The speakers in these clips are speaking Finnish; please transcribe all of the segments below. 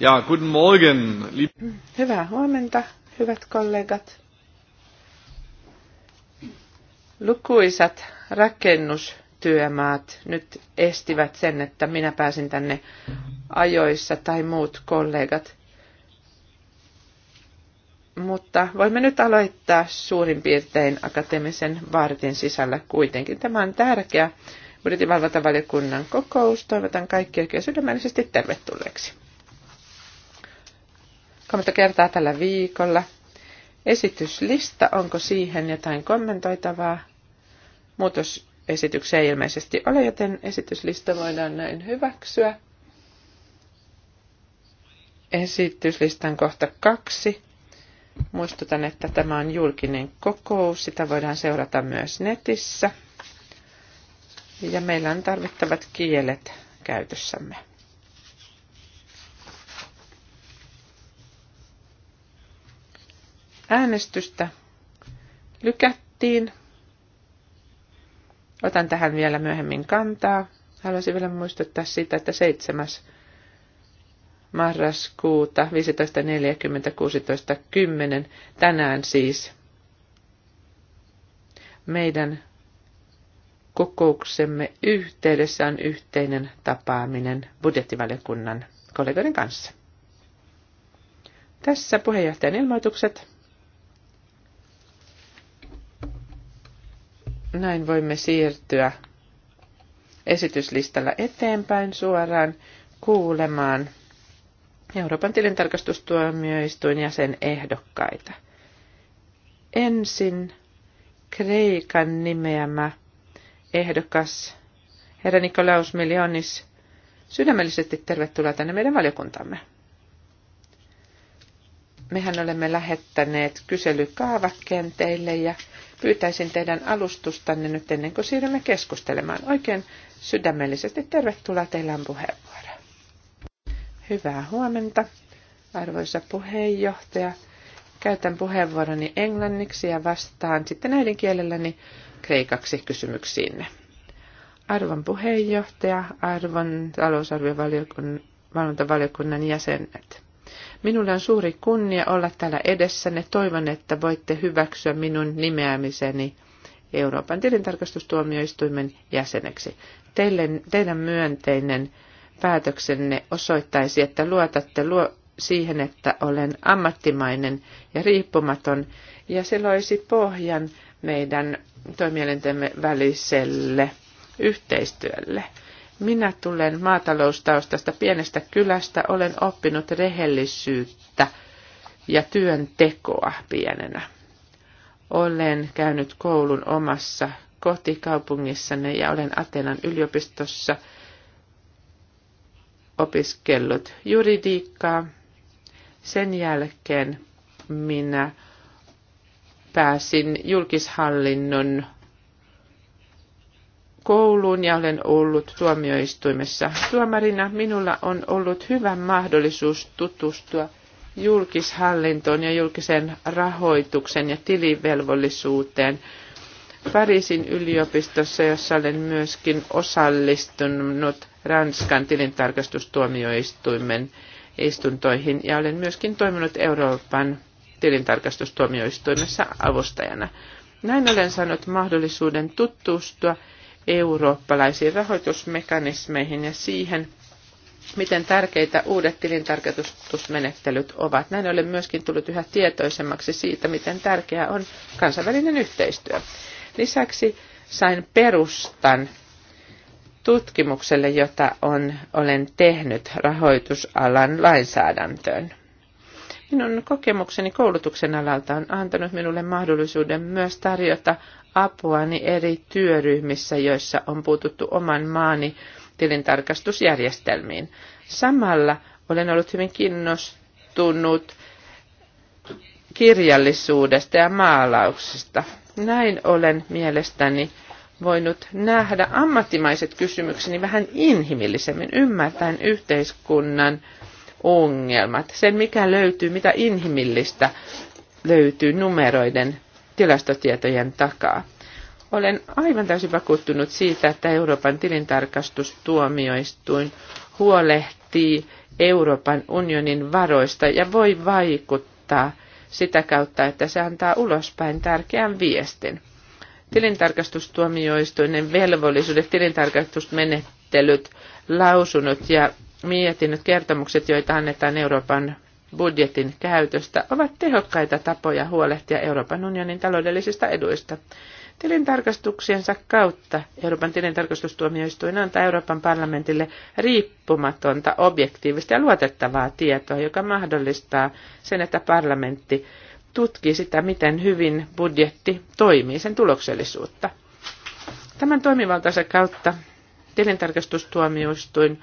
Ja, guten Morgen. Hyvää huomenta, hyvät kollegat. Lukuisat rakennustyömaat nyt estivät sen, että minä pääsin tänne ajoissa tai muut kollegat. Mutta voimme nyt aloittaa suurin piirtein akateemisen vartin sisällä kuitenkin. Tämä on tärkeä budjetinvalvontavaliokunnan kokous. Toivotan kaikki oikein sydämellisesti tervetulleeksi kolmatta kertaa tällä viikolla. Esityslista, onko siihen jotain kommentoitavaa? Muutosesityksiä ei ilmeisesti ole, joten esityslista voidaan näin hyväksyä. Esityslistan kohta kaksi. Muistutan, että tämä on julkinen kokous, sitä voidaan seurata myös netissä. Ja meillä on tarvittavat kielet käytössämme. Äänestystä lykättiin. Otan tähän vielä myöhemmin kantaa. Haluaisin vielä muistuttaa siitä, että 7. marraskuuta 15.40.16.10 tänään siis meidän kokouksemme yhteydessä on yhteinen tapaaminen budjettivaliokunnan kollegoiden kanssa. Tässä puheenjohtajan ilmoitukset. Näin voimme siirtyä esityslistalla eteenpäin suoraan kuulemaan Euroopan tilintarkastustuomioistuin ja sen ehdokkaita. Ensin Kreikan nimeämä ehdokas herra Nikolaus Miljonis. Sydämellisesti tervetuloa tänne meidän valiokuntamme mehän olemme lähettäneet teille ja pyytäisin teidän alustustanne nyt ennen kuin siirrymme keskustelemaan. Oikein sydämellisesti tervetuloa teillä on puheenvuoro. Hyvää huomenta, arvoisa puheenjohtaja. Käytän puheenvuoroni englanniksi ja vastaan sitten äidinkielelläni kreikaksi kysymyksiinne. Arvon puheenjohtaja, arvon talousarviovaliokunnan jäsenet. Minulla on suuri kunnia olla täällä edessänne. Toivon, että voitte hyväksyä minun nimeämiseni Euroopan tilintarkastustuomioistuimen jäseneksi. Teille, teidän myönteinen päätöksenne osoittaisi, että luotatte luo, siihen, että olen ammattimainen ja riippumaton, ja se loisi pohjan meidän toimielintemme väliselle yhteistyölle. Minä tulen maataloustaustasta pienestä kylästä, olen oppinut rehellisyyttä ja työntekoa pienenä. Olen käynyt koulun omassa kotikaupungissani ja olen Atenan yliopistossa opiskellut juridiikkaa. Sen jälkeen minä pääsin julkishallinnon kouluun ja olen ollut tuomioistuimessa tuomarina. Minulla on ollut hyvä mahdollisuus tutustua julkishallintoon ja julkisen rahoituksen ja tilivelvollisuuteen Pariisin yliopistossa, jossa olen myöskin osallistunut Ranskan tilintarkastustuomioistuimen istuntoihin ja olen myöskin toiminut Euroopan tilintarkastustuomioistuimessa avustajana. Näin olen saanut mahdollisuuden tutustua eurooppalaisiin rahoitusmekanismeihin ja siihen, miten tärkeitä uudet tilintarkastusmenettelyt ovat. Näin ollen myöskin tullut yhä tietoisemmaksi siitä, miten tärkeää on kansainvälinen yhteistyö. Lisäksi sain perustan tutkimukselle, jota on, olen tehnyt rahoitusalan lainsäädäntöön. Minun kokemukseni koulutuksen alalta on antanut minulle mahdollisuuden myös tarjota apuani eri työryhmissä, joissa on puututtu oman maani tilintarkastusjärjestelmiin. Samalla olen ollut hyvin kiinnostunut kirjallisuudesta ja maalauksesta. Näin olen mielestäni voinut nähdä ammattimaiset kysymykseni vähän inhimillisemmin, ymmärtäen yhteiskunnan ongelmat, sen mikä löytyy, mitä inhimillistä löytyy numeroiden tilastotietojen takaa. Olen aivan täysin vakuuttunut siitä, että Euroopan tilintarkastustuomioistuin huolehtii Euroopan unionin varoista ja voi vaikuttaa sitä kautta, että se antaa ulospäin tärkeän viestin. Tilintarkastustuomioistuinen velvollisuudet, tilintarkastusmenettelyt, lausunnot ja mietinnöt, kertomukset, joita annetaan Euroopan budjetin käytöstä ovat tehokkaita tapoja huolehtia Euroopan unionin taloudellisista eduista. Tilintarkastuksiensa kautta Euroopan tilintarkastustuomioistuin antaa Euroopan parlamentille riippumatonta, objektiivista ja luotettavaa tietoa, joka mahdollistaa sen, että parlamentti tutkii sitä, miten hyvin budjetti toimii, sen tuloksellisuutta. Tämän toimivaltansa kautta tilintarkastustuomioistuin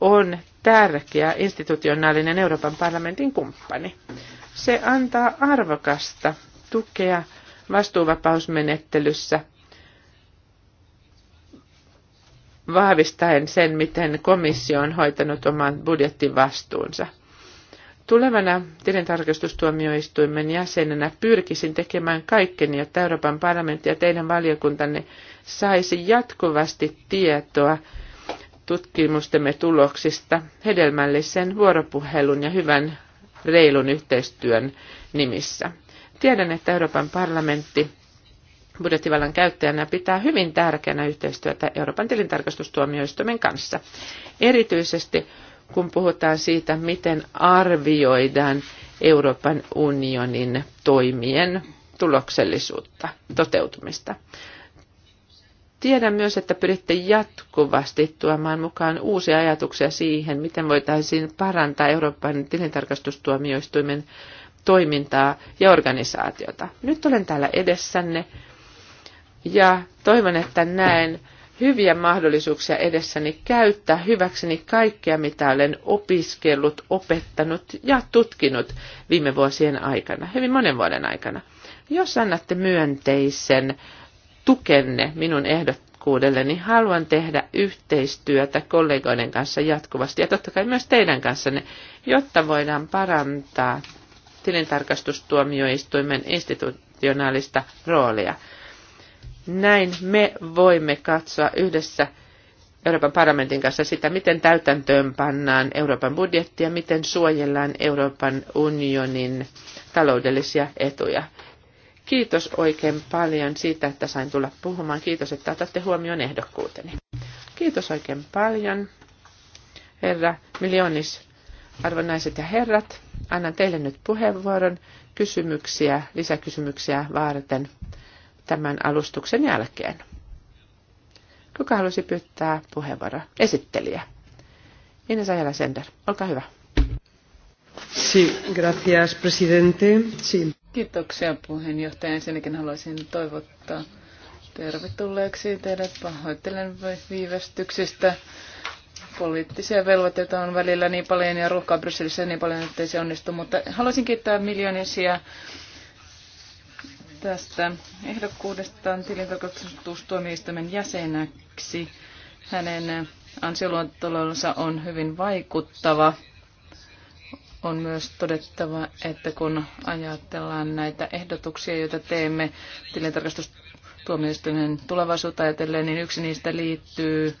on tärkeä institutionaalinen Euroopan parlamentin kumppani. Se antaa arvokasta tukea vastuuvapausmenettelyssä vahvistaen sen, miten komissio on hoitanut oman budjettivastuunsa. Tulevana tilintarkastustuomioistuimen jäsenenä pyrkisin tekemään kaikkeni, jotta Euroopan parlamentti ja teidän valiokuntanne saisi jatkuvasti tietoa tutkimustemme tuloksista hedelmällisen vuoropuhelun ja hyvän reilun yhteistyön nimissä. Tiedän, että Euroopan parlamentti budjettivallan käyttäjänä pitää hyvin tärkeänä yhteistyötä Euroopan tilintarkastustuomioistuimen kanssa. Erityisesti kun puhutaan siitä, miten arvioidaan Euroopan unionin toimien tuloksellisuutta, toteutumista. Tiedän myös, että pyritte jatkuvasti tuomaan mukaan uusia ajatuksia siihen, miten voitaisiin parantaa Euroopan tilintarkastustuomioistuimen toimintaa ja organisaatiota. Nyt olen täällä edessänne ja toivon, että näen hyviä mahdollisuuksia edessäni käyttää hyväkseni kaikkea, mitä olen opiskellut, opettanut ja tutkinut viime vuosien aikana, hyvin monen vuoden aikana. Jos annatte myönteisen tukenne minun ehdokkuudelleni. Haluan tehdä yhteistyötä kollegoiden kanssa jatkuvasti ja totta kai myös teidän kanssanne, jotta voidaan parantaa tilintarkastustuomioistuimen institutionaalista roolia. Näin me voimme katsoa yhdessä Euroopan parlamentin kanssa sitä, miten täytäntöön pannaan Euroopan budjettia, miten suojellaan Euroopan unionin taloudellisia etuja. Kiitos oikein paljon siitä, että sain tulla puhumaan. Kiitos, että otatte huomioon ehdokkuuteni. Kiitos oikein paljon, herra Miljonis, arvon naiset ja herrat. Annan teille nyt puheenvuoron kysymyksiä, lisäkysymyksiä varten tämän alustuksen jälkeen. Kuka halusi pyytää puheenvuoroa? Esittelijä. Ines Ajala Sender, olkaa hyvä. Sí, gracias, presidente. Sí. Kiitoksia puheenjohtaja. Ensinnäkin haluaisin toivottaa tervetulleeksi teidät. Pahoittelen viivästyksistä. Poliittisia velvoitteita on välillä niin paljon ja ruuhkaa Brysselissä niin paljon, ettei se onnistu. Mutta haluaisin kiittää miljoonisia tästä ehdokkuudestaan tilintarkastustuomioistuimen jäseneksi. Hänen ansioluottelonsa on hyvin vaikuttava on myös todettava, että kun ajatellaan näitä ehdotuksia, joita teemme tilintarkastustuomioistuimen tulevaisuutta ajatellen, niin yksi niistä liittyy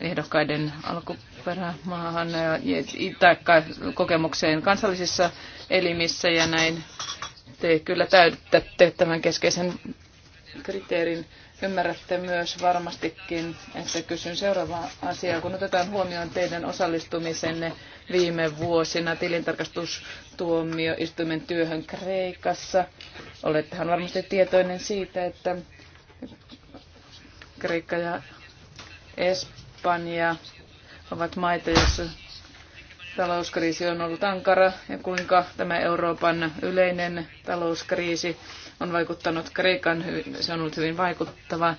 ehdokkaiden alkuperämaahan tai kokemukseen kansallisissa elimissä ja näin te kyllä täytätte tämän keskeisen kriteerin. Ymmärrätte myös varmastikin, että kysyn seuraavaa asiaa. Kun otetaan huomioon teidän osallistumisenne viime vuosina tilintarkastustuomioistuimen työhön Kreikassa, olettehan varmasti tietoinen siitä, että Kreikka ja Espanja ovat maita, joissa talouskriisi on ollut ankara ja kuinka tämä Euroopan yleinen talouskriisi on vaikuttanut Kreikan, se on ollut hyvin vaikuttava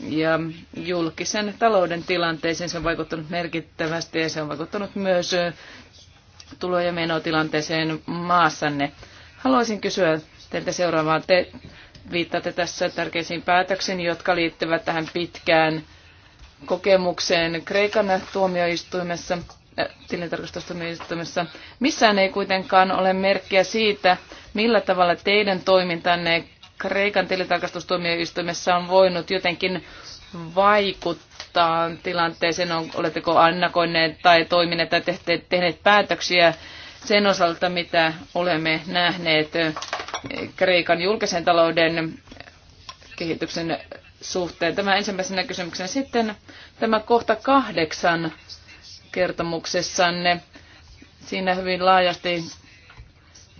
ja julkisen talouden tilanteeseen se on vaikuttanut merkittävästi ja se on vaikuttanut myös tulo- ja menotilanteeseen maassanne. Haluaisin kysyä teiltä seuraavaa. Te viittaatte tässä tärkeisiin päätöksiin, jotka liittyvät tähän pitkään kokemukseen Kreikan tuomioistuimessa tilintarkastustoimistossa. Missään ei kuitenkaan ole merkkiä siitä, millä tavalla teidän toimintanne Kreikan tilintarkastustuomioistuimessa on voinut jotenkin vaikuttaa tilanteeseen. Oletteko annakoineet tai toimineet tai tehneet päätöksiä sen osalta, mitä olemme nähneet Kreikan julkisen talouden kehityksen suhteen. Tämä ensimmäisenä kysymyksenä. Sitten tämä kohta kahdeksan kertomuksessanne. Siinä hyvin laajasti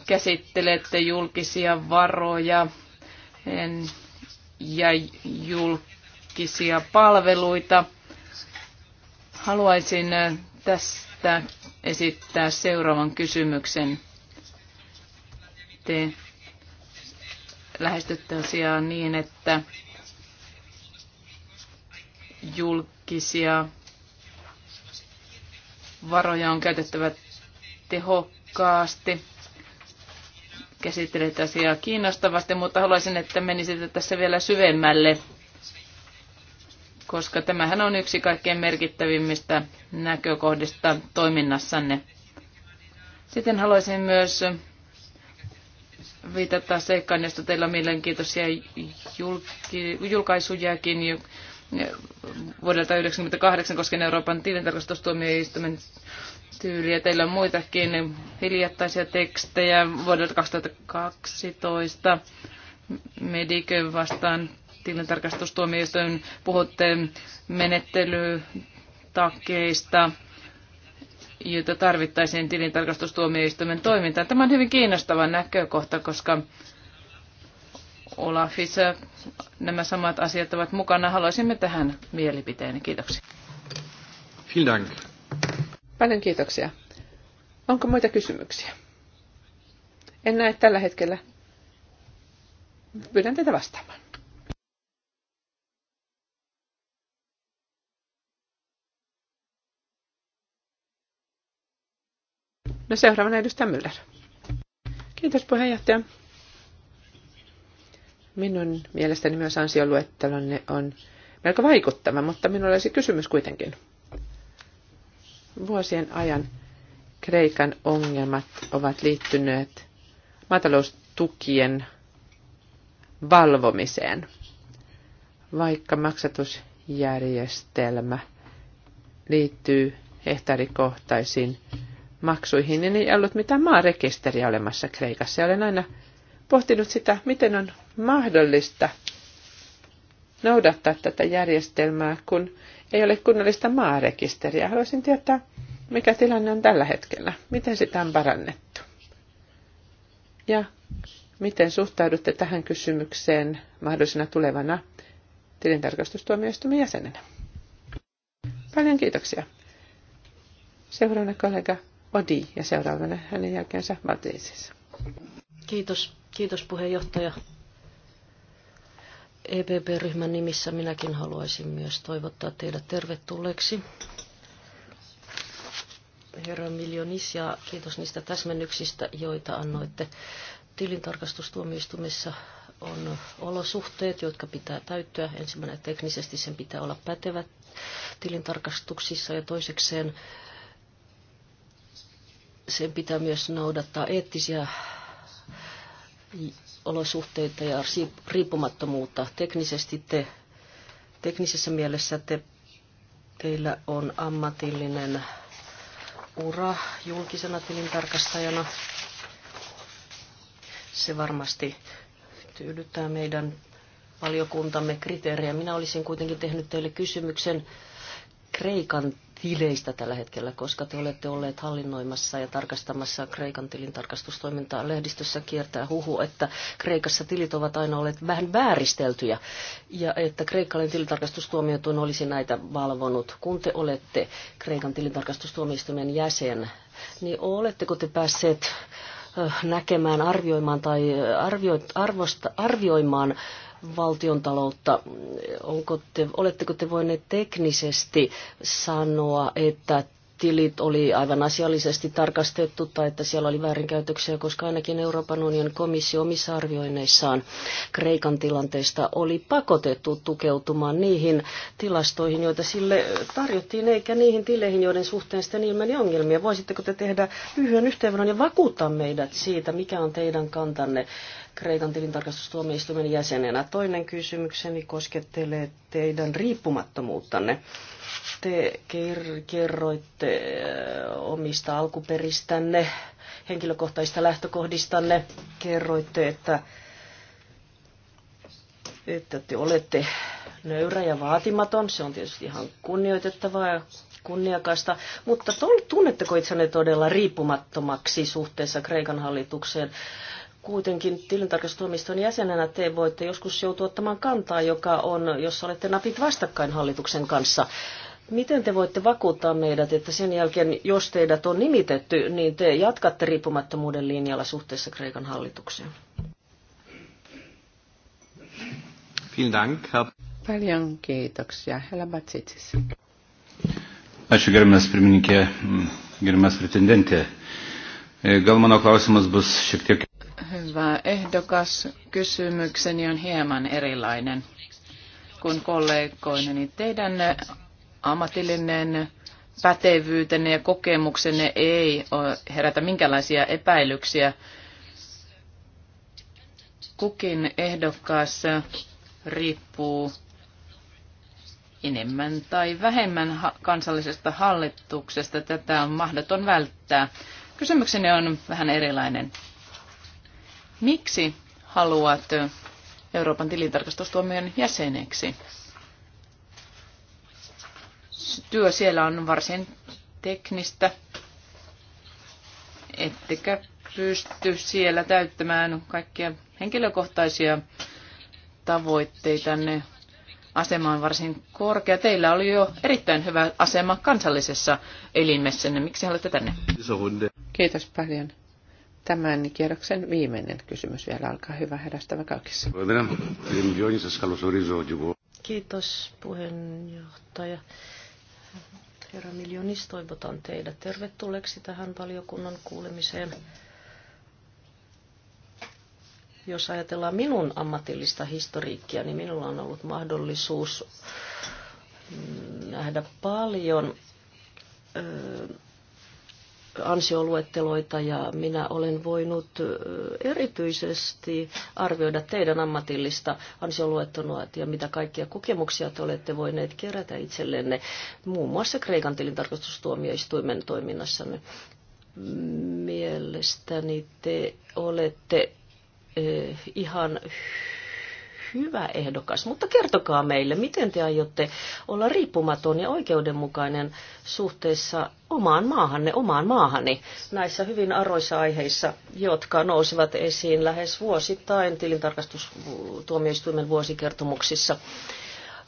käsittelette julkisia varoja ja julkisia palveluita. Haluaisin äh, tästä esittää seuraavan kysymyksen. Te lähestytte asiaa niin, että julkisia varoja on käytettävä tehokkaasti. Käsittelet asiaa kiinnostavasti, mutta haluaisin, että menisit tässä vielä syvemmälle, koska tämähän on yksi kaikkein merkittävimmistä näkökohdista toiminnassanne. Sitten haluaisin myös viitata seikkaan, josta teillä on mielenkiintoisia julkaisujakin, vuodelta 1998 koskien Euroopan tilintarkastustuomioistuimen tyyliä. Teillä on muitakin hiljattaisia tekstejä vuodelta 2012. Medikö vastaan tilintarkastustuomioistuin puhutte menettelytakeista, joita tarvittaisiin tilintarkastustuomioistuimen toimintaan. Tämä on hyvin kiinnostava näkökohta, koska Olafissa nämä samat asiat ovat mukana. Haluaisimme tähän mielipiteen. Kiitoksia. Vielen Dank. Paljon kiitoksia. Onko muita kysymyksiä? En näe tällä hetkellä. Pyydän teitä vastaamaan. No seuraavana edustaja Müller. Kiitos puheenjohtaja. Minun mielestäni myös ansioluettelonne on melko vaikuttava, mutta minulla olisi kysymys kuitenkin. Vuosien ajan Kreikan ongelmat ovat liittyneet maataloustukien valvomiseen, vaikka maksatusjärjestelmä liittyy hehtaarikohtaisiin maksuihin, niin ei ollut mitään maarekisteriä olemassa Kreikassa. olen aina pohtinut sitä, miten on mahdollista noudattaa tätä järjestelmää, kun ei ole kunnollista maarekisteriä. Haluaisin tietää, mikä tilanne on tällä hetkellä, miten sitä on parannettu. Ja miten suhtaudutte tähän kysymykseen mahdollisena tulevana tilintarkastustuomioistuimen jäsenenä? Paljon kiitoksia. Seuraavana kollega Odi ja seuraavana hänen jälkeensä Matiisissa. Kiitos. Kiitos puheenjohtaja. epp ryhmän nimissä minäkin haluaisin myös toivottaa teidät tervetulleeksi. Herra Miljonis, ja kiitos niistä täsmennyksistä, joita annoitte. Tilintarkastustuomioistuimessa on olosuhteet, jotka pitää täyttyä. Ensimmäinen teknisesti sen pitää olla pätevä tilintarkastuksissa ja toisekseen sen pitää myös noudattaa eettisiä olosuhteita ja riippumattomuutta. Teknisesti te, teknisessä mielessä te, teillä on ammatillinen ura julkisena tilintarkastajana. Se varmasti tyydyttää meidän valiokuntamme kriteerejä. Minä olisin kuitenkin tehnyt teille kysymyksen Kreikan hileistä tällä hetkellä, koska te olette olleet hallinnoimassa ja tarkastamassa Kreikan tilintarkastustoimintaa. Lehdistössä kiertää huhu, että Kreikassa tilit ovat aina olleet vähän vääristeltyjä ja että kreikkalainen tilintarkastustuomioituin olisi näitä valvonut. Kun te olette Kreikan tilintarkastustuomioistuimen jäsen, niin oletteko te päässeet äh, näkemään, arvioimaan tai äh, arvioit, arvosta, arvioimaan valtion taloutta. Onko te, oletteko te voineet teknisesti sanoa, että tilit oli aivan asiallisesti tarkastettu tai että siellä oli väärinkäytöksiä, koska ainakin Euroopan unionin komissio omissa arvioinneissaan Kreikan tilanteesta oli pakotettu tukeutumaan niihin tilastoihin, joita sille tarjottiin, eikä niihin tileihin, joiden suhteen sitten ilmeni niin ongelmia. Voisitteko te tehdä lyhyen yhteenvedon ja vakuuttaa meidät siitä, mikä on teidän kantanne Kreikan tilintarkastustuomioistuimen jäsenenä? Toinen kysymykseni koskettelee teidän riippumattomuuttanne te kerroitte äh, omista alkuperistänne, henkilökohtaisista lähtökohdistanne. Kerroitte, että, että te olette nöyrä ja vaatimaton. Se on tietysti ihan kunnioitettavaa ja kunniakasta, mutta tunnetteko itsenne todella riippumattomaksi suhteessa Kreikan hallitukseen? Kuitenkin tilintarkastustoimiston jäsenenä te voitte joskus joutua ottamaan kantaa, joka on, jos olette napit vastakkain hallituksen kanssa. Miten te voitte vakuuttaa meidät, että sen jälkeen, jos teidät on nimitetty, niin te jatkatte riippumattomuuden linjalla suhteessa Kreikan hallitukseen? Paljon kiitoksia. Hela Batsitsis. Ačiū gerbiamas pirmininkė, gerbiamas pretendentė. E, gal mano klausimas bus šiek tiek. Hyvä ehdokas. Kysymykseni on hieman erilainen kuin kollegoineni. Teidän ammatillinen pätevyytenne ja kokemuksenne ei herätä minkälaisia epäilyksiä. Kukin ehdokas riippuu enemmän tai vähemmän kansallisesta hallituksesta. Tätä on mahdoton välttää. Kysymykseni on vähän erilainen. Miksi haluat Euroopan tilintarkastustuomion jäseneksi? Työ siellä on varsin teknistä, ettekä pysty siellä täyttämään kaikkia henkilökohtaisia tavoitteitanne. Asema on varsin korkea. Teillä oli jo erittäin hyvä asema kansallisessa elimessä. Miksi haluatte tänne? Kiitos paljon. Tämän kierroksen viimeinen kysymys vielä alkaa. Hyvä herästävä kaikissa. Kiitos puheenjohtaja. Herra Miljonis, toivotan teidät tervetulleeksi tähän valiokunnan kuulemiseen. Jos ajatellaan minun ammatillista historiikkia, niin minulla on ollut mahdollisuus nähdä paljon ansioluetteloita ja minä olen voinut erityisesti arvioida teidän ammatillista ansioluettelua ja mitä kaikkia kokemuksia te olette voineet kerätä itsellenne muun muassa Kreikan tilintarkastustuomioistuimen toiminnassa. Mielestäni te olette ihan hyvä ehdokas, mutta kertokaa meille, miten te aiotte olla riippumaton ja oikeudenmukainen suhteessa omaan maahanne, omaan maahani näissä hyvin aroissa aiheissa, jotka nousivat esiin lähes vuosittain tilintarkastustuomioistuimen vuosikertomuksissa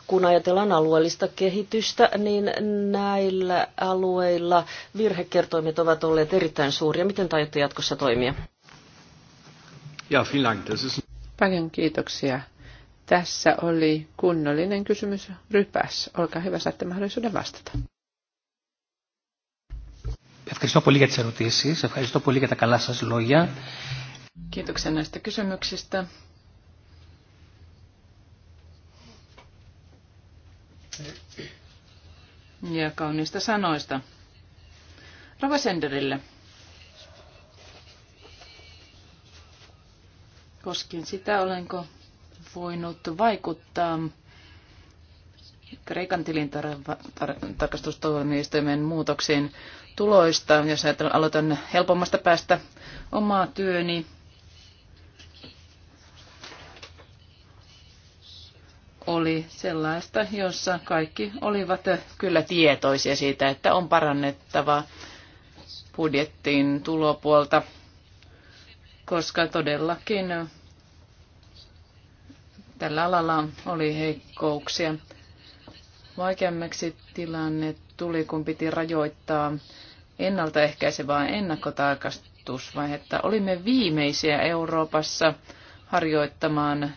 kun ajatellaan alueellista kehitystä, niin näillä alueilla virhekertoimet ovat olleet erittäin suuria. Miten tajutte jatkossa toimia? Ja, vielen Paljon kiitoksia. Tässä oli kunnollinen kysymys rypäs. Olkaa hyvä, saatte mahdollisuuden vastata. Kiitoksia näistä kysymyksistä. Ja kauniista sanoista. Rova Senderille. Koskien sitä, olenko voinut vaikuttaa Kreikan tilintarkastustoimistojen muutoksiin tuloista. Jos aloitan helpommasta päästä omaa työni, oli sellaista, jossa kaikki olivat kyllä tietoisia siitä, että on parannettava budjettiin tulopuolta, koska todellakin Tällä alalla oli heikkouksia. Vaikeammaksi tilanne tuli, kun piti rajoittaa ennaltaehkäisevää ennakkotarkastusvaihetta. Olimme viimeisiä Euroopassa harjoittamaan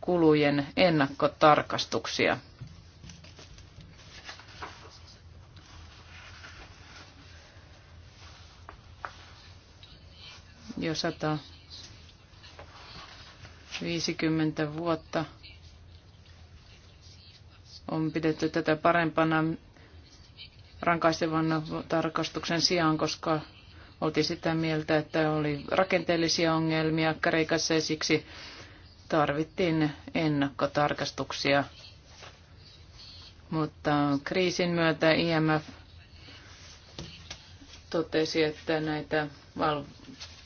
kulujen ennakkotarkastuksia. Jo sata 50 vuotta on pidetty tätä parempana rankaisevan tarkastuksen sijaan, koska oltiin sitä mieltä, että oli rakenteellisia ongelmia Kreikassa ja siksi tarvittiin ennakkotarkastuksia. Mutta kriisin myötä IMF totesi, että näitä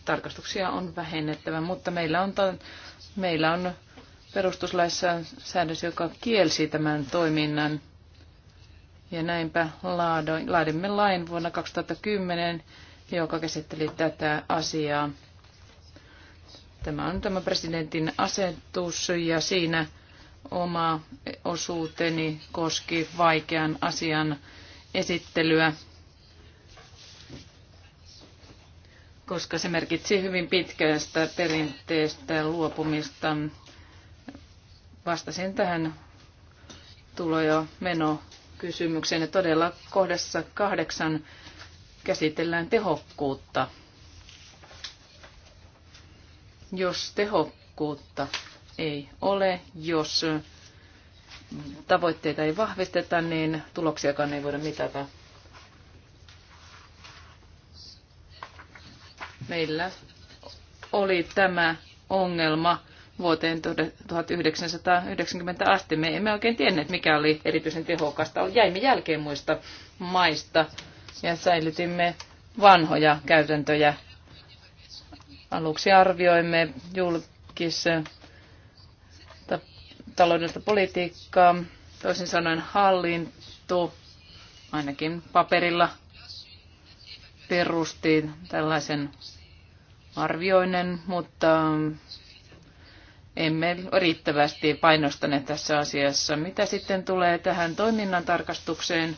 tarkastuksia on vähennettävä, mutta meillä on Meillä on perustuslaissa säädös, joka kielsi tämän toiminnan. Ja näinpä laadimme lain vuonna 2010, joka käsitteli tätä asiaa. Tämä on tämä presidentin asetus ja siinä oma osuuteni koski vaikean asian esittelyä koska se merkitsi hyvin pitkästä perinteestä luopumista. Vastasin tähän tulo- ja menokysymykseen. Ja todella kohdassa kahdeksan käsitellään tehokkuutta. Jos tehokkuutta ei ole, jos tavoitteita ei vahvisteta, niin tuloksiakaan ei voida mitata. meillä oli tämä ongelma vuoteen 1990 asti. Me emme oikein tienneet, mikä oli erityisen tehokasta. Jäimme jälkeen muista maista ja säilytimme vanhoja käytäntöjä. Aluksi arvioimme julkis taloudellista politiikkaa, toisin sanoen hallintu, ainakin paperilla perusti tällaisen arvioinnin, mutta emme riittävästi painostaneet tässä asiassa. Mitä sitten tulee tähän toiminnan tarkastukseen?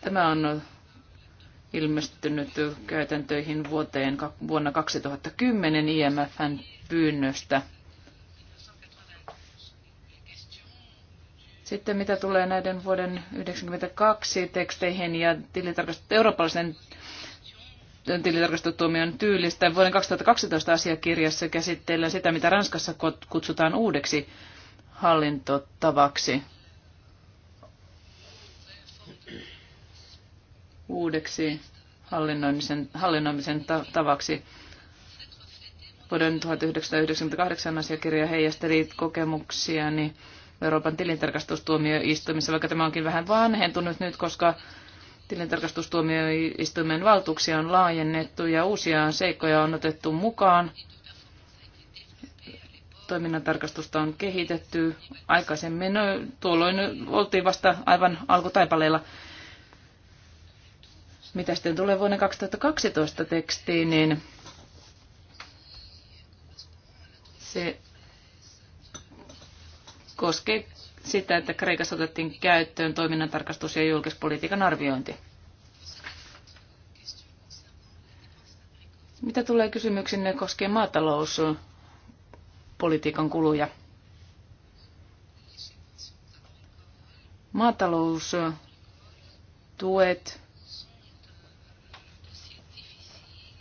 Tämä on ilmestynyt käytäntöihin vuoteen, vuonna 2010 IMFn pyynnöstä. Sitten mitä tulee näiden vuoden 1992 teksteihin ja tilintarkast- eurooppalaisen tilintarkastustuomion tyylistä, vuoden 2012 asiakirjassa käsitellään sitä, mitä Ranskassa kutsutaan uudeksi hallintotavaksi. Uudeksi hallinnoimisen, hallinnoimisen tavaksi. Vuoden 1998 asiakirja heijasteli kokemuksiani. Niin Euroopan tilintarkastustuomioistuimissa, vaikka tämä onkin vähän vanhentunut nyt, koska tilintarkastustuomioistuimen valtuuksia on laajennettu ja uusia seikkoja on otettu mukaan. tarkastusta on kehitetty aikaisemmin. No, tuolloin oltiin vasta aivan alkutaipaleilla. Mitä sitten tulee vuonna 2012 tekstiin, niin se koskee sitä, että Kreikassa otettiin käyttöön toiminnantarkastus ja julkispolitiikan arviointi. Mitä tulee ne koskien maatalouspolitiikan kuluja? Maataloustuet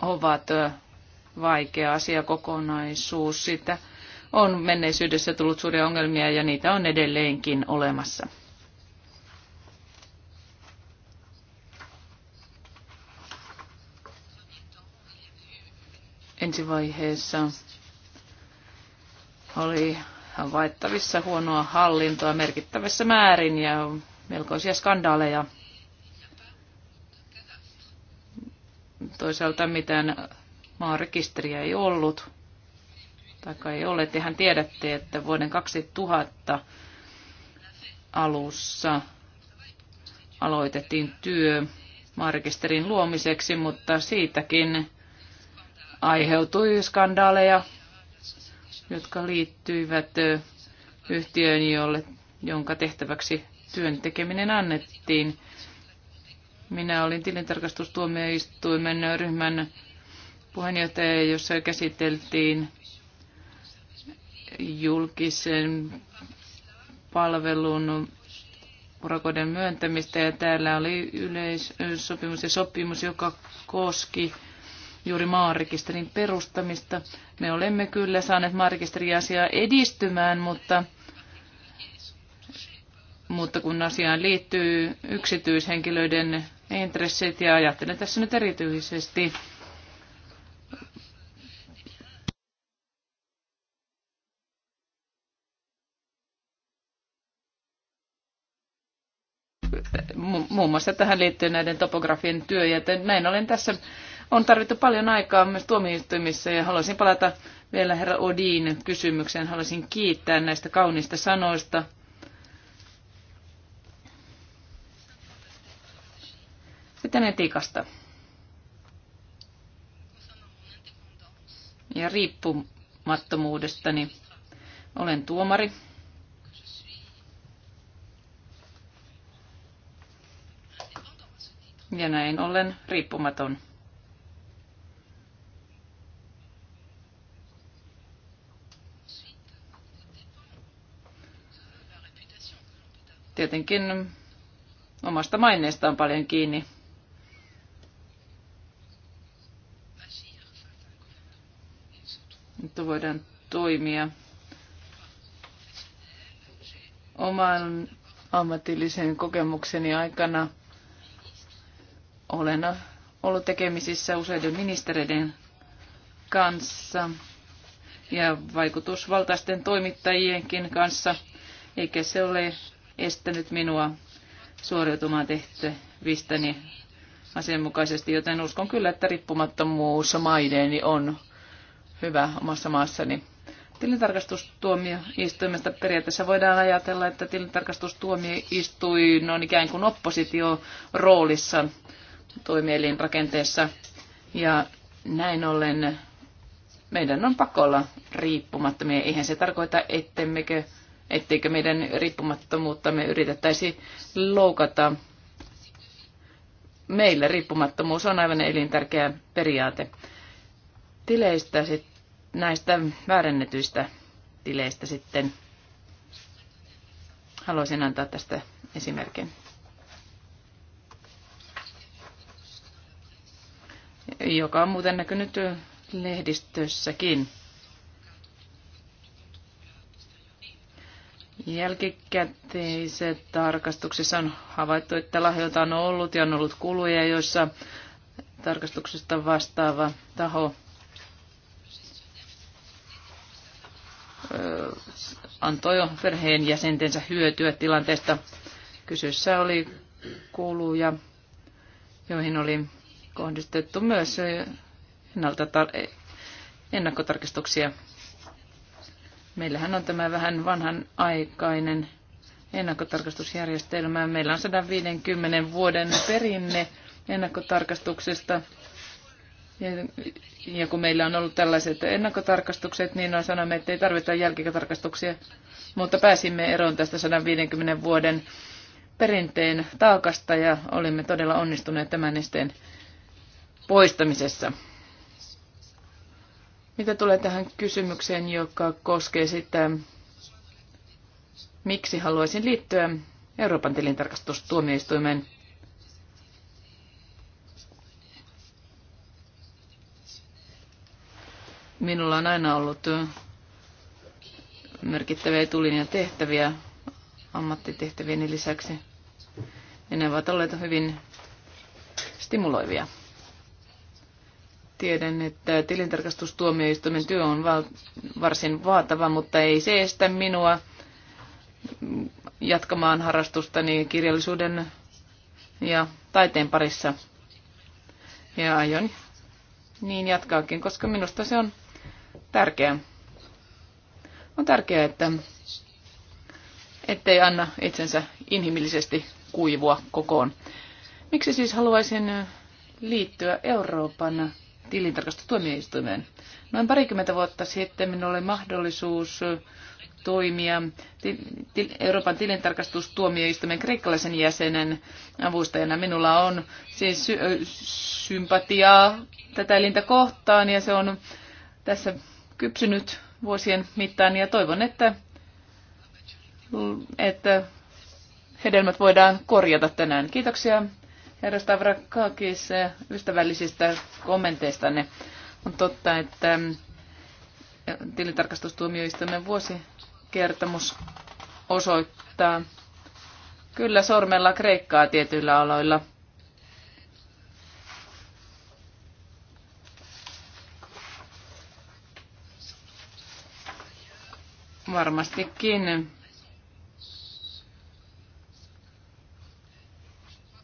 ovat vaikea asiakokonaisuus. Sitä on menneisyydessä tullut suuria ongelmia ja niitä on edelleenkin olemassa. vaiheessa oli havaittavissa huonoa hallintoa merkittävässä määrin ja melkoisia skandaaleja. Toisaalta mitään maarekisteriä ei ollut tai ei ole. Tehän tiedätte, että vuoden 2000 alussa aloitettiin työ maarekisterin luomiseksi, mutta siitäkin aiheutui skandaaleja, jotka liittyivät yhtiöön, jolle, jonka tehtäväksi työn tekeminen annettiin. Minä olin tilintarkastustuomioistuimen ryhmän puheenjohtaja, jossa käsiteltiin julkisen palvelun urakoiden myöntämistä ja täällä oli yleissopimus ja sopimus, joka koski juuri maanrekisterin perustamista. Me olemme kyllä saaneet maanrekisteriasiaa edistymään, mutta, mutta kun asiaan liittyy yksityishenkilöiden intressit ja ajattelen tässä nyt erityisesti muun muassa tähän liittyy näiden topografien työ, ja näin olen tässä on tarvittu paljon aikaa myös tuomioistuimissa, ja haluaisin palata vielä herra Odin kysymykseen. Haluaisin kiittää näistä kaunista sanoista. Sitten etiikasta. Ja riippumattomuudestani olen tuomari. ja näin ollen riippumaton. Tietenkin omasta maineesta on paljon kiinni. Nyt voidaan toimia oman ammatillisen kokemukseni aikana – olen ollut tekemisissä useiden ministereiden kanssa ja vaikutusvaltaisten toimittajienkin kanssa, eikä se ole estänyt minua suoriutumaan tehtävistäni asianmukaisesti, joten uskon kyllä, että riippumattomuus maideeni on hyvä omassa maassani. Tilintarkastustuomioistuimesta periaatteessa voidaan ajatella, että tilintarkastustuomioistuin on ikään kuin oppositio roolissa rakenteessa Ja näin ollen meidän on pakko olla riippumattomia. Eihän se tarkoita, ettemmekö, etteikö meidän riippumattomuutta me yritettäisi loukata. Meille riippumattomuus on aivan elintärkeä periaate. Tileistä sit, näistä väärennetyistä tileistä sitten haluaisin antaa tästä esimerkin. joka on muuten näkynyt lehdistössäkin. Jälkikäteiset tarkastuksissa on havaittu, että lahjoita on ollut ja on ollut kuluja, joissa tarkastuksesta vastaava taho antoi jo perheen jäsentensä hyötyä tilanteesta. Kysyssä oli kuluja, joihin oli kohdistettu myös eh, ennalta tar- eh, ennakkotarkistuksia. Meillähän on tämä vähän vanhan aikainen ennakkotarkastusjärjestelmä. Meillä on 150 vuoden perinne ennakkotarkastuksesta. Ja, ja kun meillä on ollut tällaiset ennakkotarkastukset, niin on sanomme, että ei tarvita jälkikatarkastuksia. Mutta pääsimme eroon tästä 150 vuoden perinteen taakasta ja olimme todella onnistuneet tämän esteen poistamisessa. Mitä tulee tähän kysymykseen, joka koskee sitä, miksi haluaisin liittyä Euroopan tilintarkastustuomioistuimeen? Minulla on aina ollut merkittäviä tulinia tehtäviä ammattitehtävieni lisäksi. Ja ne ovat olleet hyvin stimuloivia. Tiedän, että tilintarkastustuomioistuimen työ on va- varsin vaatava, mutta ei se estä minua jatkamaan harrastustani kirjallisuuden ja taiteen parissa. Ja aion niin jatkaakin, koska minusta se on tärkeää. On tärkeää, että ettei anna itsensä inhimillisesti kuivua kokoon. Miksi siis haluaisin liittyä Euroopan tilintarkastustuomioistuimeen. Noin parikymmentä vuotta sitten minulla oli mahdollisuus toimia Euroopan tilintarkastustuomioistuimen kreikkalaisen jäsenen avustajana. Minulla on siis sy- sympatiaa tätä elintä kohtaan ja se on tässä kypsynyt vuosien mittaan ja toivon, että, että hedelmät voidaan korjata tänään. Kiitoksia herra Stavrakakis ystävällisistä kommenteistanne. On totta, että mm, tilintarkastustuomioistuimen vuosikertomus osoittaa kyllä sormella Kreikkaa tietyillä aloilla. Varmastikin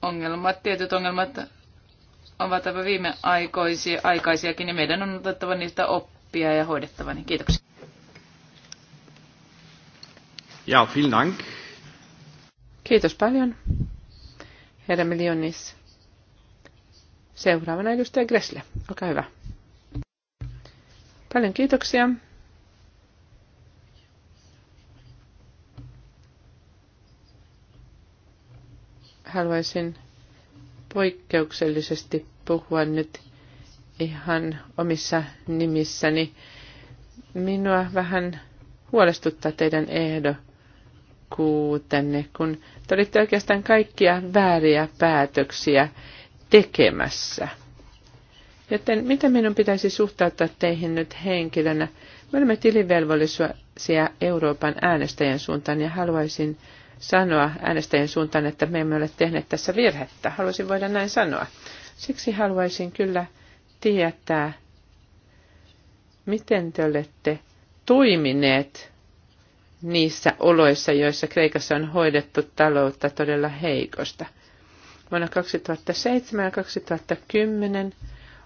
ongelmat, tietyt ongelmat ovat aivan viime aikoisia, aikaisiakin ja meidän on otettava niistä oppia ja hoidettava. Niin kiitoksia. Ja, vielen dank. Kiitos paljon, herra Miljonis. Seuraavana edustaja Gressle, olkaa hyvä. Paljon kiitoksia. haluaisin poikkeuksellisesti puhua nyt ihan omissa nimissäni. Minua vähän huolestuttaa teidän ehdokkuutenne, kun te olitte oikeastaan kaikkia vääriä päätöksiä tekemässä. Joten mitä minun pitäisi suhtautua teihin nyt henkilönä? Me olemme tilivelvollisia Euroopan äänestäjien suuntaan ja haluaisin sanoa äänestäjien suuntaan, että me emme ole tehneet tässä virhettä. Haluaisin voida näin sanoa. Siksi haluaisin kyllä tietää, miten te olette toimineet niissä oloissa, joissa Kreikassa on hoidettu taloutta todella heikosta. Vuonna 2007 ja 2010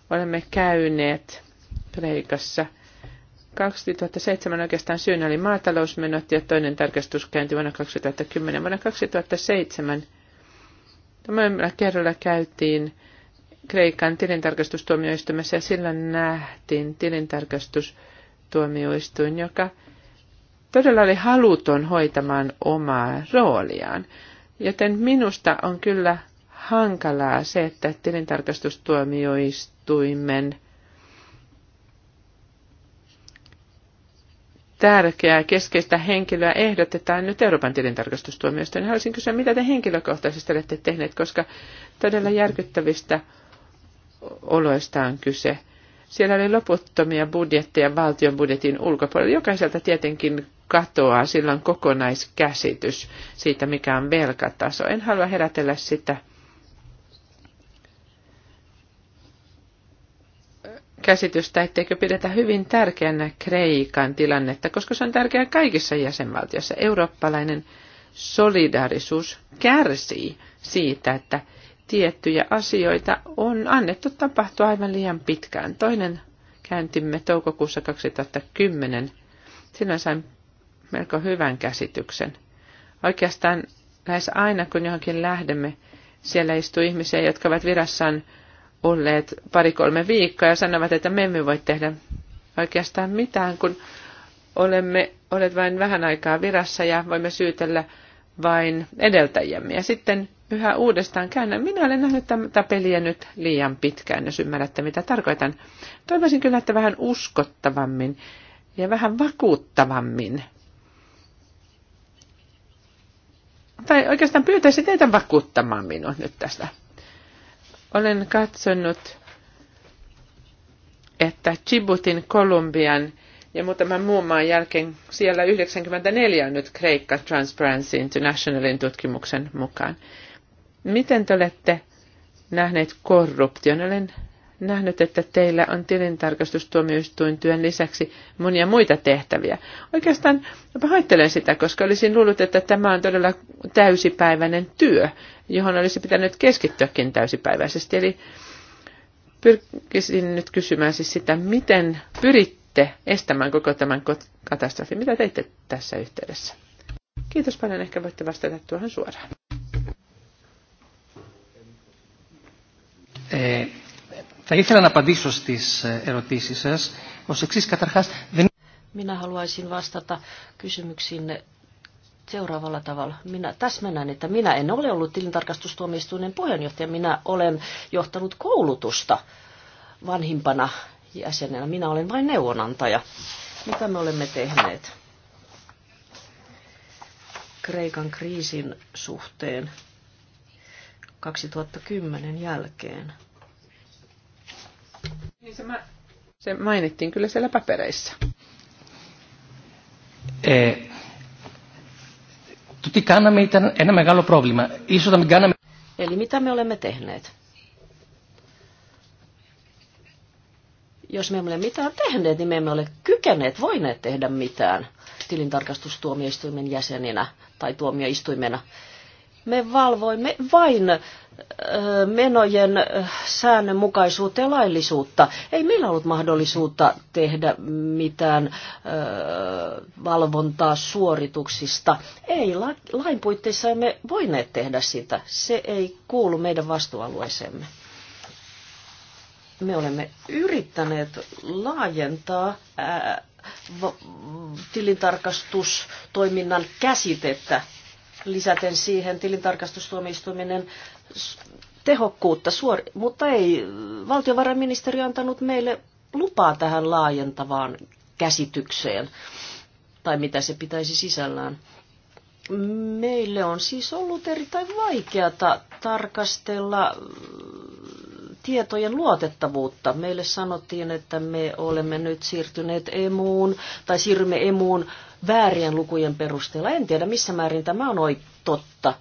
olemme käyneet Kreikassa – 2007 oikeastaan syynä oli maatalousmenot ja toinen tarkastuskäynti vuonna 2010. Vuonna 2007 tämä kerralla käytiin Kreikan tilintarkastustuomioistuimessa ja silloin nähtiin tilintarkastustuomioistuin, joka todella oli haluton hoitamaan omaa rooliaan. Joten minusta on kyllä hankalaa se, että tilintarkastustuomioistuimen tärkeää keskeistä henkilöä ehdotetaan nyt Euroopan tilintarkastustuomioistuin. Haluaisin kysyä, mitä te henkilökohtaisesti olette tehneet, koska todella järkyttävistä oloista on kyse. Siellä oli loputtomia budjetteja valtion budjetin ulkopuolella. Jokaiselta tietenkin katoaa silloin kokonaiskäsitys siitä, mikä on velkataso. En halua herätellä sitä käsitystä, etteikö pidetä hyvin tärkeänä Kreikan tilannetta, koska se on tärkeää kaikissa jäsenvaltioissa. Eurooppalainen solidaarisuus kärsii siitä, että tiettyjä asioita on annettu tapahtua aivan liian pitkään. Toinen käyntimme toukokuussa 2010. Silloin sain melko hyvän käsityksen. Oikeastaan lähes aina, kun johonkin lähdemme, siellä istuu ihmisiä, jotka ovat virassaan olleet pari-kolme viikkoa ja sanovat, että me emme voi tehdä oikeastaan mitään, kun olemme olet vain vähän aikaa virassa ja voimme syytellä vain edeltäjämme Ja sitten yhä uudestaan käännän. Minä olen nähnyt tätä peliä nyt liian pitkään, jos ymmärrätte mitä tarkoitan. Toivoisin kyllä, että vähän uskottavammin ja vähän vakuuttavammin. Tai oikeastaan pyytäisin teitä vakuuttamaan minua nyt tästä olen katsonut, että Djiboutin, Kolumbian ja muutaman muun maan jälkeen siellä 94 on nyt Kreikka Transparency Internationalin tutkimuksen mukaan. Miten te olette nähneet korruption? Olen nähnyt, että teillä on tilintarkastustuomioistuin työn lisäksi monia muita tehtäviä. Oikeastaan pahoittelen sitä, koska olisin luullut, että tämä on todella täysipäiväinen työ, johon olisi pitänyt keskittyäkin täysipäiväisesti. Eli pyrkisin nyt kysymään siis sitä, miten pyritte estämään koko tämän katastrofin. Mitä teitte tässä yhteydessä? Kiitos paljon. Ehkä voitte vastata tuohon suoraan. Eh, Θα ήθελα να απαντήσω στις ερωτήσεις σας. Ως εξής καταρχάς... Δεν... Minä haluaisin vastata kysymyksiin seuraavalla tavalla. Minä täsmennän, että minä en ole ollut tilintarkastustuomioistuimen puheenjohtaja. Minä olen johtanut koulutusta vanhimpana jäsenenä. Minä olen vain neuvonantaja. Mitä me olemme tehneet Kreikan kriisin suhteen 2010 jälkeen? Niin se, ma- se mainittiin kyllä siellä papereissa. Eli mitä me olemme tehneet? Jos me emme ole mitään tehneet, niin me emme ole kykeneet, voineet tehdä mitään tilintarkastustuomioistuimen jäseninä tai tuomioistuimena me valvoimme vain menojen säännönmukaisuutta ja laillisuutta. Ei meillä ollut mahdollisuutta tehdä mitään valvontaa suorituksista. Ei, lain puitteissa emme voineet tehdä sitä. Se ei kuulu meidän vastuualueeseemme. Me olemme yrittäneet laajentaa tilintarkastustoiminnan käsitettä lisäten siihen tilintarkastustuomistuminen tehokkuutta, suori, mutta ei valtiovarainministeriö antanut meille lupaa tähän laajentavaan käsitykseen, tai mitä se pitäisi sisällään. Meille on siis ollut erittäin vaikeata tarkastella tietojen luotettavuutta. Meille sanottiin, että me olemme nyt siirtyneet emuun, tai siirrymme emuun väärien lukujen perusteella. En tiedä, missä määrin tämä on oi totta.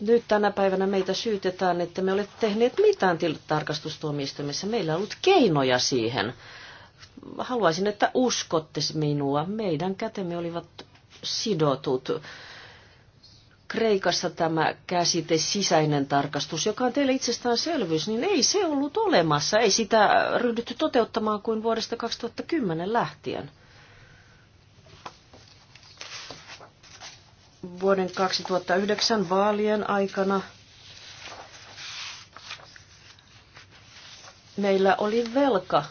Nyt tänä päivänä meitä syytetään, että me ole tehneet mitään tarkastustuomioistuimessa. Meillä on ollut keinoja siihen. Haluaisin, että uskotte minua. Meidän kätemme olivat sidotut. Kreikassa tämä käsite sisäinen tarkastus, joka on teille itsestäänselvyys, niin ei se ollut olemassa. Ei sitä ryhdytty toteuttamaan kuin vuodesta 2010 lähtien. vuoden 2009 vaalien aikana meillä oli velka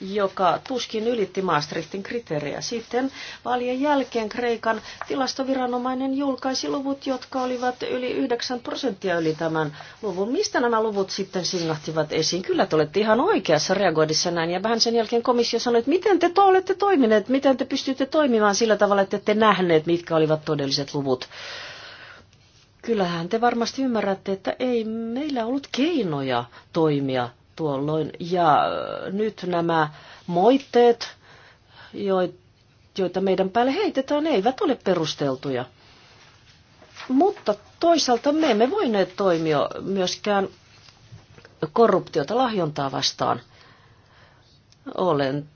joka tuskin ylitti Maastrichtin kriteerejä. Sitten vaalien jälkeen Kreikan tilastoviranomainen julkaisi luvut, jotka olivat yli 9 prosenttia yli tämän luvun. Mistä nämä luvut sitten singahtivat esiin? Kyllä te olette ihan oikeassa reagoidissa näin. Ja vähän sen jälkeen komissio sanoi, että miten te to olette toimineet, miten te pystytte toimimaan sillä tavalla, että ette nähneet, mitkä olivat todelliset luvut. Kyllähän te varmasti ymmärrätte, että ei meillä ollut keinoja toimia tuolloin. Ja äh, nyt nämä moitteet, joita meidän päälle heitetään, eivät ole perusteltuja. Mutta toisaalta me emme voineet toimia myöskään korruptiota lahjontaa vastaan. Olen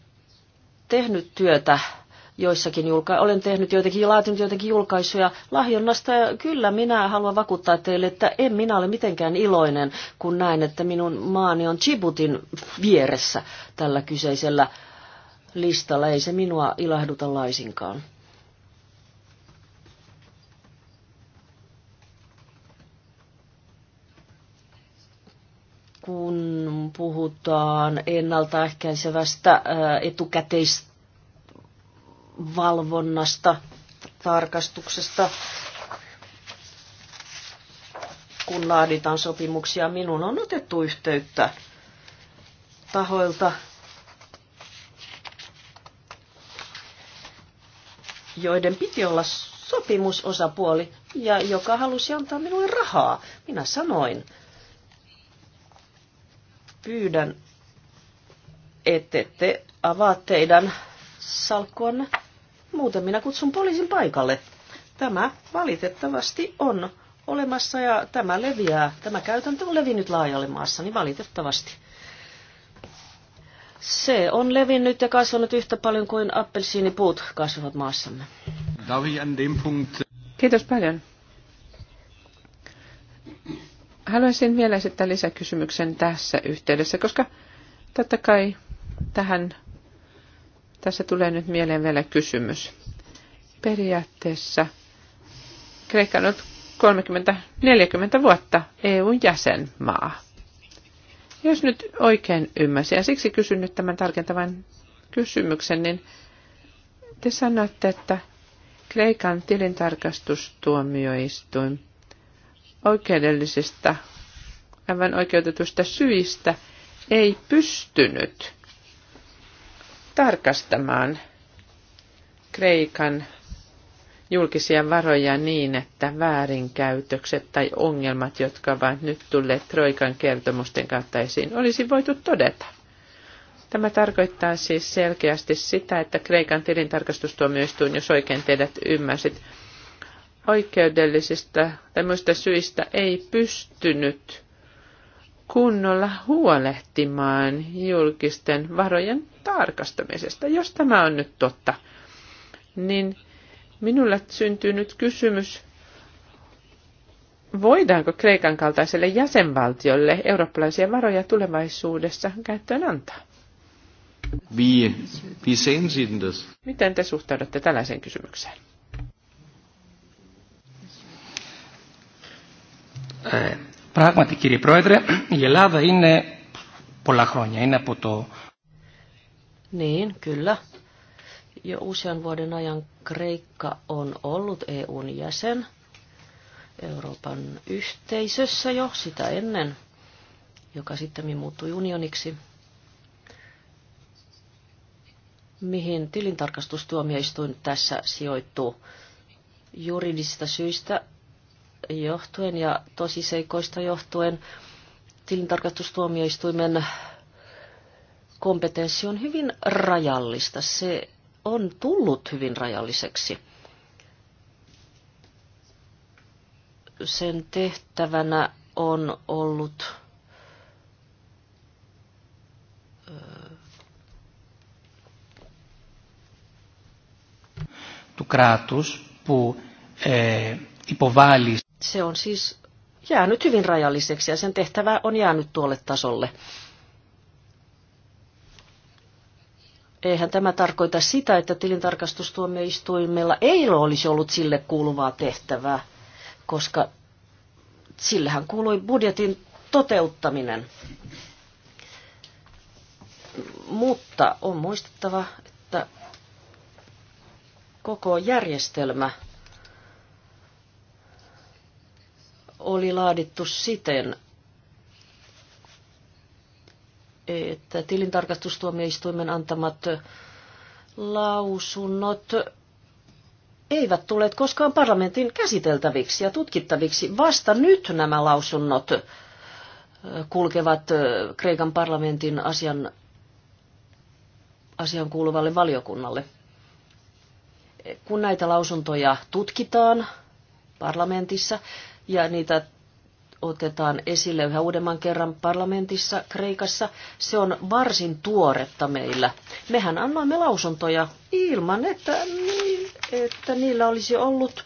tehnyt työtä joissakin julka- olen tehnyt joitakin, laatinut joitakin julkaisuja lahjonnasta ja kyllä minä haluan vakuuttaa teille, että en minä ole mitenkään iloinen, kun näin, että minun maani on Djiboutin vieressä tällä kyseisellä listalla. Ei se minua ilahduta laisinkaan. kun puhutaan ennaltaehkäisevästä etukäteistä valvonnasta, tarkastuksesta, kun laaditaan sopimuksia. Minun on otettu yhteyttä tahoilta, joiden piti olla sopimusosapuoli ja joka halusi antaa minulle rahaa. Minä sanoin, pyydän, ette te avaa teidän salkkuanne. Muuten minä kutsun poliisin paikalle. Tämä valitettavasti on olemassa ja tämä leviää. Tämä käytäntö on levinnyt laajalle maassa, niin valitettavasti. Se on levinnyt ja kasvanut yhtä paljon kuin appelsiinipuut kasvavat maassamme. Kiitos paljon. Haluaisin vielä esittää lisäkysymyksen tässä yhteydessä, koska totta kai tähän tässä tulee nyt mieleen vielä kysymys. Periaatteessa Kreikka on 30-40 vuotta EUn jäsenmaa. Jos nyt oikein ymmärsin, ja siksi kysyn nyt tämän tarkentavan kysymyksen, niin te sanoitte, että Kreikan tilintarkastustuomioistuin oikeudellisista, aivan oikeutetuista syistä ei pystynyt tarkastamaan Kreikan julkisia varoja niin, että väärinkäytökset tai ongelmat, jotka ovat nyt tulleet Troikan kertomusten kautta esiin, olisi voitu todeta. Tämä tarkoittaa siis selkeästi sitä, että Kreikan tilintarkastustuomioistuin, jos oikein teidät ymmärsit, oikeudellisista tai muista syistä ei pystynyt kunnolla huolehtimaan julkisten varojen tarkastamisesta. Jos tämä on nyt totta, niin minulle syntyy nyt kysymys, voidaanko Kreikan kaltaiselle jäsenvaltiolle eurooppalaisia varoja tulevaisuudessa käyttöön antaa? Wie, wie sehen Sie denn das? Miten te suhtaudutte tällaiseen kysymykseen? Äh, Πράγματι κύριε Πρόεδρε, η Ελλάδα είναι πολλά χρόνια, είναι από το... Niin, kyllä. Jo usean vuoden ajan Kreikka on ollut EUn jäsen Euroopan yhteisössä jo sitä ennen, joka sitten muuttui unioniksi mihin tilintarkastustuomioistuin tässä sijoittuu. juridisista syistä johtuen ja tosiseikoista johtuen tilintarkastustuomioistuimen kompetenssi on hyvin rajallista. Se on tullut hyvin rajalliseksi. Sen tehtävänä on ollut του κράτους που ε, υποβάλλει se on siis jäänyt hyvin rajalliseksi ja sen tehtävä on jäänyt tuolle tasolle. Eihän tämä tarkoita sitä, että tilintarkastustuomioistuimella ei olisi ollut sille kuuluvaa tehtävää, koska sillähän kuului budjetin toteuttaminen. Mutta on muistettava, että koko järjestelmä oli laadittu siten, että tilintarkastustuomioistuimen antamat lausunnot eivät tulleet koskaan parlamentin käsiteltäviksi ja tutkittaviksi. Vasta nyt nämä lausunnot kulkevat Kreikan parlamentin asian, asian kuuluvalle valiokunnalle. Kun näitä lausuntoja tutkitaan parlamentissa, ja niitä otetaan esille yhä uudemman kerran parlamentissa Kreikassa. Se on varsin tuoretta meillä. Mehän annoimme lausuntoja ilman, että, niin, että niillä olisi ollut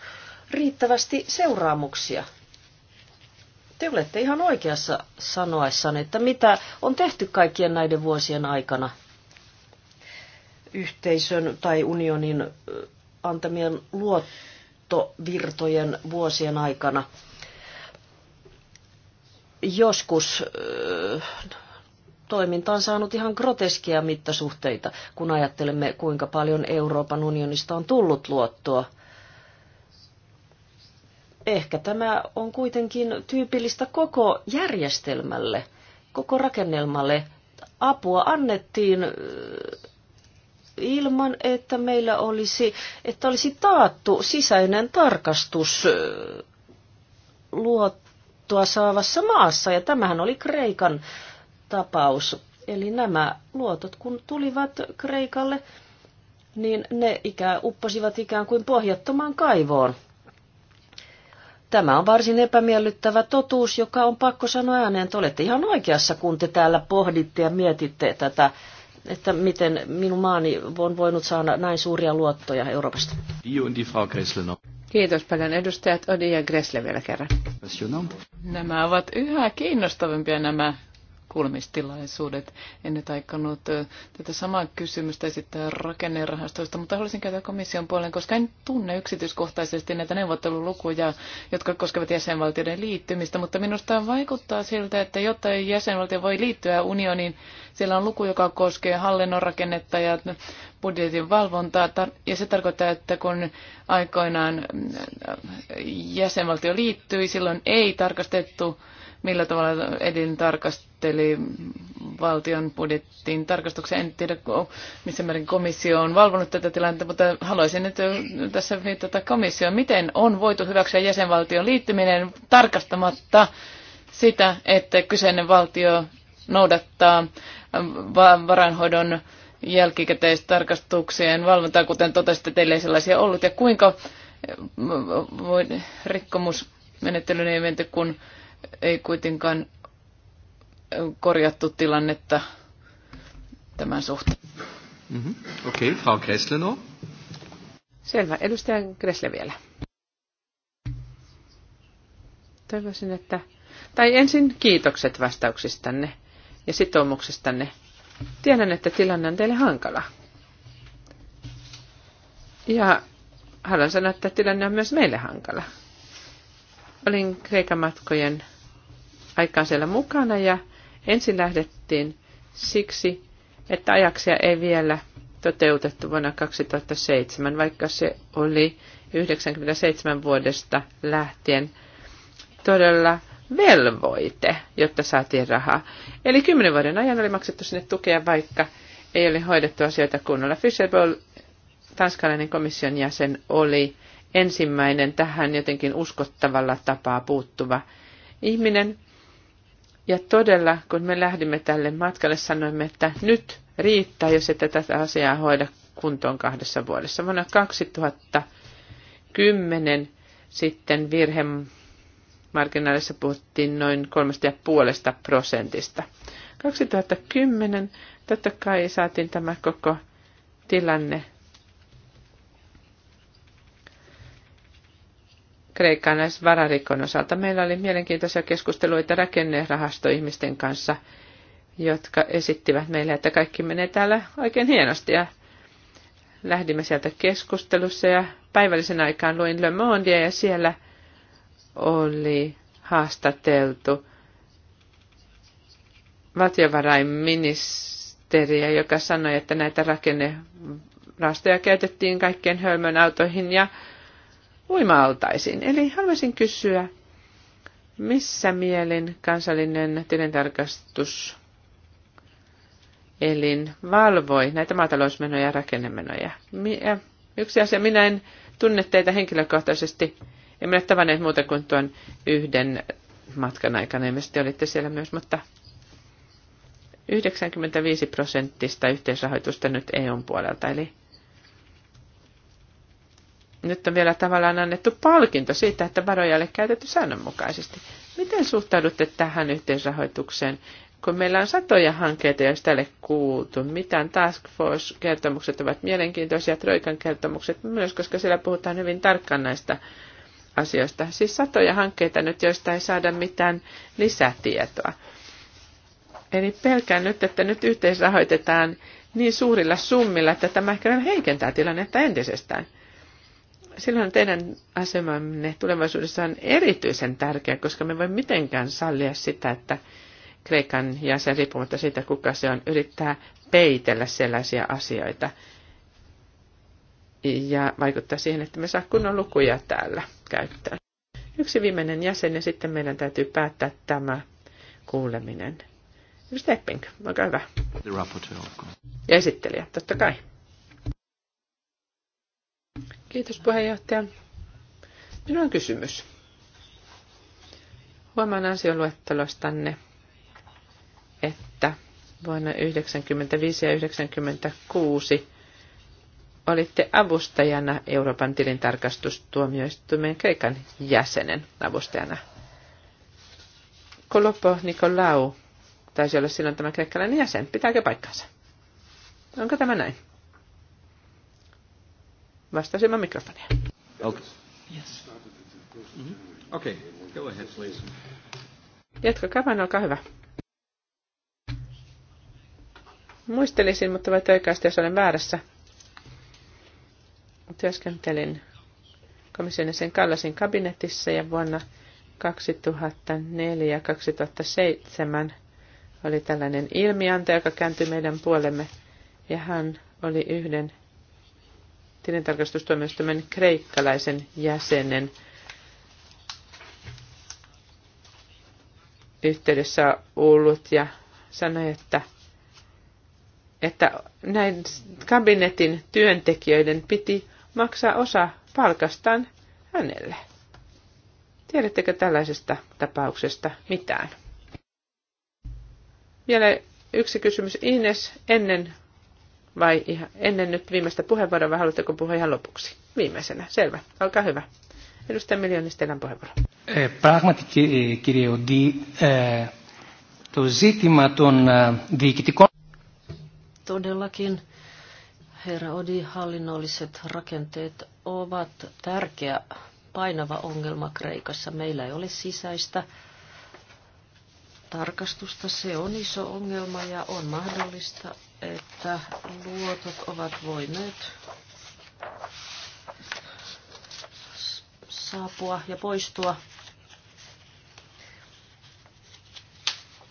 riittävästi seuraamuksia. Te olette ihan oikeassa sanoessanne, että mitä on tehty kaikkien näiden vuosien aikana yhteisön tai unionin antamien luottovirtojen vuosien aikana – joskus toiminta on saanut ihan groteskia mittasuhteita, kun ajattelemme, kuinka paljon Euroopan unionista on tullut luottoa. Ehkä tämä on kuitenkin tyypillistä koko järjestelmälle, koko rakennelmalle. Apua annettiin ilman, että meillä olisi, että olisi taattu sisäinen tarkastus luot, luottoa saavassa maassa, ja tämähän oli Kreikan tapaus. Eli nämä luotot, kun tulivat Kreikalle, niin ne ikään upposivat ikään kuin pohjattomaan kaivoon. Tämä on varsin epämiellyttävä totuus, joka on pakko sanoa ääneen. että olette ihan oikeassa, kun te täällä pohditte ja mietitte tätä, että miten minun maani on voinut saada näin suuria luottoja Euroopasta. Kiitos paljon edustajat Odi ja Gressle vielä kerran. Nämä ovat yhä kiinnostavimpia nämä kuulemistilaisuudet. En nyt aikannut tätä samaa kysymystä esittää rakennerahastoista, mutta haluaisin käydä komission puolen, koska en tunne yksityiskohtaisesti näitä neuvottelulukuja, jotka koskevat jäsenvaltioiden liittymistä, mutta minusta vaikuttaa siltä, että jotta jäsenvaltio voi liittyä unioniin, siellä on luku, joka koskee hallinnon rakennetta ja budjetin valvontaa, ja se tarkoittaa, että kun aikoinaan jäsenvaltio liittyi, silloin ei tarkastettu millä tavalla Edin tarkasteli valtion budjettiin tarkastuksen. En tiedä, missä määrin komissio on valvonut tätä tilannetta, mutta haluaisin nyt tässä viitata komissioon. Miten on voitu hyväksyä jäsenvaltion liittyminen tarkastamatta sitä, että kyseinen valtio noudattaa varanhoidon jälkikäteistarkastuksien valvontaa, kuten totesitte, teille ei sellaisia ollut. Ja kuinka rikkomusmenettelyn ei menty, kun ei kuitenkaan korjattu tilannetta tämän suhteen. Mm-hmm. Okei, okay, Frau Kressle no. Selvä. Edustaja Kressle vielä. Toivoisin, että... Tai ensin kiitokset vastauksistanne ja sitoumuksistanne. Tiedän, että tilanne on teille hankala. Ja haluan sanoa, että tilanne on myös meille hankala. Olin Kreikan matkojen aikaan siellä mukana ja ensin lähdettiin siksi, että ajaksia ei vielä toteutettu vuonna 2007, vaikka se oli 97 vuodesta lähtien todella velvoite, jotta saatiin rahaa. Eli kymmenen vuoden ajan oli maksettu sinne tukea, vaikka ei ole hoidettu asioita kunnolla. Fisher tanskalainen komission jäsen, oli ensimmäinen tähän jotenkin uskottavalla tapaa puuttuva ihminen. Ja todella, kun me lähdimme tälle matkalle, sanoimme, että nyt riittää, jos ette tätä asiaa hoida kuntoon kahdessa vuodessa. Vuonna 2010 sitten virhemarginaalissa puhuttiin noin 3,5 prosentista. 2010 totta kai saatiin tämä koko tilanne Kreikan vararikon osalta. Meillä oli mielenkiintoisia keskusteluita rakennerahastoihmisten kanssa, jotka esittivät meille, että kaikki menee täällä oikein hienosti. Ja lähdimme sieltä keskustelussa ja päivällisen aikaan luin Le Mondia ja siellä oli haastateltu valtiovarainministeriä, joka sanoi, että näitä rakennerahastoja käytettiin kaikkien hölmön autoihin ja uima-altaisiin. Eli haluaisin kysyä, missä mielin kansallinen tilintarkastus elin valvoi näitä maatalousmenoja ja rakennemenoja. Yksi asia, minä en tunne teitä henkilökohtaisesti, emme ole tavanneet muuta kuin tuon yhden matkan aikana, ilmeisesti olitte siellä myös, mutta 95 prosenttista yhteisrahoitusta nyt EUn puolelta, eli nyt on vielä tavallaan annettu palkinto siitä, että varoja ei käytetty säännönmukaisesti. Miten suhtaudutte tähän yhteisrahoitukseen, kun meillä on satoja hankkeita, joista ei ole kuultu? Mitään task force-kertomukset ovat mielenkiintoisia, Troikan kertomukset myös, koska siellä puhutaan hyvin tarkkaan näistä asioista. Siis satoja hankkeita nyt, joista ei saada mitään lisätietoa. Eli pelkään nyt, että nyt yhteisrahoitetaan niin suurilla summilla, että tämä ehkä heikentää tilannetta entisestään silloin teidän asemanne tulevaisuudessa on erityisen tärkeä, koska me voi mitenkään sallia sitä, että Kreikan jäsen, riippumatta siitä kuka se on, yrittää peitellä sellaisia asioita ja vaikuttaa siihen, että me saa kunnon lukuja täällä käyttää. Yksi viimeinen jäsen ja sitten meidän täytyy päättää tämä kuuleminen. Epping, olkaa hyvä. Ja esittelijä, totta kai. Kiitos puheenjohtaja. Minulla on kysymys. Huomaan ansioluettelostanne, että vuonna 1995 ja 1996 olitte avustajana Euroopan tilintarkastustuomioistuimen Kreikan jäsenen avustajana. Kolopo Nikolau taisi olla silloin tämä kreikkalainen jäsen. Pitääkö paikkansa? Onko tämä näin? vastasimme mikrofonia. Okay. Yes. Mm-hmm. Okay. Go ahead, please. Jatkakaa vain, olkaa hyvä. Muistelisin, mutta voit oikeasti, jos olen väärässä. Työskentelin komission sen Kallasin kabinetissa ja vuonna 2004 ja 2007 oli tällainen ilmianto, joka kääntyi meidän puolemme. Ja hän oli yhden tilintarkastustuomioistuimen kreikkalaisen jäsenen yhteydessä ollut ja sanoi, että, että näin kabinetin työntekijöiden piti maksaa osa palkastaan hänelle. Tiedättekö tällaisesta tapauksesta mitään? Vielä yksi kysymys. Ines, ennen vai ihan ennen nyt viimeistä puheenvuoroa vai haluatteko puhua ihan lopuksi? Viimeisenä, selvä. Olkaa hyvä. Edustaja Miljonis, teidän puheenvuoro. Eh, Πράγματι, κύριε Οντή, το ζήτημα Todellakin, herra Odi, hallinnolliset rakenteet ovat tärkeä painava ongelma Kreikassa. Meillä ei ole sisäistä tarkastusta. Se on iso ongelma ja on mahdollista, että luotot ovat voineet saapua ja poistua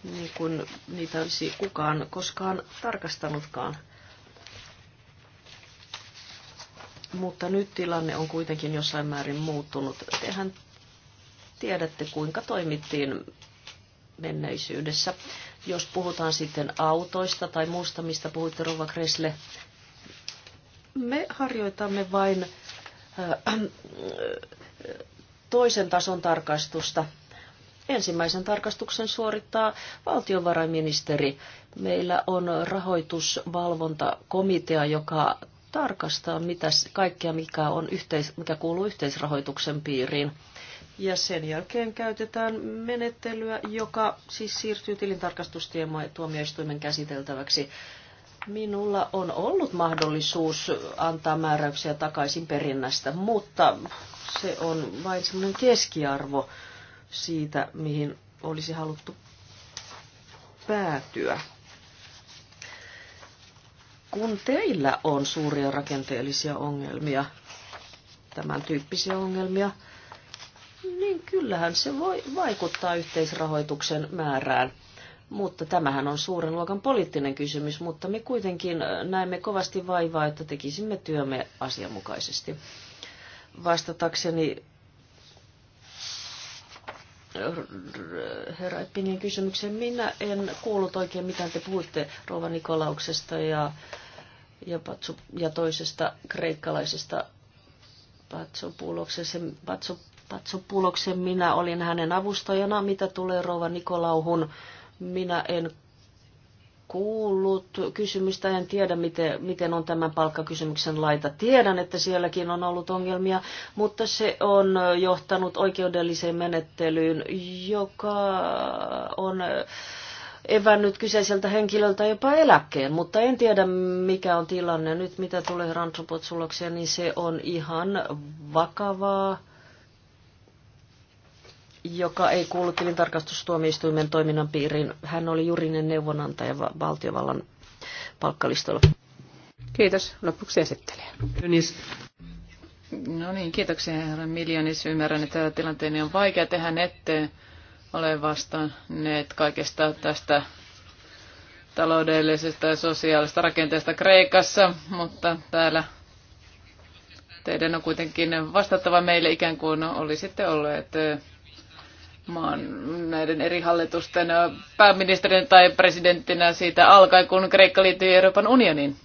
niin kuin niitä olisi kukaan koskaan tarkastanutkaan. Mutta nyt tilanne on kuitenkin jossain määrin muuttunut. Tehän tiedätte, kuinka toimittiin menneisyydessä. Jos puhutaan sitten autoista tai muusta, mistä puhuitte Rova Kresle, me harjoitamme vain äh, äh, toisen tason tarkastusta. Ensimmäisen tarkastuksen suorittaa valtiovarainministeri. Meillä on rahoitusvalvontakomitea, joka tarkastaa mitä kaikkea, mikä, on yhteis, mikä kuuluu yhteisrahoituksen piiriin. Ja sen jälkeen käytetään menettelyä, joka siis siirtyy tilintarkastustuomioistuimen käsiteltäväksi. Minulla on ollut mahdollisuus antaa määräyksiä takaisin perinnästä, mutta se on vain semmoinen keskiarvo siitä, mihin olisi haluttu päätyä. Kun teillä on suuria rakenteellisia ongelmia, tämän tyyppisiä ongelmia, niin kyllähän se voi vaikuttaa yhteisrahoituksen määrään. Mutta tämähän on suuren luokan poliittinen kysymys, mutta me kuitenkin äh, näemme kovasti vaivaa, että tekisimme työmme asianmukaisesti. Vastatakseni äh, herra Eppinien kysymykseen, minä en kuullut oikein, mitä te puhuitte Rova Nikolauksesta ja, ja, Patsu, ja toisesta kreikkalaisesta Patsopuloksesta. Patsopuloksesta Tatsopuloksen. Minä olin hänen avustajana, mitä tulee rouva Nikolauhun. Minä en kuullut kysymystä, en tiedä miten, miten on tämän palkkakysymyksen laita. Tiedän, että sielläkin on ollut ongelmia, mutta se on johtanut oikeudelliseen menettelyyn, joka on evännyt kyseiseltä henkilöltä jopa eläkkeen, mutta en tiedä mikä on tilanne nyt, mitä tulee rantropotsulokseen, niin se on ihan vakavaa joka ei kuulu tilintarkastustuomioistuimen toiminnan piiriin. Hän oli juridinen neuvonantaja valtiovallan palkkalistolla. Kiitos. Lopuksi esittelijä. Jonis. No niin, kiitoksia herra Miljonis. Ymmärrän, että tilanteeni on vaikea tehdä ette ole vastanneet kaikesta tästä taloudellisesta ja sosiaalista rakenteesta Kreikassa, mutta täällä teidän on kuitenkin vastattava meille ikään kuin olisitte olleet maan näiden eri hallitusten pääministerin tai presidenttinä siitä alkaen, kun Kreikka liittyi Euroopan unioniin.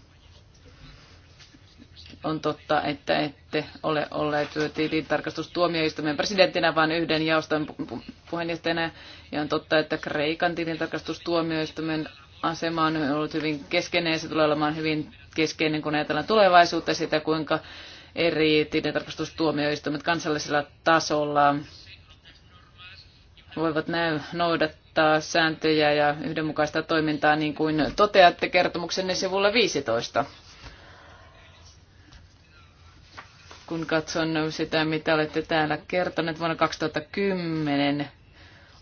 On totta, että ette ole olleet tilintarkastustuomioistuimen presidenttinä, vaan yhden jaoston puheenjohtajana. Ja on totta, että Kreikan tilintarkastustuomioistuimen asema on ollut hyvin keskeinen ja se tulee olemaan hyvin keskeinen, kun ajatellaan tulevaisuutta sitä, kuinka eri tilintarkastustuomioistuimet kansallisella tasolla voivat näy noudattaa sääntöjä ja yhdenmukaista toimintaa, niin kuin toteatte kertomuksenne sivulla 15. Kun katson sitä, mitä olette täällä kertoneet, vuonna 2010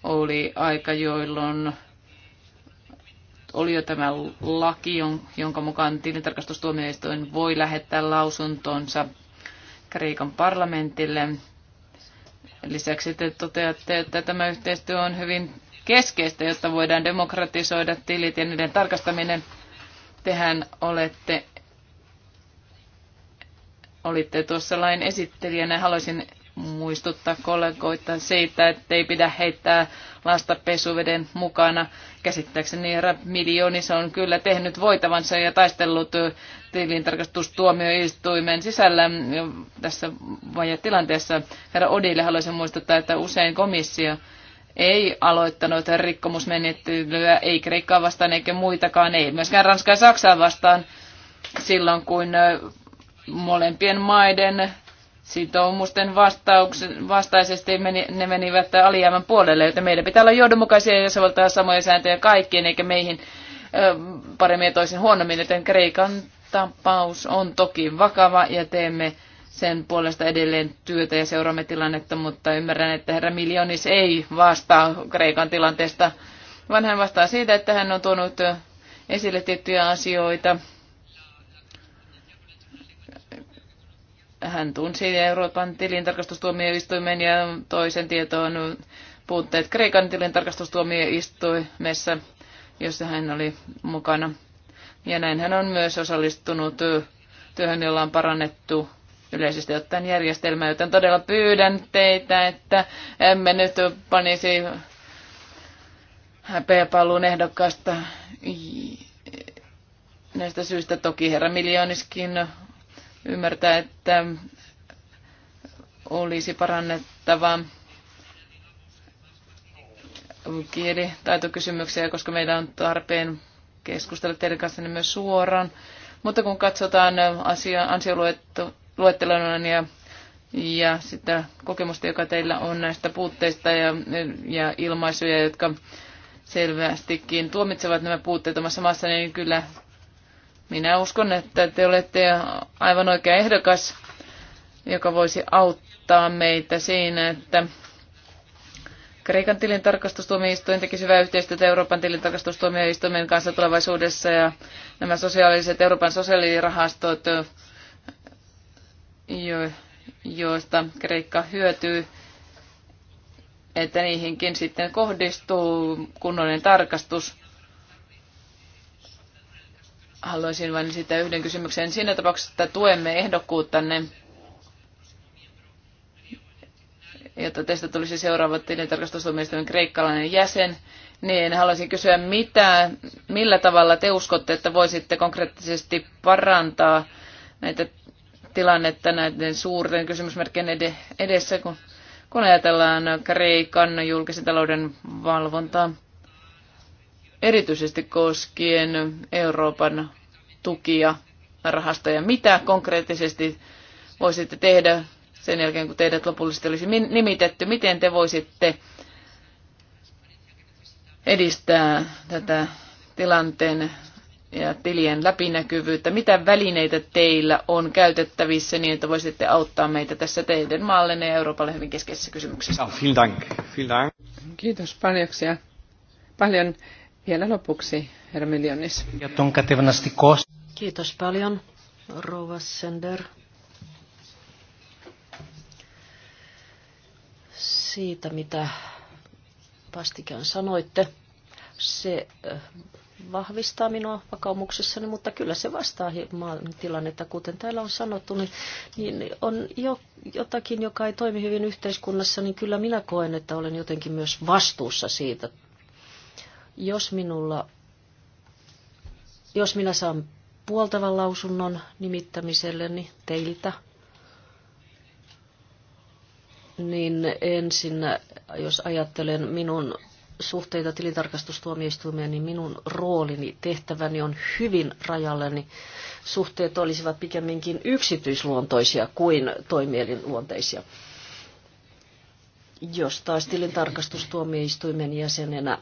oli aika, jolloin oli jo tämä laki, jonka mukaan tilintarkastustuomioistuin voi lähettää lausuntonsa Kreikan parlamentille Lisäksi te toteatte, että tämä yhteistyö on hyvin keskeistä, jotta voidaan demokratisoida tilit ja niiden tarkastaminen. Tehän olette, olitte tuossa lain esittelijänä. Haluaisin muistuttaa kollegoita siitä, että ei pidä heittää lasta pesuveden mukana. Käsittääkseni herra Miljonis on kyllä tehnyt voitavansa ja taistellut tilintarkastustuomioistuimen sisällä tässä vajatilanteessa. Herra Odille haluaisin muistuttaa, että usein komissio ei aloittanut rikkomusmenettelyä, ei Kreikkaa vastaan eikä muitakaan, ei myöskään Ranskaa ja Saksaa vastaan silloin, kun molempien maiden sitoumusten vastaisesti meni, ne menivät alijäämän puolelle, joten meidän pitää olla johdonmukaisia ja soveltaa samoja sääntöjä kaikkien, eikä meihin paremmin ja toisin huonommin, joten Kreikan tapaus on toki vakava ja teemme sen puolesta edelleen työtä ja seuraamme tilannetta, mutta ymmärrän, että herra Miljonis ei vastaa Kreikan tilanteesta, vaan hän vastaa siitä, että hän on tuonut esille tiettyjä asioita. Hän tunsi Euroopan tilintarkastustuomioistuimen ja toisen tietoon puutteet Kreikan tilintarkastustuomioistuimessa, jossa hän oli mukana. Ja näin hän on myös osallistunut työhön, jolla on parannettu yleisesti ottaen järjestelmää, joten todella pyydän teitä, että emme nyt panisi häpeäpalluun ehdokkaasta näistä syistä. Toki herra Miljooniskin ymmärtää, että olisi parannettava kielitaitokysymyksiä, koska meidän on tarpeen keskustella teidän kanssanne myös suoraan. Mutta kun katsotaan asia, ansioluettelona ja, ja sitä kokemusta, joka teillä on näistä puutteista ja, ja ilmaisuja, jotka selvästikin tuomitsevat nämä puutteet omassa maassa, niin kyllä minä uskon, että te olette aivan oikea ehdokas, joka voisi auttaa meitä siinä, että Kreikan tilintarkastustuomioistuin teki hyvää yhteistyötä Euroopan tilintarkastustuomioistuimen kanssa tulevaisuudessa ja nämä sosiaaliset Euroopan sosiaalirahastot, jo, joista Kreikka hyötyy, että niihinkin sitten kohdistuu kunnollinen tarkastus. Haluaisin vain sitä yhden kysymyksen. Siinä tapauksessa, että tuemme ehdokkuuttanne, jotta tästä tulisi seuraava tilintarkastustuomioistuimen kreikkalainen jäsen, niin haluaisin kysyä, mitä, millä tavalla te uskotte, että voisitte konkreettisesti parantaa näitä tilannetta näiden suurten kysymysmerkkien edessä, kun, kun ajatellaan Kreikan julkisen talouden valvontaa, erityisesti koskien Euroopan tukia rahastoja. Mitä konkreettisesti voisitte tehdä sen jälkeen, kun teidät lopullisesti olisi nimitetty, miten te voisitte edistää tätä tilanteen ja tilien läpinäkyvyyttä. Mitä välineitä teillä on käytettävissä niin, että voisitte auttaa meitä tässä teidän maallenne ja Euroopalle hyvin keskeisessä kysymyksessä? No, vielen dank. Vielen dank. Kiitos paljoksia. paljon. Vielä lopuksi, herra Miljonis. Kiitos paljon, rouva Sender. siitä, mitä vastikään sanoitte. Se vahvistaa minua vakaumuksessani, mutta kyllä se vastaa maan tilannetta. Kuten täällä on sanottu, niin, niin on jo jotakin, joka ei toimi hyvin yhteiskunnassa, niin kyllä minä koen, että olen jotenkin myös vastuussa siitä. Jos minulla, jos minä saan puoltavan lausunnon nimittämiselleni niin teiltä, niin ensin, jos ajattelen minun suhteita tilintarkastustuomioistuimeen, niin minun roolini, tehtäväni on hyvin rajalleni. Suhteet olisivat pikemminkin yksityisluontoisia kuin toimielinluonteisia. Jos taas tilintarkastustuomioistuimen jäsenenä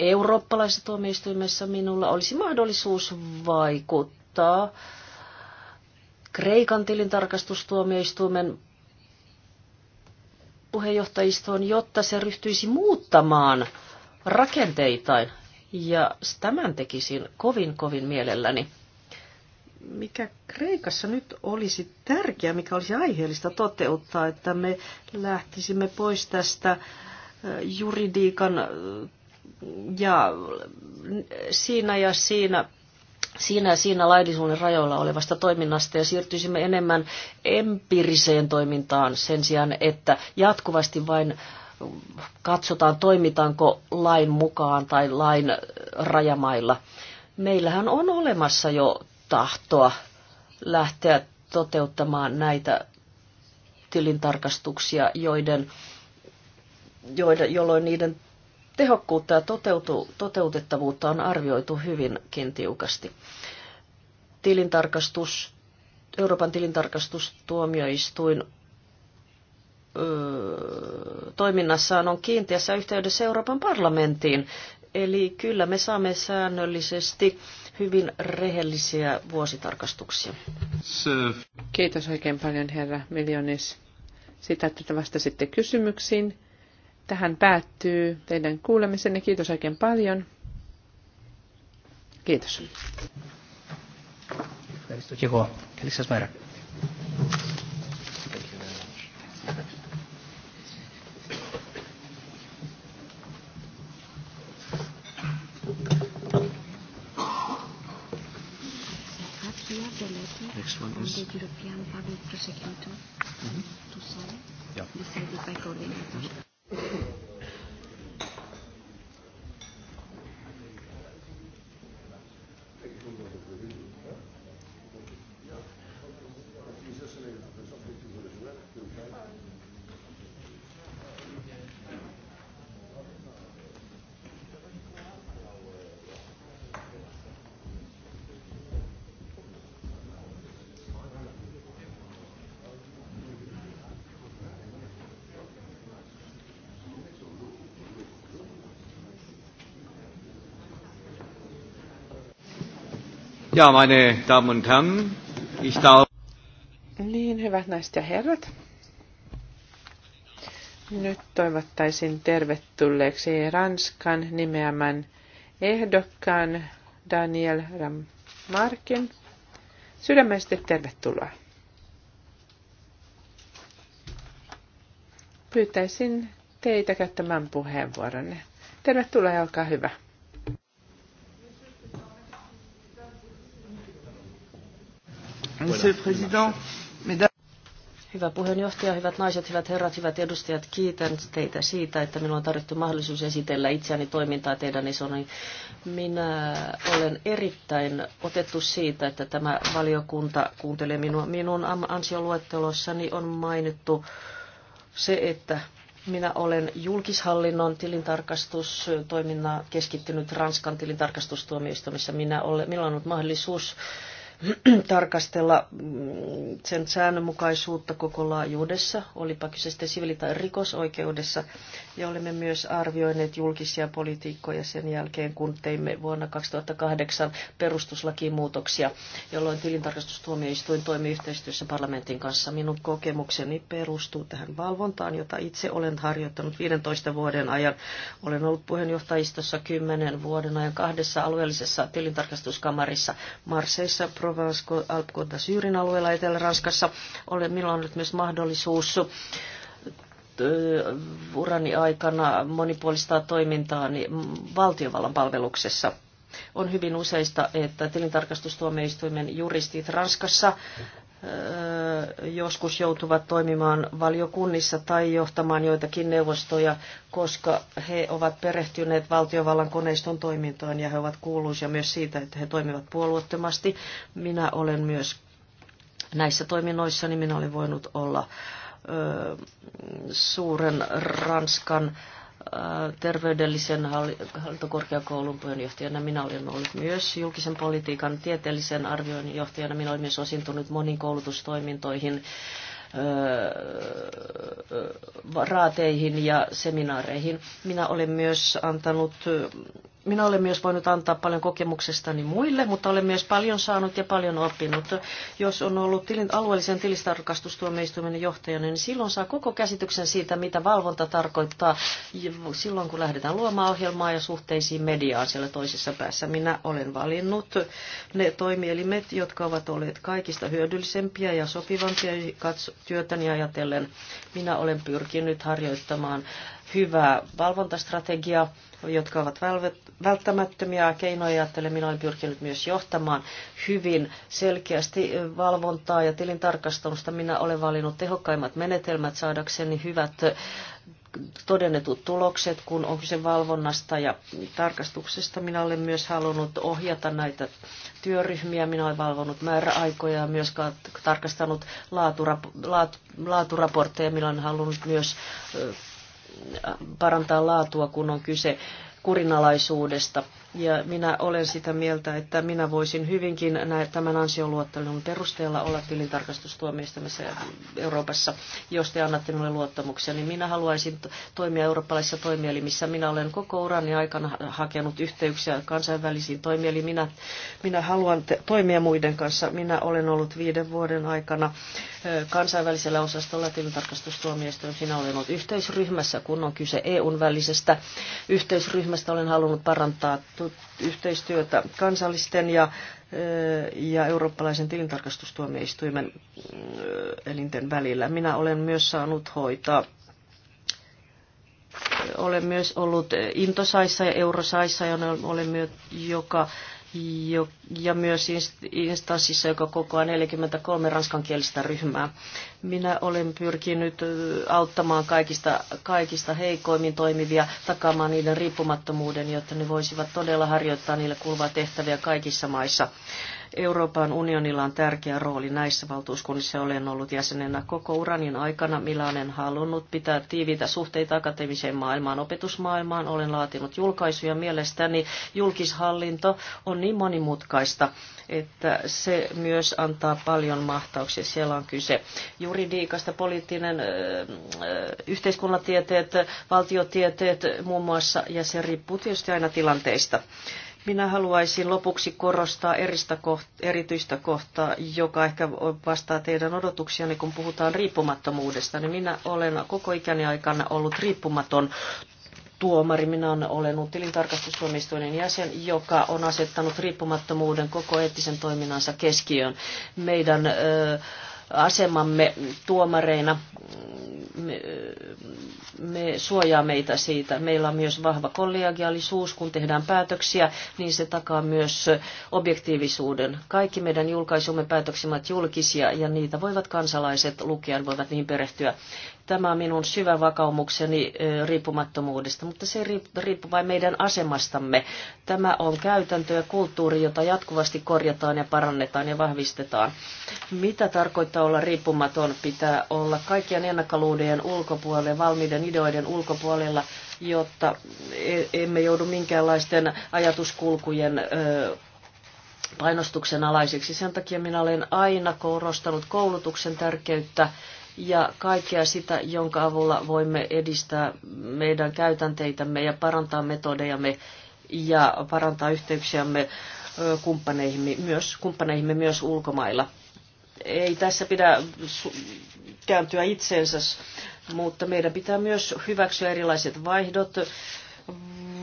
eurooppalaisessa tuomioistuimessa minulla olisi mahdollisuus vaikuttaa Kreikan tilintarkastustuomioistuimen puheenjohtajistoon, jotta se ryhtyisi muuttamaan rakenteitaan. Ja tämän tekisin kovin, kovin mielelläni. Mikä Kreikassa nyt olisi tärkeää, mikä olisi aiheellista toteuttaa, että me lähtisimme pois tästä juridiikan ja siinä ja siinä siinä ja siinä laillisuuden rajoilla olevasta toiminnasta ja siirtyisimme enemmän empiiriseen toimintaan sen sijaan, että jatkuvasti vain katsotaan, toimitaanko lain mukaan tai lain rajamailla. Meillähän on olemassa jo tahtoa lähteä toteuttamaan näitä tilintarkastuksia, joiden, joiden, jolloin niiden tehokkuutta ja toteutu, toteutettavuutta on arvioitu hyvinkin tiukasti. Tilintarkastus, Euroopan tilintarkastustuomioistuin toiminnassaan on kiinteässä yhteydessä Euroopan parlamenttiin. Eli kyllä me saamme säännöllisesti hyvin rehellisiä vuositarkastuksia. Kiitos oikein paljon herra Miljonis sitä, että te vastasitte kysymyksiin. Tähän päättyy teidän kuulemisenne. Kiitos oikein paljon. Kiitos. Next one is the European Public Prosecutor mm-hmm. to sign, yeah. decided by Ja, meine Damen und Herren, ich darf... Niin, hyvät naiset ja herrat. Nyt toivottaisin tervetulleeksi Ranskan nimeämän ehdokkaan Daniel Ramarkin. Sydämesti tervetuloa. Pyytäisin teitä käyttämään puheenvuoronne. Tervetuloa ja olkaa hyvä. Monsieur le Président. Hyvä puheenjohtaja, hyvät naiset, hyvät herrat, hyvät edustajat, kiitän teitä siitä, että minulla on tarjottu mahdollisuus esitellä itseäni toimintaa teidän isoni. Minä olen erittäin otettu siitä, että tämä valiokunta kuuntelee minua. Minun ansioluettelossani on mainittu se, että minä olen julkishallinnon tilintarkastustoiminnan keskittynyt Ranskan tilintarkastustuomioistuimessa. Minä olen, minulla on ollut mahdollisuus tarkastella mm, sen säännönmukaisuutta koko laajuudessa, olipa kyse sitten sivili- tai rikosoikeudessa. Ja olemme myös arvioineet julkisia politiikkoja sen jälkeen, kun teimme vuonna 2008 perustuslakimuutoksia, jolloin tilintarkastustuomioistuin toimi yhteistyössä parlamentin kanssa. Minun kokemukseni perustuu tähän valvontaan, jota itse olen harjoittanut 15 vuoden ajan. Olen ollut puheenjohtajistossa 10 vuoden ajan kahdessa alueellisessa tilintarkastuskamarissa Marseissa, provence alpkuota Syyrin alueella Etelä-Ranskassa. Olen, minulla on nyt myös mahdollisuus urani aikana monipuolistaa toimintaani valtiovallan palveluksessa on hyvin useista, että tilintarkastustuomioistuimen juristit Ranskassa joskus joutuvat toimimaan valiokunnissa tai johtamaan joitakin neuvostoja, koska he ovat perehtyneet valtiovallan koneiston toimintoon ja he ovat kuuluisia myös siitä, että he toimivat puolueettomasti. Minä olen myös näissä toiminnoissa, niin minä olen voinut olla suuren Ranskan ö, terveydellisen hallintokorkeakoulun puheenjohtajana. Minä olen ollut myös julkisen politiikan tieteellisen arvioinnin johtajana. Minä olen myös osintunut moniin koulutustoimintoihin, öö, öö, öö, raateihin ja seminaareihin. Minä olen myös antanut minä olen myös voinut antaa paljon kokemuksestani muille, mutta olen myös paljon saanut ja paljon oppinut. Jos on ollut tilin, alueellisen tilistarkastustuomioistuimen johtajana, niin silloin saa koko käsityksen siitä, mitä valvonta tarkoittaa silloin, kun lähdetään luomaan ohjelmaa ja suhteisiin mediaan siellä toisessa päässä. Minä olen valinnut ne toimielimet, jotka ovat olleet kaikista hyödyllisempiä ja sopivampia työtäni ajatellen. Minä olen pyrkinyt harjoittamaan hyvä valvontastrategia, jotka ovat välttämättömiä keinoja. Ajattelen, minä olen pyrkinyt myös johtamaan hyvin selkeästi valvontaa ja tilintarkastusta. Minä olen valinnut tehokkaimmat menetelmät saadakseni hyvät todennetut tulokset, kun on kyse valvonnasta ja tarkastuksesta. Minä olen myös halunnut ohjata näitä työryhmiä. Minä olen valvonut määräaikoja ja myös tarkastanut laaturap- laat- laaturaportteja. Minä olen halunnut myös parantaa laatua, kun on kyse kurinalaisuudesta ja minä olen sitä mieltä, että minä voisin hyvinkin tämän ansioluottelun perusteella olla tilintarkastustuomioistuimessa Euroopassa, jos te annatte minulle luottamuksia. Niin minä haluaisin toimia eurooppalaisessa toimielimissä. Minä olen koko urani aikana hakenut yhteyksiä kansainvälisiin toimielimiin. Minä, minä haluan toimia muiden kanssa. Minä olen ollut viiden vuoden aikana kansainvälisellä osastolla tilintarkastustuomioistuimessa. Minä olen ollut yhteisryhmässä, kun on kyse EUn välisestä yhteisryhmästä. Olen halunnut parantaa yhteistyötä kansallisten ja, ja eurooppalaisen tilintarkastustuomioistuimen elinten välillä. Minä olen myös saanut hoitaa olen myös ollut Intosaissa ja Eurosaissa, ja olen myös joka jo, ja myös instanssissa, joka kokoaa 43 ranskankielistä ryhmää. Minä olen pyrkinyt auttamaan kaikista, kaikista heikoimmin toimivia, takaamaan niiden riippumattomuuden, jotta ne voisivat todella harjoittaa niille kuuluvaa tehtäviä kaikissa maissa. Euroopan unionilla on tärkeä rooli näissä valtuuskunnissa. Olen ollut jäsenenä koko uranin aikana. Milanen halunnut pitää tiiviitä suhteita akateemiseen maailmaan, opetusmaailmaan. Olen laatinut julkaisuja. Mielestäni julkishallinto on niin monimutkaista, että se myös antaa paljon mahtauksia. Siellä on kyse juridiikasta, poliittinen, yhteiskunnatieteet, valtiotieteet muun muassa, ja se riippuu tietysti aina tilanteista. Minä haluaisin lopuksi korostaa eristä koht, erityistä kohtaa, joka ehkä vastaa teidän odotuksianne, kun puhutaan riippumattomuudesta. Niin minä olen koko ikäni aikana ollut riippumaton tuomari. Minä olen ollut tilintarkastustuomioistuinen jäsen, joka on asettanut riippumattomuuden koko eettisen toiminnansa keskiöön. Meidän... Öö, asemamme tuomareina me, me suojaa meitä siitä. Meillä on myös vahva kollegiaalisuus, kun tehdään päätöksiä, niin se takaa myös objektiivisuuden. Kaikki meidän julkaisumme päätöksimme ovat julkisia ja niitä voivat kansalaiset lukea, voivat niihin perehtyä. Tämä on minun syvä vakaumukseni riippumattomuudesta, mutta se riippuu vain meidän asemastamme. Tämä on käytäntö ja kulttuuri, jota jatkuvasti korjataan ja parannetaan ja vahvistetaan. Mitä tarkoittaa olla riippumaton? Pitää olla kaikkien ennakkoluulojen ulkopuolella, valmiiden ideoiden ulkopuolella, jotta e, emme joudu minkäänlaisten ajatuskulkujen painostuksen alaiseksi. Sen takia minä olen aina korostanut koulutuksen tärkeyttä ja kaikkea sitä, jonka avulla voimme edistää meidän käytänteitämme ja parantaa metodejamme ja parantaa yhteyksiämme kumppaneihimme myös, kumppaneihimme myös ulkomailla. Ei tässä pidä kääntyä itseensä, mutta meidän pitää myös hyväksyä erilaiset vaihdot,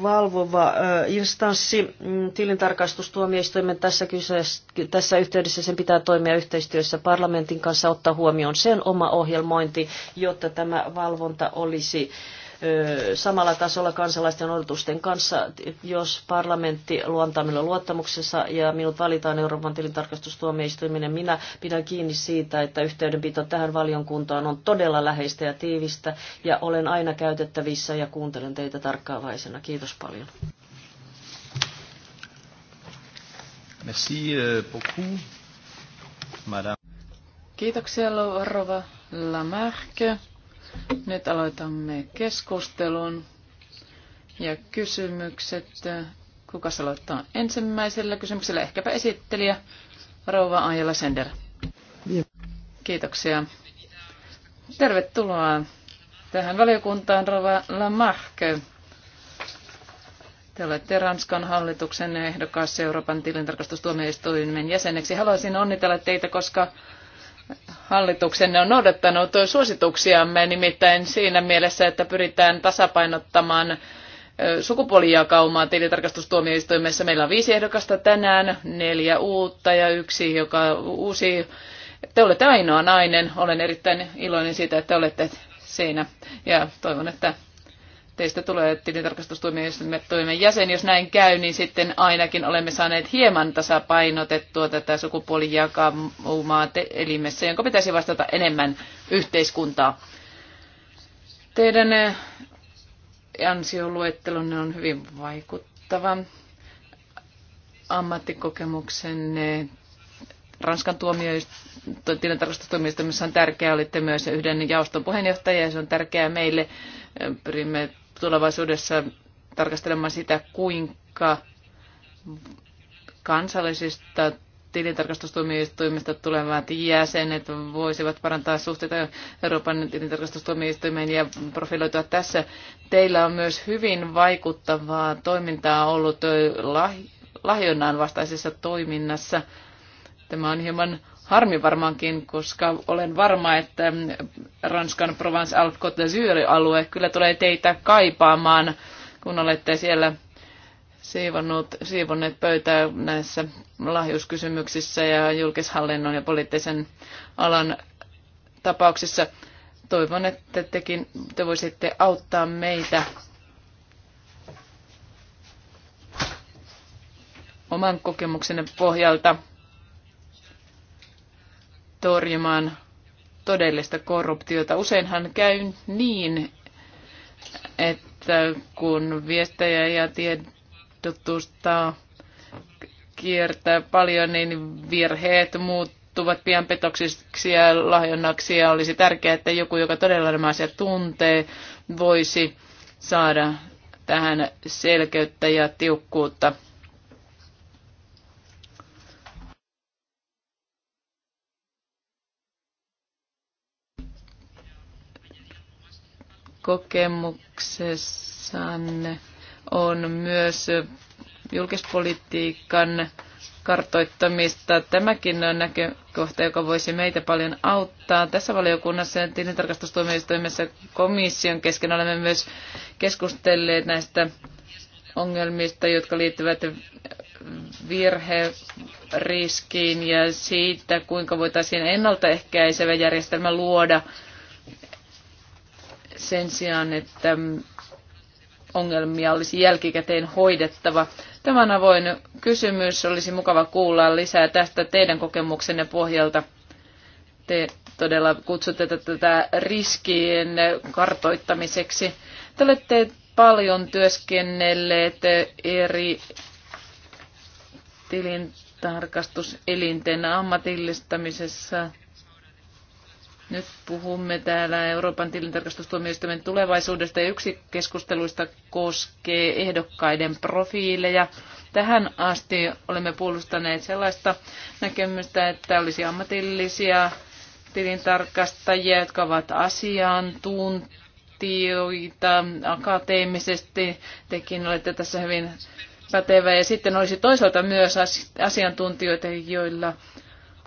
valvova instanssi, mm, tilintarkastustuomioistuimen tässä, kyseessä, tässä yhteydessä sen pitää toimia yhteistyössä parlamentin kanssa, ottaa huomioon sen oma ohjelmointi, jotta tämä valvonta olisi äh, samalla tasolla kansalaisten odotusten kanssa, jos parlamentti luontaa minulle luottamuksessa ja minut valitaan Euroopan tilintarkastustuomioistuimen. Minä pidän kiinni siitä, että yhteydenpito tähän valiokuntaan on todella läheistä ja tiivistä ja olen aina käytettävissä ja kuuntelen teitä tarkkaavaisena. Kiitos paljon. Merci euh, beaucoup, madame. Kiitoksia, Rova Lamarque. Nyt aloitamme keskustelun ja kysymykset. Kuka aloittaa ensimmäisellä kysymyksellä? Ehkäpä esittelijä Rouva Ajala Sender. Kiitoksia. Tervetuloa tähän valiokuntaan, Rova Lamarck. Te olette Ranskan hallituksen ehdokas Euroopan tilintarkastustuomioistuimen jäseneksi. Haluaisin onnitella teitä, koska hallituksenne on noudattanut suosituksiamme, nimittäin siinä mielessä, että pyritään tasapainottamaan sukupuolijakaumaa tilitarkastustuomioistuimessa. Meillä on viisi ehdokasta tänään, neljä uutta ja yksi, joka uusi. Te olette ainoa nainen. Olen erittäin iloinen siitä, että olette siinä ja toivon, että teistä tulee tilintarkastustoimen jäsen. Jos näin käy, niin sitten ainakin olemme saaneet hieman tasapainotettua tätä sukupuolijakaumaa elimessä, jonka pitäisi vastata enemmän yhteiskuntaa. Teidän eh, ansioluettelonne on hyvin vaikuttava. Ammattikokemuksenne Ranskan tuomioistuimessa on tärkeää, olitte myös yhden jaoston puheenjohtaja ja se on tärkeää meille. Eh, pyrimme tulevaisuudessa tarkastelemaan sitä, kuinka kansallisista tilintarkastustuomioistuimista tulevat jäsenet voisivat parantaa suhteita Euroopan tilintarkastustuomioistuimeen ja profiloitua tässä. Teillä on myös hyvin vaikuttavaa toimintaa ollut lahjonnan vastaisessa toiminnassa. Tämä on hieman harmi varmaankin, koska olen varma, että Ranskan Provence Alpes Côte d'Azur-alue kyllä tulee teitä kaipaamaan, kun olette siellä siivonneet pöytää näissä lahjuskysymyksissä ja julkishallinnon ja poliittisen alan tapauksissa. Toivon, että tekin te voisitte auttaa meitä oman kokemuksenne pohjalta torjumaan todellista korruptiota. Useinhan käy niin, että kun viestejä ja tiedotusta kiertää paljon, niin virheet muuttuvat pian petoksiksi ja lahjonnaksi. Ja olisi tärkeää, että joku, joka todella nämä asiat tuntee, voisi saada tähän selkeyttä ja tiukkuutta. kokemuksessanne on myös julkispolitiikan kartoittamista. Tämäkin on näkökohta, joka voisi meitä paljon auttaa. Tässä valiokunnassa ja tilintarkastustuomioistuimessa komission kesken olemme myös keskustelleet näistä ongelmista, jotka liittyvät virheriskiin ja siitä, kuinka voitaisiin ennaltaehkäisevä järjestelmä luoda sen sijaan, että ongelmia olisi jälkikäteen hoidettava. Tämän avoin kysymys olisi mukava kuulla lisää tästä teidän kokemuksenne pohjalta. Te todella kutsutte tätä riskien kartoittamiseksi. Te olette paljon työskennelleet eri tilintarkastuselinten ammatillistamisessa nyt puhumme täällä Euroopan tilintarkastustuomioistuimen tulevaisuudesta ja yksi keskusteluista koskee ehdokkaiden profiileja. Tähän asti olemme puolustaneet sellaista näkemystä, että olisi ammatillisia tilintarkastajia, jotka ovat asiantuntijoita akateemisesti. Tekin olette tässä hyvin pätevä. Ja sitten olisi toisaalta myös asiantuntijoita, joilla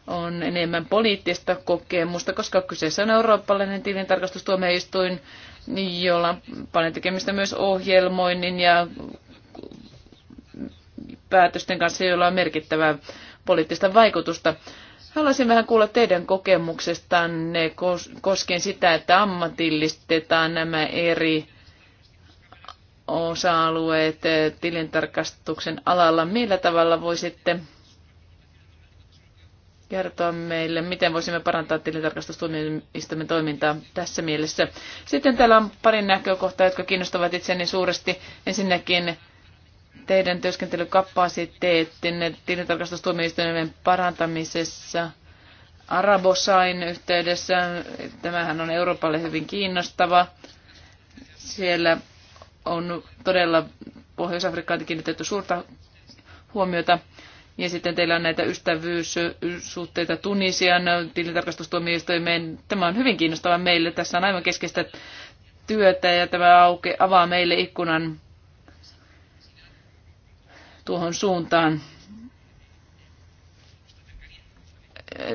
on enemmän poliittista kokemusta, koska kyseessä on eurooppalainen tilintarkastustuomioistuin, jolla on paljon tekemistä myös ohjelmoinnin ja päätösten kanssa, joilla on merkittävää poliittista vaikutusta. Haluaisin vähän kuulla teidän kokemuksestanne koskien sitä, että ammatillistetaan nämä eri osa-alueet tilintarkastuksen alalla. Millä tavalla voisitte sitten kertoa meille, miten voisimme parantaa tilintarkastustuomioistuimen toimintaa tässä mielessä. Sitten täällä on pari näkökohtaa, jotka kiinnostavat itseäni suuresti. Ensinnäkin teidän työskentelykapasiteettin tilintarkastustuomioistuimen parantamisessa Arabosain yhteydessä. Tämähän on Euroopalle hyvin kiinnostava. Siellä on todella Pohjois-Afrikkaan kiinnitetty suurta huomiota. Ja sitten teillä on näitä ystävyyssuhteita Tunisian tilintarkastustuomioistuimeen. Tämä on hyvin kiinnostava meille. Tässä on aivan keskeistä työtä ja tämä auke, avaa meille ikkunan tuohon suuntaan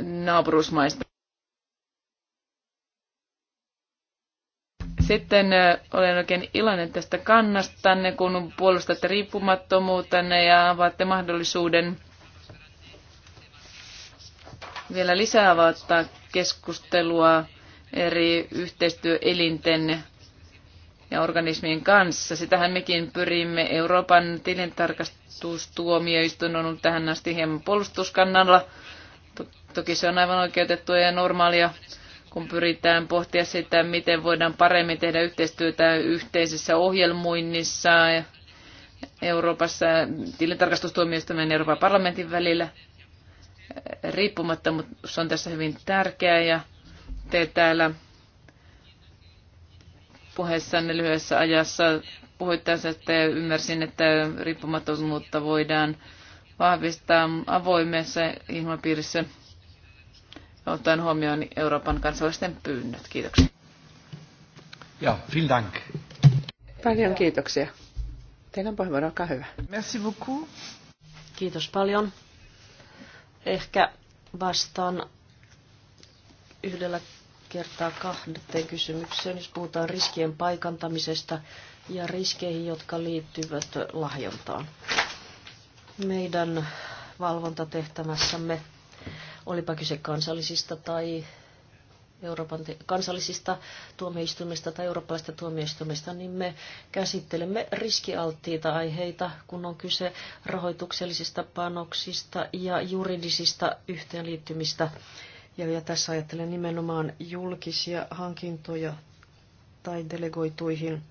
naapurusmaista. Sitten olen oikein iloinen tästä kannastanne, kun puolustatte riippumattomuutenne ja avaatte mahdollisuuden vielä lisää avata keskustelua eri yhteistyöelinten ja organismien kanssa. Sitähän mekin pyrimme. Euroopan tilintarkastustuomioistuin on ollut tähän asti hieman puolustuskannalla. Toki se on aivan oikeutettua ja normaalia, kun pyritään pohtia sitä, miten voidaan paremmin tehdä yhteistyötä yhteisessä ohjelmoinnissa ja Euroopassa tilintarkastustuomioistuimen ja Euroopan parlamentin välillä riippumattomuus on tässä hyvin tärkeää ja te täällä puheessanne lyhyessä ajassa puhuitte että ymmärsin, että riippumattomuutta voidaan vahvistaa avoimessa ilmapiirissä ottaen huomioon Euroopan kansalaisten pyynnöt. Kiitoksia. Ja, vielen dank. Paljon kiitoksia. Teidän puheenvuoro, olkaa hyvä. Merci beaucoup. Kiitos paljon. Ehkä vastaan yhdellä kertaa kahden kysymykseen, jos puhutaan riskien paikantamisesta ja riskeihin, jotka liittyvät lahjontaan. Meidän valvontatehtävässämme, olipa kyse kansallisista tai Euroopan kansallisista tuomioistuimista tai eurooppalaisista tuomioistuimista, niin me käsittelemme riskialttiita aiheita, kun on kyse rahoituksellisista panoksista ja juridisista yhteenliittymistä. Ja, ja tässä ajattelen nimenomaan julkisia hankintoja tai delegoituihin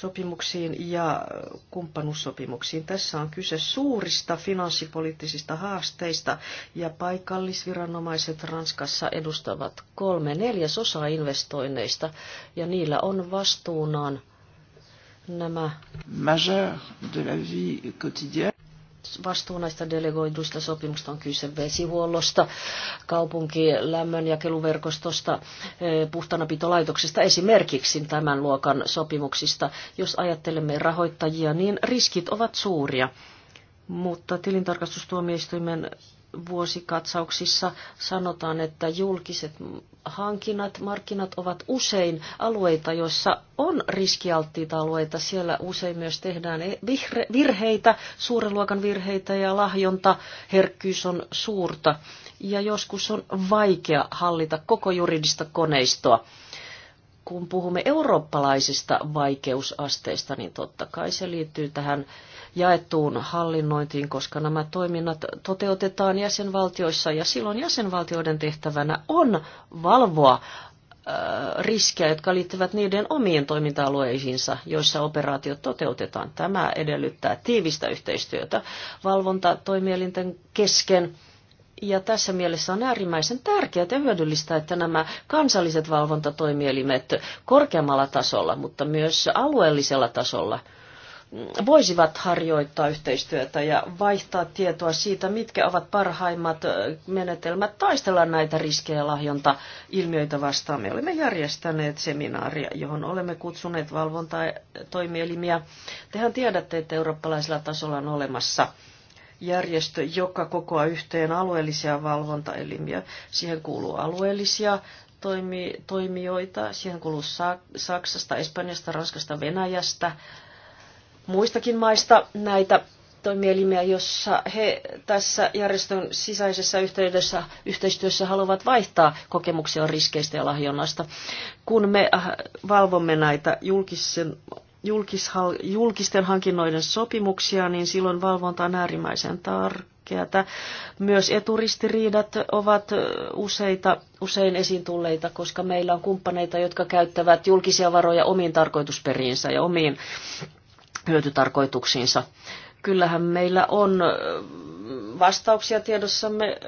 sopimuksiin ja kumppanuussopimuksiin. Tässä on kyse suurista finanssipoliittisista haasteista ja paikallisviranomaiset Ranskassa edustavat kolme neljäsosaa investoinneista ja niillä on vastuunaan nämä majeur de la vie quotidienne vastuu näistä delegoiduista sopimuksista on kyse vesihuollosta, kaupunkilämmön ja keluverkostosta, puhtanapitolaitoksesta esimerkiksi tämän luokan sopimuksista. Jos ajattelemme rahoittajia, niin riskit ovat suuria. Mutta tilintarkastustuomioistuimen vuosikatsauksissa sanotaan, että julkiset hankinnat, markkinat ovat usein alueita, joissa on riskialttiita alueita. Siellä usein myös tehdään e- virheitä, suuren luokan virheitä ja lahjonta, herkkyys on suurta. Ja joskus on vaikea hallita koko juridista koneistoa kun puhumme eurooppalaisista vaikeusasteista, niin totta kai se liittyy tähän jaettuun hallinnointiin, koska nämä toiminnat toteutetaan jäsenvaltioissa ja silloin jäsenvaltioiden tehtävänä on valvoa äh, riskejä, jotka liittyvät niiden omiin toiminta-alueisiinsa, joissa operaatiot toteutetaan. Tämä edellyttää tiivistä yhteistyötä valvontatoimielinten kesken ja tässä mielessä on äärimmäisen tärkeää ja hyödyllistä, että nämä kansalliset valvontatoimielimet korkeammalla tasolla, mutta myös alueellisella tasolla voisivat harjoittaa yhteistyötä ja vaihtaa tietoa siitä, mitkä ovat parhaimmat menetelmät taistella näitä riskejä lahjonta-ilmiöitä vastaan. Me olemme järjestäneet seminaaria, johon olemme kutsuneet valvontatoimielimiä. Tehän tiedätte, että eurooppalaisella tasolla on olemassa – järjestö, joka kokoaa yhteen alueellisia valvontaelimiä. Siihen kuuluu alueellisia toimi, toimijoita, siihen kuuluu Saksasta, Espanjasta, Ranskasta, Venäjästä, muistakin maista näitä toimielimiä, jossa he tässä järjestön sisäisessä yhteydessä, yhteistyössä haluavat vaihtaa kokemuksia riskeistä ja lahjonnasta. Kun me äh, valvomme näitä julkisen julkisten hankinnoiden sopimuksia, niin silloin valvonta on äärimmäisen tärkeää. Myös eturistiriidat ovat useita, usein esiin tulleita, koska meillä on kumppaneita, jotka käyttävät julkisia varoja omiin tarkoitusperiinsä ja omiin hyötytarkoituksiinsa. Kyllähän meillä on vastauksia tiedossamme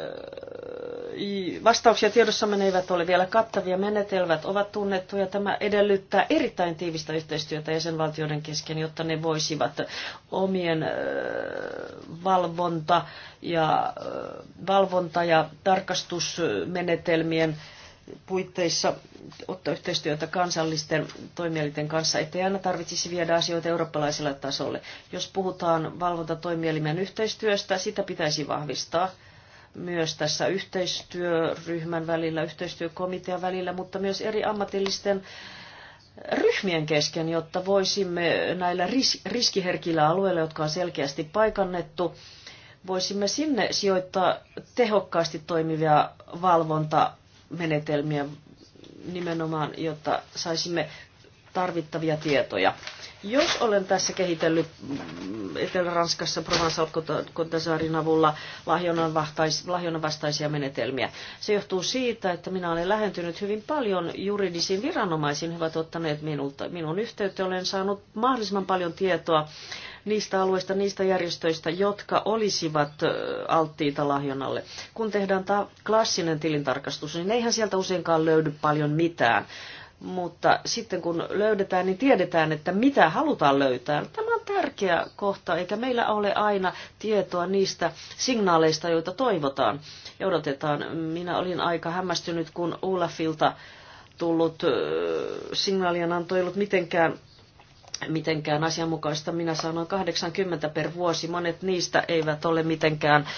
vastauksia tiedossamme ne eivät ole vielä kattavia. Menetelmät ovat tunnettuja. Tämä edellyttää erittäin tiivistä yhteistyötä jäsenvaltioiden kesken, jotta ne voisivat omien valvonta- ja, valvonta- ja tarkastusmenetelmien puitteissa ottaa yhteistyötä kansallisten toimielinten kanssa, ettei aina tarvitsisi viedä asioita eurooppalaiselle tasolle. Jos puhutaan valvontatoimielimen yhteistyöstä, sitä pitäisi vahvistaa – myös tässä yhteistyöryhmän välillä, yhteistyökomitean välillä, mutta myös eri ammatillisten ryhmien kesken, jotta voisimme näillä ris- riskiherkillä alueilla, jotka on selkeästi paikannettu, voisimme sinne sijoittaa tehokkaasti toimivia valvontamenetelmiä nimenomaan, jotta saisimme tarvittavia tietoja jos olen tässä kehitellyt mm, Etelä-Ranskassa Provence-Alcotazaarin avulla lahjonnan vastaisia menetelmiä, se johtuu siitä, että minä olen lähentynyt hyvin paljon juridisiin viranomaisiin, he ovat ottaneet minulta, minun yhteyttä, olen saanut mahdollisimman paljon tietoa niistä alueista, niistä järjestöistä, jotka olisivat alttiita lahjonnalle. Kun tehdään tämä klassinen tilintarkastus, niin eihän sieltä useinkaan löydy paljon mitään. Mutta sitten kun löydetään, niin tiedetään, että mitä halutaan löytää. Tämä on tärkeä kohta, eikä meillä ole aina tietoa niistä signaaleista, joita toivotaan ja odotetaan. Minä olin aika hämmästynyt, kun Ulafilta tullut signaalien anto ei ollut mitenkään mitenkään asianmukaista. Minä sanoin 80 per vuosi. Monet niistä eivät ole mitenkään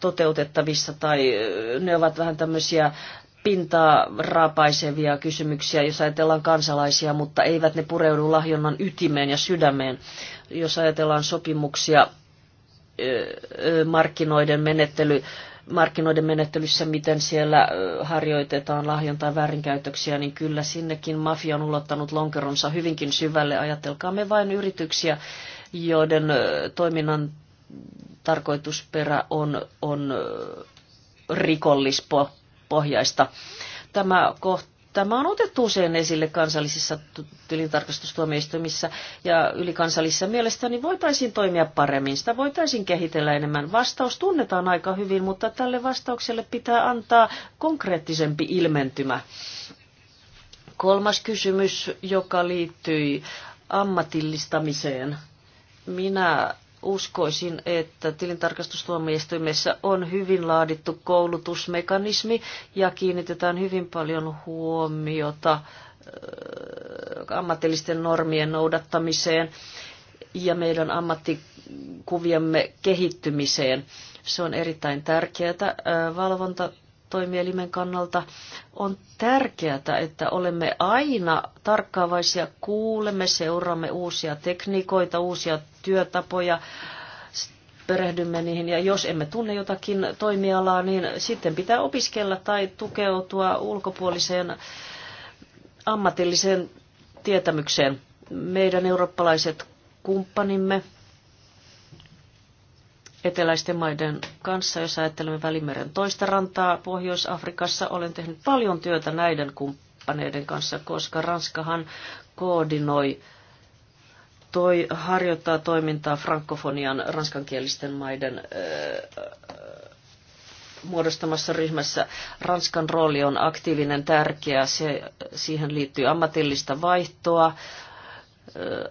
toteutettavissa tai ne ovat vähän tämmöisiä pintaa raapaisevia kysymyksiä, jos ajatellaan kansalaisia, mutta eivät ne pureudu lahjonnan ytimeen ja sydämeen. Jos ajatellaan sopimuksia markkinoiden menettely, markkinoiden menettelyssä, miten siellä harjoitetaan lahjontaa väärinkäytöksiä, niin kyllä sinnekin mafia on ulottanut lonkeronsa hyvinkin syvälle. Ajatelkaamme vain yrityksiä, joiden toiminnan tarkoitusperä on, on rikollispo pohjaista. Tämä kohta Tämä on otettu usein esille kansallisissa tilintarkastustuomioistuimissa ja ylikansallisissa mielestäni voitaisiin toimia paremmin. Sitä voitaisiin kehitellä enemmän. Vastaus tunnetaan aika hyvin, mutta tälle vastaukselle pitää antaa konkreettisempi ilmentymä. Kolmas kysymys, joka liittyi ammatillistamiseen. Minä uskoisin, että tilintarkastustuomioistuimessa on hyvin laadittu koulutusmekanismi ja kiinnitetään hyvin paljon huomiota äh, ammatillisten normien noudattamiseen ja meidän ammattikuviemme kehittymiseen. Se on erittäin tärkeää. Äh, valvonta toimielimen kannalta on tärkeää, että olemme aina tarkkaavaisia, kuulemme, seuraamme uusia tekniikoita, uusia työtapoja, perehdymme niihin ja jos emme tunne jotakin toimialaa, niin sitten pitää opiskella tai tukeutua ulkopuoliseen ammatilliseen tietämykseen. Meidän eurooppalaiset kumppanimme eteläisten maiden kanssa, jos ajattelemme Välimeren toista rantaa Pohjois-Afrikassa. Olen tehnyt paljon työtä näiden kumppaneiden kanssa, koska Ranskahan koordinoi toi, harjoittaa toimintaa frankofonian ranskankielisten maiden öö, muodostamassa ryhmässä. Ranskan rooli on aktiivinen, tärkeä. Se, siihen liittyy ammatillista vaihtoa,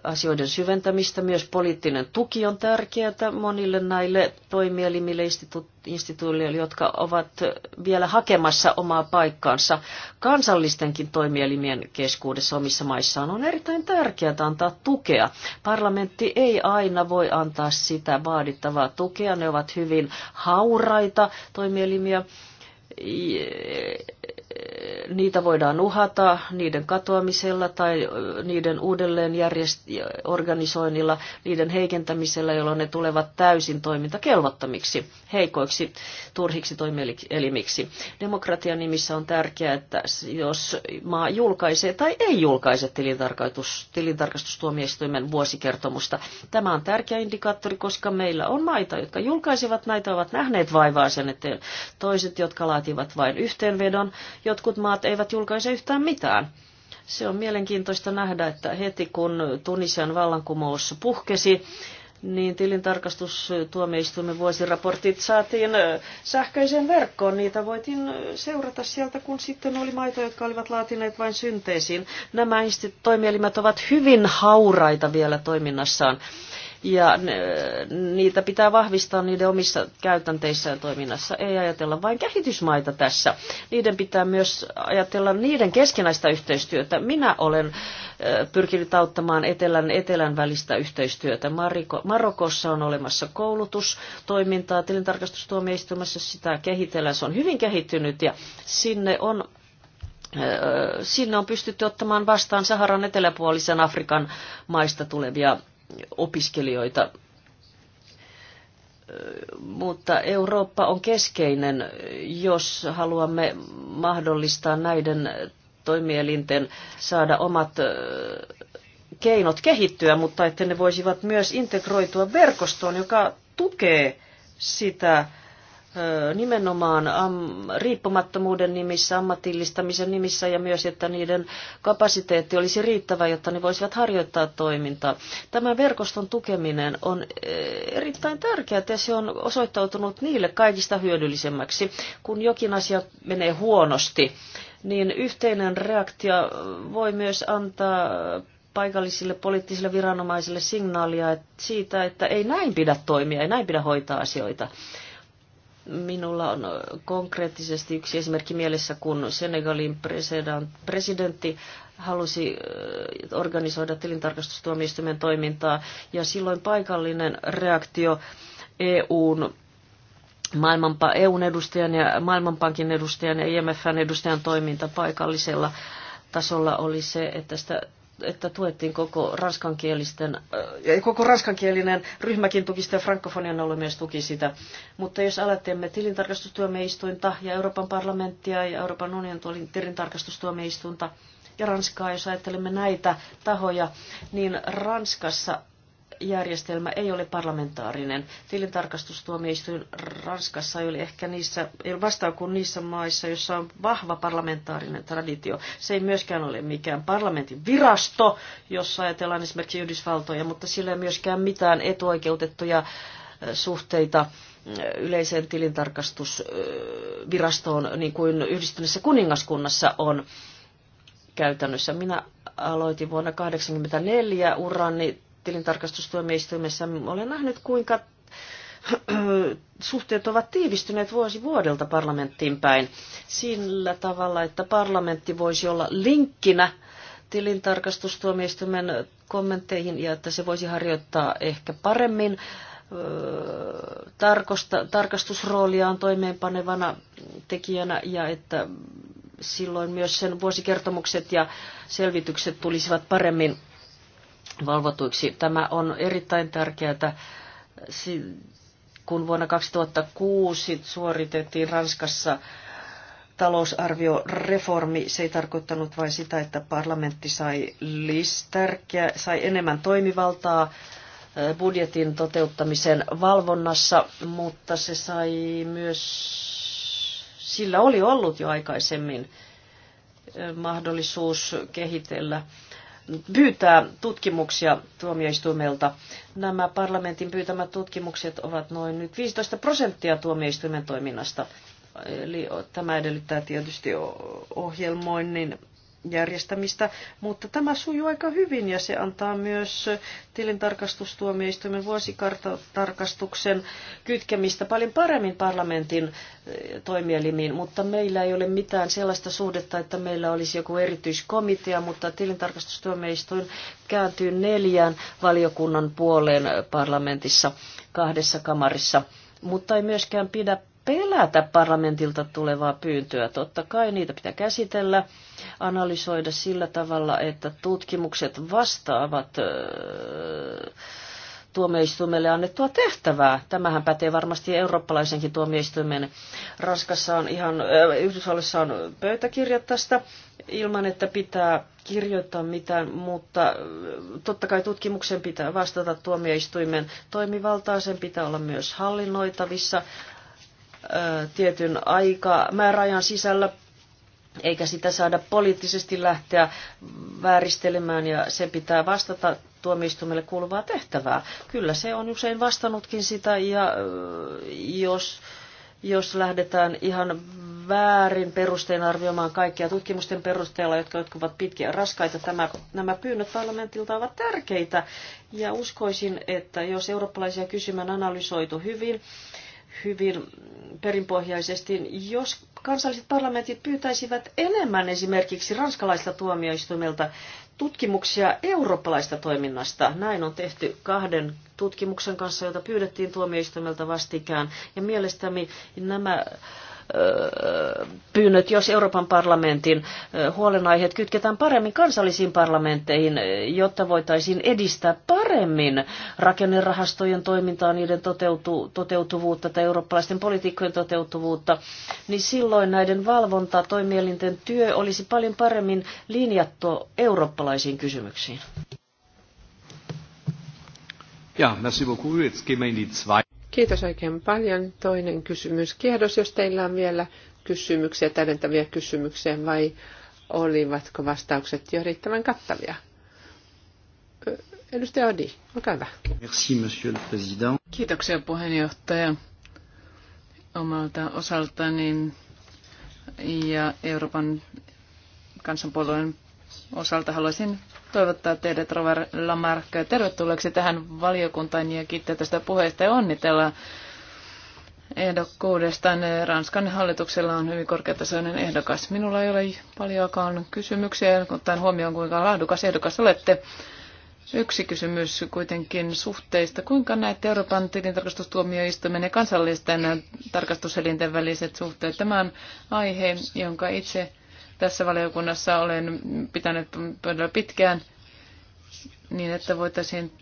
asioiden syventämistä. Myös poliittinen tuki on tärkeää monille näille toimielimille, instituutioille, jotka ovat vielä hakemassa omaa paikkaansa kansallistenkin toimielimien keskuudessa omissa maissaan. On erittäin tärkeää antaa tukea. Parlamentti ei aina voi antaa sitä vaadittavaa tukea. Ne ovat hyvin hauraita toimielimiä niitä voidaan uhata niiden katoamisella tai niiden uudelleen järjest- organisoinnilla, niiden heikentämisellä, jolloin ne tulevat täysin toimintakelvottomiksi, heikoiksi, turhiksi toimielimiksi. Demokratian nimissä on tärkeää, että jos maa julkaisee tai ei julkaise tilintarkastustuomioistuimen vuosikertomusta, tämä on tärkeä indikaattori, koska meillä on maita, jotka julkaisivat näitä, ovat nähneet vaivaa sen että Toiset, jotka laativat vain yhteenvedon, jotkut maat eivät julkaise yhtään mitään. Se on mielenkiintoista nähdä, että heti kun Tunisian vallankumous puhkesi, niin tilintarkastustuomioistuimen vuosiraportit saatiin sähköiseen verkkoon. Niitä voitiin seurata sieltä, kun sitten oli maita, jotka olivat laatineet vain synteisiin. Nämä toimielimet ovat hyvin hauraita vielä toiminnassaan ja ne, niitä pitää vahvistaa niiden omissa käytänteissä ja toiminnassa. Ei ajatella vain kehitysmaita tässä. Niiden pitää myös ajatella niiden keskinäistä yhteistyötä. Minä olen pyrkinyt auttamaan etelän etelän välistä yhteistyötä. Mariko, Marokossa on olemassa koulutustoimintaa, tilintarkastustuomioistuimessa sitä kehitellään. Se on hyvin kehittynyt ja sinne on sinne on pystytty ottamaan vastaan Saharan eteläpuolisen Afrikan maista tulevia opiskelijoita. Mutta Eurooppa on keskeinen, jos haluamme mahdollistaa näiden toimielinten saada omat keinot kehittyä, mutta että ne voisivat myös integroitua verkostoon, joka tukee sitä nimenomaan am, riippumattomuuden nimissä, ammatillistamisen nimissä ja myös, että niiden kapasiteetti olisi riittävä, jotta ne voisivat harjoittaa toimintaa. Tämä verkoston tukeminen on erittäin tärkeää ja se on osoittautunut niille kaikista hyödyllisemmäksi, kun jokin asia menee huonosti niin yhteinen reaktio voi myös antaa paikallisille poliittisille viranomaisille signaalia siitä, että ei näin pidä toimia, ei näin pidä hoitaa asioita. Minulla on konkreettisesti yksi esimerkki mielessä, kun Senegalin presidentti halusi äh, organisoida tilintarkastustuomioistuimen toimintaa, ja silloin paikallinen reaktio EUn maailmanpa, EUn edustajan ja Maailmanpankin edustajan ja IMFn edustajan toiminta paikallisella tasolla oli se, että sitä että tuettiin koko ranskankielisten, äh, ja koko ranskankielinen ryhmäkin tuki sitä, ja frankofonian alue myös tuki sitä. Mutta jos alatteemme tilintarkastustuomioistuinta ja Euroopan parlamenttia ja Euroopan unionin tilintarkastustuomioistuinta ja Ranskaa, jos ajattelemme näitä tahoja, niin Ranskassa järjestelmä ei ole parlamentaarinen. Tilintarkastustuomioistuin Ranskassa ei ole ehkä niissä, ei vastaa kuin niissä maissa, joissa on vahva parlamentaarinen traditio. Se ei myöskään ole mikään parlamentin virasto, jossa ajatellaan esimerkiksi Yhdysvaltoja, mutta sillä ei myöskään mitään etuoikeutettuja suhteita yleiseen tilintarkastusvirastoon, niin kuin yhdistyneessä kuningaskunnassa on käytännössä. Minä aloitin vuonna 1984 urani tilintarkastustuomioistuimessa olen nähnyt, kuinka suhteet ovat tiivistyneet vuosi vuodelta parlamenttiin päin sillä tavalla, että parlamentti voisi olla linkkinä tilintarkastustuomioistuimen kommentteihin ja että se voisi harjoittaa ehkä paremmin tarkosta, tarkastusrooliaan toimeenpanevana tekijänä ja että silloin myös sen vuosikertomukset ja selvitykset tulisivat paremmin valvotuiksi. Tämä on erittäin tärkeää, kun vuonna 2006 suoritettiin Ranskassa talousarvioreformi, se ei tarkoittanut vain sitä, että parlamentti sai, listärkeä, sai enemmän toimivaltaa eh, budjetin toteuttamisen valvonnassa, mutta se sai myös, sillä oli ollut jo aikaisemmin eh, mahdollisuus kehitellä pyytää tutkimuksia tuomioistuimelta. Nämä parlamentin pyytämät tutkimukset ovat noin nyt 15 prosenttia tuomioistuimen toiminnasta. Eli tämä edellyttää tietysti ohjelmoinnin järjestämistä, mutta tämä sujuu aika hyvin ja se antaa myös tilintarkastustuomioistuimen vuosikartatarkastuksen kytkemistä paljon paremmin parlamentin eh, toimielimiin, mutta meillä ei ole mitään sellaista suhdetta, että meillä olisi joku erityiskomitea, mutta tilintarkastustuomioistuin kääntyy neljään valiokunnan puoleen eh, parlamentissa kahdessa kamarissa mutta ei myöskään pidä pelätä parlamentilta tulevaa pyyntöä. Totta kai niitä pitää käsitellä, analysoida sillä tavalla, että tutkimukset vastaavat tuomioistuimelle annettua tehtävää. Tämähän pätee varmasti eurooppalaisenkin tuomioistuimen. Ranskassa on ihan, Yhdysvalloissa on pöytäkirja tästä ilman, että pitää kirjoittaa mitään, mutta totta kai tutkimuksen pitää vastata tuomioistuimen toimivaltaa, sen pitää olla myös hallinnoitavissa tietyn aika määräajan sisällä eikä sitä saada poliittisesti lähteä vääristelemään ja se pitää vastata tuomioistuimelle kuuluvaa tehtävää. Kyllä se on usein vastannutkin sitä ja jos, jos lähdetään ihan väärin perustein arvioimaan kaikkia tutkimusten perusteella, jotka, jotka ovat pitkiä ja raskaita, tämä, nämä pyynnöt parlamentilta ovat tärkeitä ja uskoisin, että jos eurooppalaisia kysymään analysoitu hyvin, hyvin perinpohjaisesti, jos kansalliset parlamentit pyytäisivät enemmän esimerkiksi ranskalaista tuomioistuimelta tutkimuksia eurooppalaista toiminnasta. Näin on tehty kahden tutkimuksen kanssa, joita pyydettiin tuomioistuimelta vastikään. Ja mielestäni nämä pyynnöt, jos Euroopan parlamentin huolenaiheet kytketään paremmin kansallisiin parlamentteihin, jotta voitaisiin edistää paremmin rakennerahastojen toimintaa, niiden toteutu, toteutuvuutta tai eurooppalaisten politiikkojen toteutuvuutta, niin silloin näiden valvonta toimielinten työ olisi paljon paremmin linjattu eurooppalaisiin kysymyksiin. Ja, merci beaucoup. Jetzt gehen wir in die zwei. Kiitos oikein paljon. Toinen kysymys: Kiedos, jos teillä on vielä kysymyksiä, täydentäviä kysymyksiä vai olivatko vastaukset jo riittävän kattavia? Edustaja Odi, olkaa hyvä. Merci, monsieur le président. Kiitoksia puheenjohtaja omalta osaltani ja Euroopan kansanpuolueen osalta haluaisin toivottaa teidät, Rovar Lamarck, tervetulleeksi tähän valiokuntaan ja kiittää tästä puheesta ja onnitella ehdokkuudestaan. Ranskan hallituksella on hyvin korkeatasoinen ehdokas. Minulla ei ole paljonkaan kysymyksiä, ottaen huomioon kuinka laadukas ehdokas olette. Yksi kysymys kuitenkin suhteista. Kuinka näette Euroopan tilintarkastustuomioistuimen ja kansallisten tarkastuselinten väliset suhteet? Tämä on aihe, jonka itse tässä valiokunnassa olen pitänyt todella pitkään niin, että voitaisiin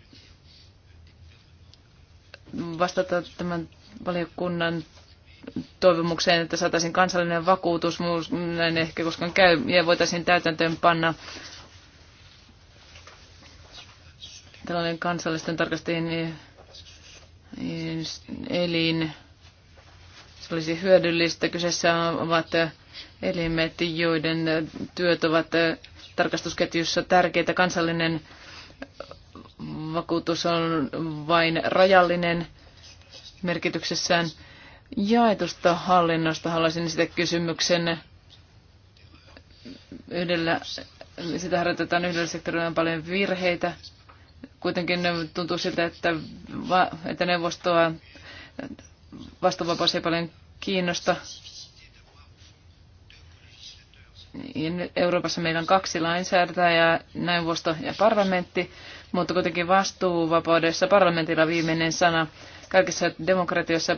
vastata tämän valiokunnan toivomukseen, että saataisiin kansallinen vakuutus, näin ehkä koskaan käy, ja voitaisiin täytäntöön panna tällainen kansallisten tarkastajien elin. Se olisi hyödyllistä. Kyseessä ovat elimet, joiden työt ovat tarkastusketjussa tärkeitä. Kansallinen vakuutus on vain rajallinen merkityksessään. Jaetusta hallinnosta haluaisin sitä kysymyksen. Yhdellä, sitä harjoitetaan yhdellä sektorilla on paljon virheitä. Kuitenkin tuntuu siltä, että, va, että neuvostoa vastuuvapaus ei paljon kiinnosta Euroopassa meillä on kaksi lainsäätäjää, neuvosto ja parlamentti, mutta kuitenkin vastuuvapaudessa parlamentilla viimeinen sana. Kaikissa demokratioissa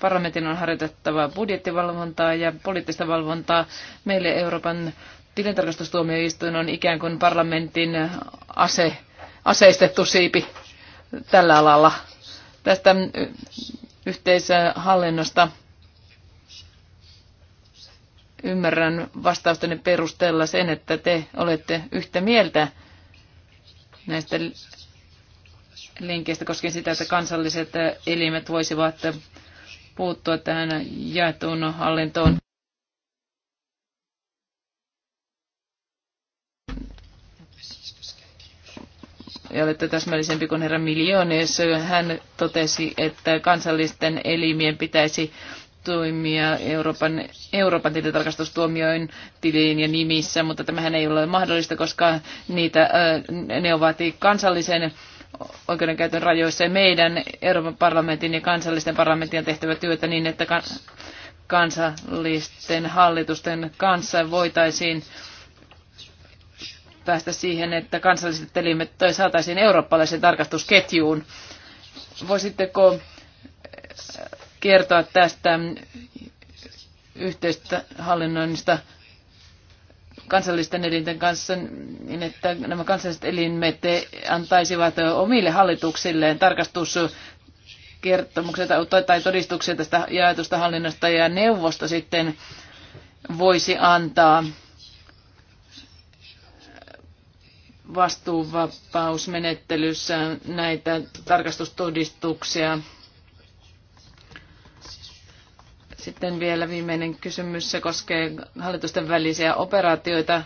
parlamentin on harjoitettava budjettivalvontaa ja poliittista valvontaa. Meille Euroopan tilintarkastustuomioistuin on ikään kuin parlamentin ase, aseistettu siipi tällä alalla. Tästä yhteishallinnosta ymmärrän vastaustenne perusteella sen, että te olette yhtä mieltä näistä linkeistä koskien sitä, että kansalliset elimet voisivat puuttua tähän jaettuun hallintoon. ja olette täsmällisempi kuin herra Miljoonius. Hän totesi, että kansallisten elimien pitäisi toimia Euroopan, Euroopan tilitarkastustuomioin tiliin ja nimissä, mutta tämähän ei ole mahdollista, koska niitä, ne ovat kansallisen oikeudenkäytön rajoissa ja meidän Euroopan parlamentin ja kansallisten parlamenttien tehtävä työtä niin, että kansallisten hallitusten kanssa voitaisiin päästä siihen, että kansalliset elimet saataisiin eurooppalaisen tarkastusketjuun. Voisitteko kertoa tästä yhteistä hallinnoinnista kansallisten elinten kanssa, niin että nämä kansalliset elimet antaisivat omille hallituksilleen tarkastus kertomuksia tai todistuksia tästä jaetusta hallinnasta ja neuvosto sitten voisi antaa vastuuvapausmenettelyssä näitä tarkastustodistuksia sitten vielä viimeinen kysymys, se koskee hallitusten välisiä operaatioita.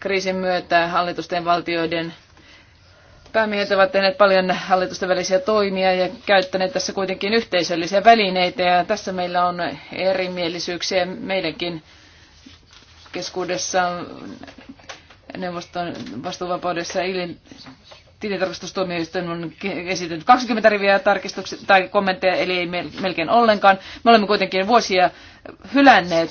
Kriisin myötä hallitusten valtioiden päämiehet ovat tehneet paljon hallitusten välisiä toimia ja käyttäneet tässä kuitenkin yhteisöllisiä välineitä ja tässä meillä on erimielisyyksiä meidänkin keskuudessa neuvoston vastuuvapaudessa tilintarkastustuomioistuin on esitetty 20 riviä tarkistuksia tai kommentteja, eli ei melkein ollenkaan. Me olemme kuitenkin vuosia hylänneet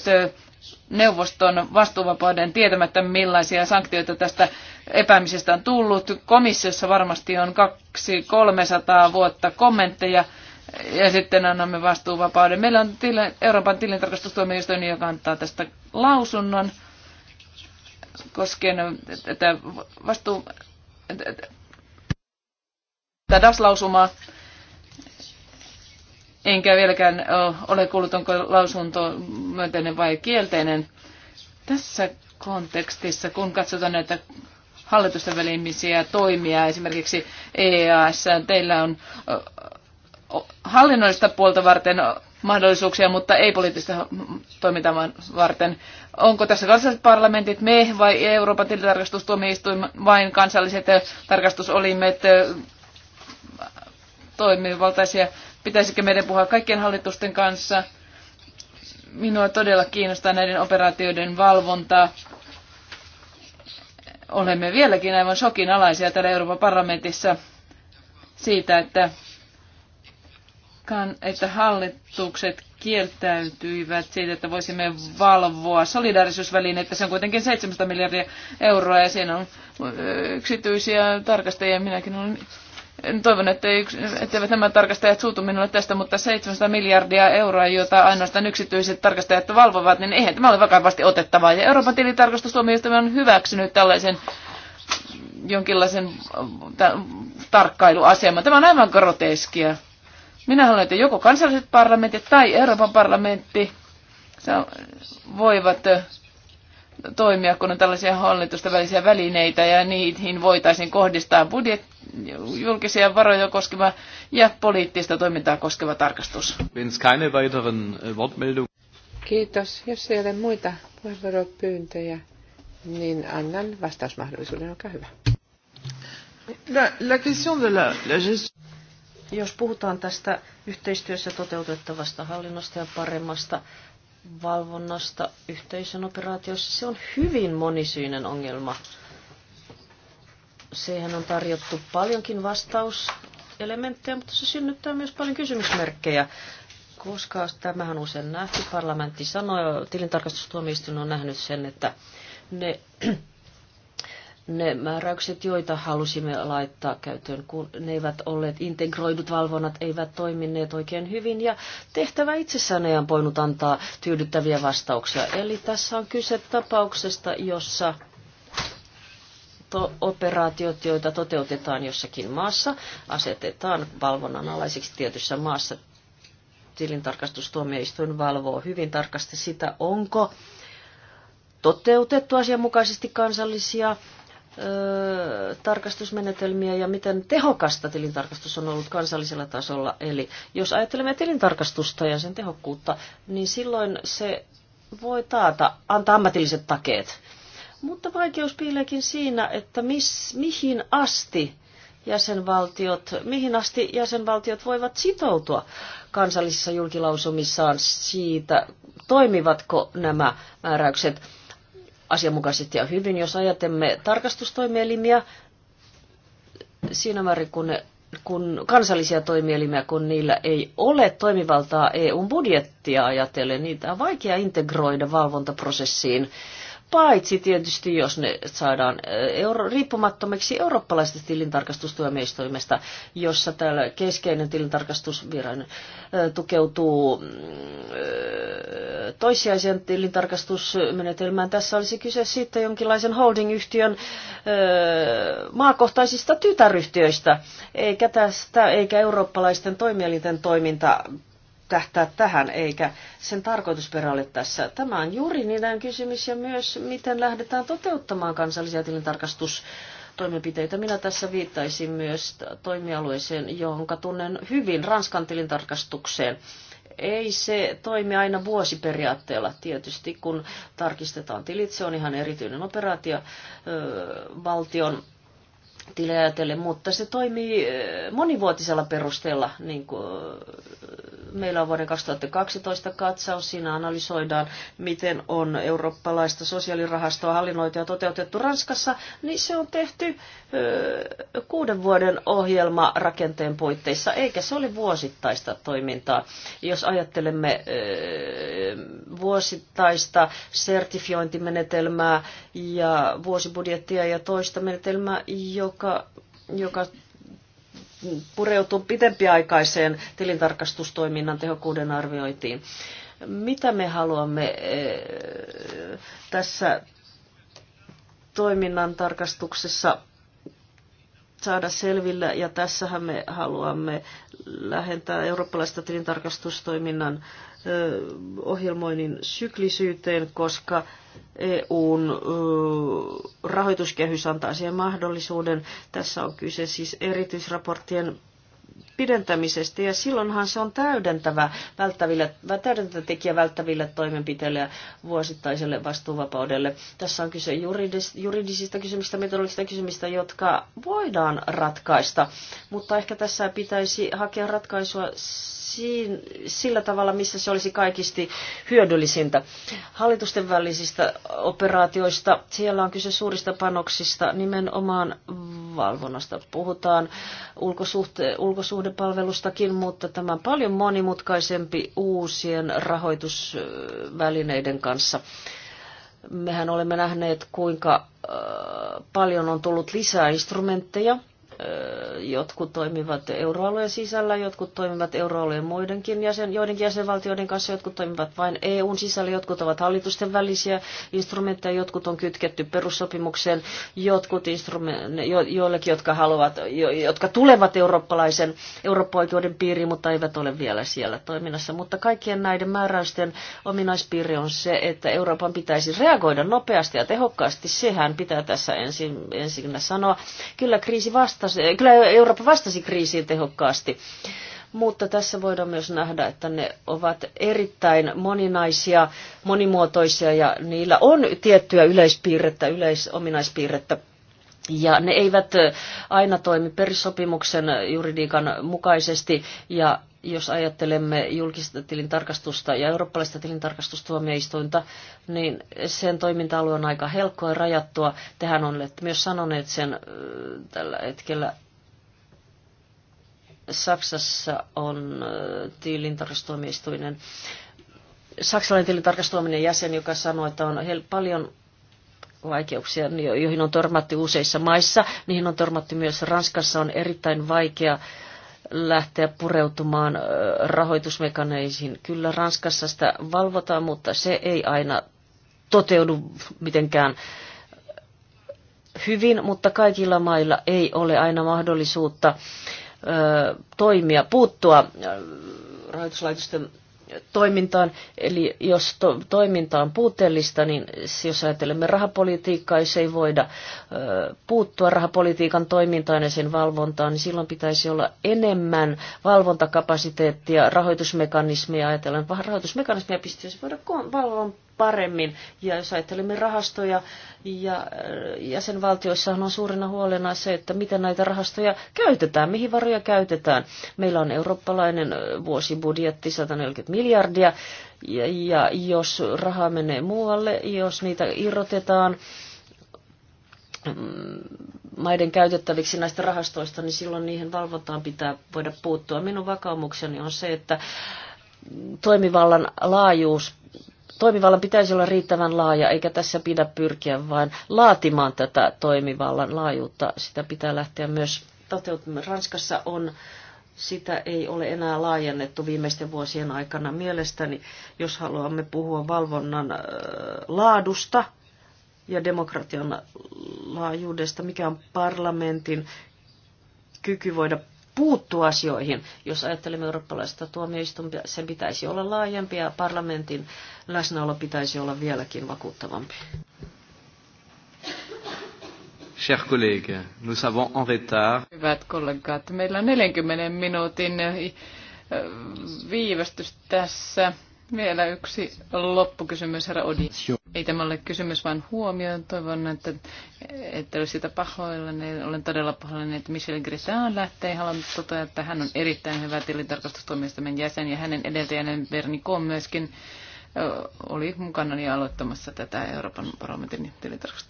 neuvoston vastuuvapauden tietämättä millaisia sanktioita tästä epäämisestä on tullut. Komissiossa varmasti on 200-300 vuotta kommentteja ja sitten annamme vastuuvapauden. Meillä on tila, Euroopan tilintarkastustuomioistuin, joka antaa tästä lausunnon koskien tätä vastuu, tätä lausumaa enkä vieläkään ole kuullut, onko lausunto myönteinen vai kielteinen. Tässä kontekstissa, kun katsotaan näitä hallitusten välimisiä toimia, esimerkiksi EAS, teillä on hallinnollista puolta varten mahdollisuuksia, mutta ei poliittista toimintaa varten. Onko tässä kansalliset parlamentit me vai Euroopan tilintarkastustuomioistuin vain kansalliset tarkastusolimet toimivaltaisia. Pitäisikö meidän puhua kaikkien hallitusten kanssa? Minua todella kiinnostaa näiden operaatioiden valvontaa. Olemme vieläkin aivan shokin alaisia täällä Euroopan parlamentissa siitä, että, että hallitukset kieltäytyivät siitä, että voisimme valvoa solidaarisuusvälineitä, Se on kuitenkin 700 miljardia euroa ja siinä on yksityisiä tarkastajia. Minäkin olen Toivon, että etteivät nämä tarkastajat suutu minulle tästä, mutta 700 miljardia euroa, jota ainoastaan yksityiset tarkastajat valvovat, niin eihän tämä ole vakavasti otettavaa. Ja Euroopan tilintarkastustuomioistuin on hyväksynyt tällaisen jonkinlaisen tarkkailuaseman. Tämä on aivan groteskia. Minä haluan, että joko kansalliset parlamentit tai Euroopan parlamentti voivat toimia, kun on tällaisia hallitusten välisiä välineitä ja niihin voitaisiin kohdistaa budjet, julkisia varoja koskeva ja poliittista toimintaa koskeva tarkastus. Äh, Kiitos. Jos ei ole muita puheenvuoropyyntöjä, niin annan vastausmahdollisuuden. Olkaa hyvä. La, la question de la, la gestion. Jos puhutaan tästä yhteistyössä toteutettavasta hallinnosta ja paremmasta valvonnasta yhteisön operaatiossa, se on hyvin monisyinen ongelma. Siihen on tarjottu paljonkin vastauselementtejä, mutta se synnyttää myös paljon kysymysmerkkejä, koska tämähän usein nähty. Parlamentti sanoi, tilintarkastustuomioistuin on nähnyt sen, että ne ne määräykset, joita halusimme laittaa käyttöön, kun ne eivät olleet integroidut valvonnat, eivät toimineet oikein hyvin ja tehtävä itsessään ei voinut antaa tyydyttäviä vastauksia. Eli tässä on kyse tapauksesta, jossa to- operaatiot, joita toteutetaan jossakin maassa, asetetaan valvonnan alaisiksi tietyssä maassa. Tilintarkastustuomioistuin valvoo hyvin tarkasti sitä, onko toteutettu asianmukaisesti kansallisia tarkastusmenetelmiä ja miten tehokasta tilintarkastus on ollut kansallisella tasolla. Eli jos ajattelemme tilintarkastusta ja sen tehokkuutta, niin silloin se voi taata, antaa ammatilliset takeet. Mutta vaikeus piileekin siinä, että mis, mihin asti jäsenvaltiot, mihin asti jäsenvaltiot voivat sitoutua kansallisissa julkilausumissaan siitä, toimivatko nämä määräykset – asianmukaisesti ja hyvin. Jos ajatemme tarkastustoimielimiä, siinä määrin kun, ne, kun kansallisia toimielimiä, kun niillä ei ole toimivaltaa eu budjettia ajatellen, niitä on vaikea integroida valvontaprosessiin paitsi tietysti jos ne saadaan eh, euro, riippumattomiksi eurooppalaisesta tilintarkastustuomioistuimesta, jossa täällä keskeinen tilintarkastusviran eh, tukeutuu mm, eh, toissijaisen tilintarkastusmenetelmään. Tässä olisi kyse sitten jonkinlaisen holdingyhtiön maakohtaisista tytäryhtiöistä, eikä, tästä, eikä eurooppalaisten toimielinten toiminta tähtää tähän, eikä sen tarkoitusperä tässä. Tämä on niiden kysymys ja myös miten lähdetään toteuttamaan kansallisia tilintarkastus toimenpiteitä. Minä tässä viittaisin myös toimialueeseen, jonka tunnen hyvin, Ranskan tilintarkastukseen. Ei se toimi aina vuosiperiaatteella tietysti, kun tarkistetaan tilit. Se on ihan erityinen operaatio valtion tilejä ajatellen, mutta se toimii monivuotisella perusteella. Niin kuin meillä on vuoden 2012 katsaus, siinä analysoidaan, miten on eurooppalaista sosiaalirahastoa hallinnoitu ja toteutettu Ranskassa, niin se on tehty kuuden vuoden ohjelma rakenteen puitteissa, eikä se ole vuosittaista toimintaa. Jos ajattelemme vuosittaista sertifiointimenetelmää ja vuosibudjettia ja toista menetelmää, joka joka, joka pureutuu pitempiaikaiseen tilintarkastustoiminnan tehokkuuden arviointiin. Mitä me haluamme eh, tässä toiminnan tarkastuksessa saada selville, ja tässähän me haluamme lähentää eurooppalaista tilintarkastustoiminnan ohjelmoinnin syklisyyteen, koska EUn rahoituskehys antaa siihen mahdollisuuden. Tässä on kyse siis erityisraporttien pidentämisestä ja silloinhan se on täydentävä, välttävillä, täydentävä tekijä välttäville toimenpiteille ja vuosittaiselle vastuuvapaudelle. Tässä on kyse juridis, juridisista kysymistä, metodologisista kysymistä, jotka voidaan ratkaista, mutta ehkä tässä pitäisi hakea ratkaisua sillä tavalla, missä se olisi kaikisti hyödyllisintä. Hallitusten välisistä operaatioista, siellä on kyse suurista panoksista, nimenomaan valvonnasta puhutaan, ulkosuhte, ulkosuhdepalvelustakin, mutta tämä on paljon monimutkaisempi uusien rahoitusvälineiden kanssa mehän olemme nähneet, kuinka äh, paljon on tullut lisää instrumentteja jotkut toimivat euroalueen sisällä, jotkut toimivat euroalueen muidenkin jäsen, joidenkin jäsenvaltioiden kanssa, jotkut toimivat vain EUn sisällä, jotkut ovat hallitusten välisiä instrumentteja, jotkut on kytketty perussopimukseen, jotkut instrument, jo, joillekin, jotka, haluavat, jo, jotka tulevat eurooppalaisen eurooppa-oikeuden piiriin, mutta eivät ole vielä siellä toiminnassa. Mutta kaikkien näiden määräysten ominaispiiri on se, että Euroopan pitäisi reagoida nopeasti ja tehokkaasti. Sehän pitää tässä ensin, ensin sanoa. Kyllä kriisi vasta vastasi, kyllä Eurooppa vastasi kriisiin tehokkaasti. Mutta tässä voidaan myös nähdä, että ne ovat erittäin moninaisia, monimuotoisia ja niillä on tiettyä yleispiirrettä, yleisominaispiirrettä. Ja ne eivät aina toimi perissopimuksen juridiikan mukaisesti ja jos ajattelemme julkista tilintarkastusta ja eurooppalaista tilintarkastustuomioistuinta, niin sen toiminta-alue on aika helppoa ja rajattua. Tähän on myös sanoneet sen tällä hetkellä. Saksassa on tilintarkastustuomioistuinen, saksalainen tilintarkastustuomioinen jäsen, joka sanoo, että on paljon vaikeuksia, joihin on törmätty useissa maissa. Niihin on törmätty myös Ranskassa, on erittäin vaikea äh, lähteä pureutumaan rahoitusmekaneisiin. Kyllä Ranskassa sitä valvotaan, mutta se ei aina toteudu mitenkään hyvin, mutta kaikilla mailla ei ole aina mahdollisuutta toimia, puuttua rahoituslaitosten toimintaan. Eli jos to, toiminta on puutteellista, niin jos ajattelemme rahapolitiikkaa, jos ei voida ö, puuttua rahapolitiikan toimintaan ja sen valvontaan, niin silloin pitäisi olla enemmän valvontakapasiteettia, rahoitusmekanismeja ajatellen. Rahoitusmekanismeja pitäisi voida valvoa paremmin. Ja jos ajattelemme rahastoja, ja äh, jäsenvaltioissahan on suurena huolena se, että miten näitä rahastoja käytetään, mihin varoja käytetään. Meillä on eurooppalainen äh, vuosibudjetti 140 miljardia, ja, ja jos raha menee muualle, jos niitä irrotetaan, mm, maiden käytettäviksi näistä rahastoista, niin silloin niihin valvontaan pitää voida puuttua. Minun vakaumukseni on se, että toimivallan laajuus toimivallan pitäisi olla riittävän laaja, eikä tässä pidä pyrkiä vain laatimaan tätä toimivallan laajuutta. Sitä pitää lähteä myös toteutumaan. Ranskassa on sitä ei ole enää laajennettu viimeisten vuosien aikana mielestäni, jos haluamme puhua valvonnan laadusta ja demokratian laajuudesta, mikä on parlamentin kyky voida puuttua asioihin. Jos ajattelemme eurooppalaista tuomioistuinta, sen pitäisi olla laajempi ja parlamentin läsnäolo pitäisi olla vieläkin vakuuttavampi. Chers collègues, nous en retard. Hyvät kollegat, meillä on 40 minuutin äh, viivästys tässä. Vielä yksi loppukysymys, herra Odi. Ei tämä ole kysymys, vaan huomio. Toivon, että, että olisi sitä pahoilla. Olen todella pahoillani, että Michel Grisaan lähtee. Haluan totea, että hän on erittäin hyvä tilintarkastustoimistamme jäsen ja hänen edeltäjänen Koon myöskin oli mukana niin aloittamassa tätä Euroopan parlamentin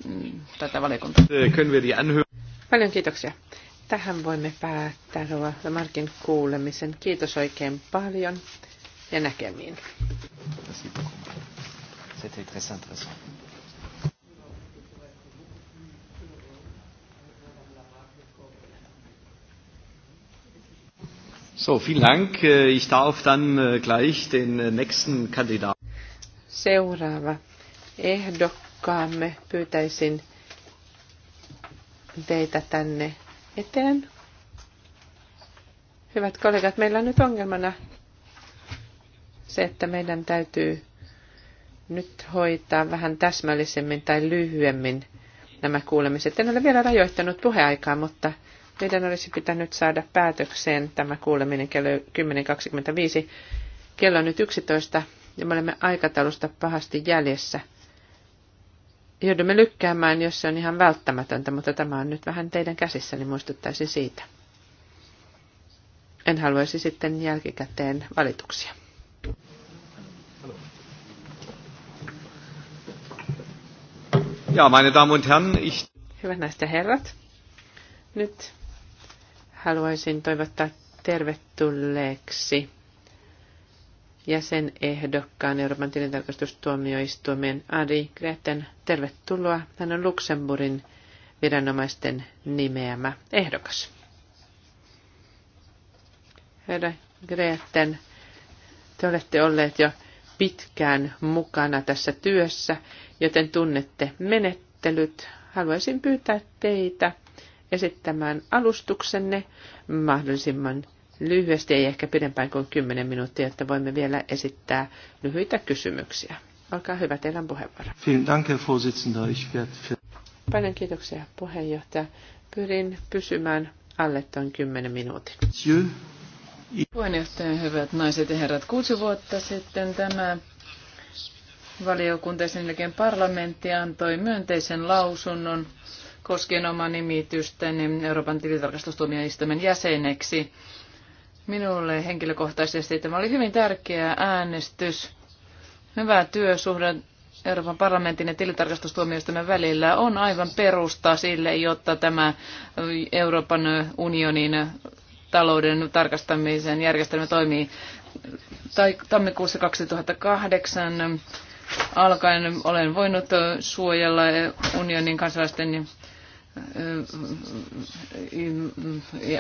mm, tätä valiokuntaa. Eh, paljon kiitoksia. Tähän voimme päättää Rova Markin kuulemisen. Kiitos oikein paljon ja näkemiin. So, vielen Dank. Ich darf dann äh, gleich den äh, nächsten Kandidaten. Seuraava ehdokkaamme pyytäisin teitä tänne eteen. Hyvät kollegat, meillä on nyt ongelmana se, että meidän täytyy nyt hoitaa vähän täsmällisemmin tai lyhyemmin nämä kuulemiset. En ole vielä rajoittanut puheaikaa, mutta meidän olisi pitänyt saada päätökseen tämä kuuleminen kello 10.25. Kello on nyt 11 ja me olemme aikataulusta pahasti jäljessä. Joudumme lykkäämään, jos se on ihan välttämätöntä, mutta tämä on nyt vähän teidän käsissäni, niin muistuttaisin siitä. En haluaisi sitten jälkikäteen valituksia. Ja, meine Damen und Herren, ich... Hyvät naiset ja herrat, nyt haluaisin toivottaa tervetulleeksi jäsenehdokkaan Euroopan tilintarkastustuomioistuimen Adi Greten. Tervetuloa. Hän on Luxemburgin viranomaisten nimeämä ehdokas. Herra Greten, te olette olleet jo pitkään mukana tässä työssä, joten tunnette menettelyt. Haluaisin pyytää teitä esittämään alustuksenne mahdollisimman lyhyesti, ei ehkä pidempään kuin 10 minuuttia, että voimme vielä esittää lyhyitä kysymyksiä. Olkaa hyvä, teillä on puheenvuoro. Paljon kiitoksia puheenjohtaja. Pyrin pysymään alle tuon 10 minuutin. Puheenjohtaja, hyvät naiset ja herrat, kuusi vuotta sitten tämä valiokunta ja sen jälkeen parlamentti antoi myönteisen lausunnon koskien omaa nimitystäni Euroopan tilitarkastustuomioistuimen jäseneksi. Minulle henkilökohtaisesti tämä oli hyvin tärkeä äänestys. Hyvä työsuhde Euroopan parlamentin ja tilitarkastustuomioistuimen välillä on aivan perusta sille, jotta tämä Euroopan unionin talouden tarkastamisen järjestelmä toimii. Tai tammikuussa 2008 alkaen olen voinut suojella unionin kansalaisten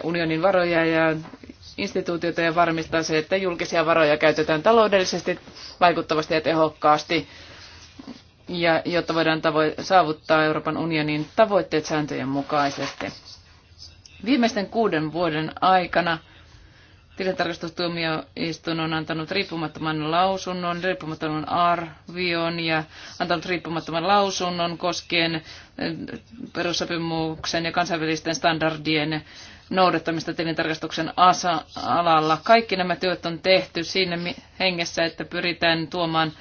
unionin varoja ja instituutioita ja varmistaa se, että julkisia varoja käytetään taloudellisesti, vaikuttavasti ja tehokkaasti, ja, jotta voidaan tavo- saavuttaa Euroopan unionin tavoitteet sääntöjen mukaisesti. Viimeisten kuuden vuoden aikana tilintarkastustuomioistuin on antanut riippumattoman lausunnon, riippumattoman arvion ja antanut riippumattoman lausunnon koskien eh, perussopimuksen ja kansainvälisten standardien noudattamista tilintarkastuksen asa- alalla. Kaikki nämä työt on tehty siinä hengessä, että pyritään tuomaan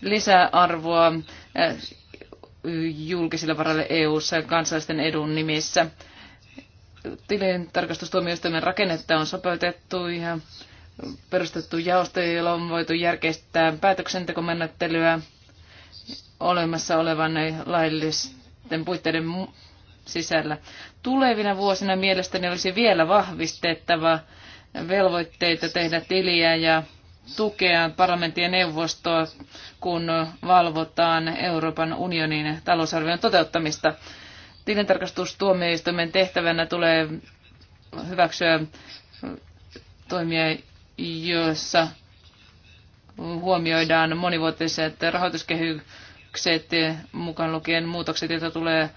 lisäarvoa eh, julkisille varalle EU-ssa kansallisten edun nimissä tilintarkastustuomioistuimen tarkastustuomioistuimen rakennetta on sopeutettu ja perustettu jaostoja, joilla on voitu järkeistää päätöksentekomenettelyä olemassa olevan laillisten puitteiden sisällä. Tulevina vuosina mielestäni olisi vielä vahvistettava velvoitteita tehdä tiliä ja tukea parlamentin ja neuvostoa, kun valvotaan Euroopan unionin talousarvion toteuttamista. Tilintarkastustuomioistuimen tehtävänä tulee hyväksyä toimia, joissa huomioidaan monivuotiset rahoituskehykset mukaan lukien muutokset, joita tulee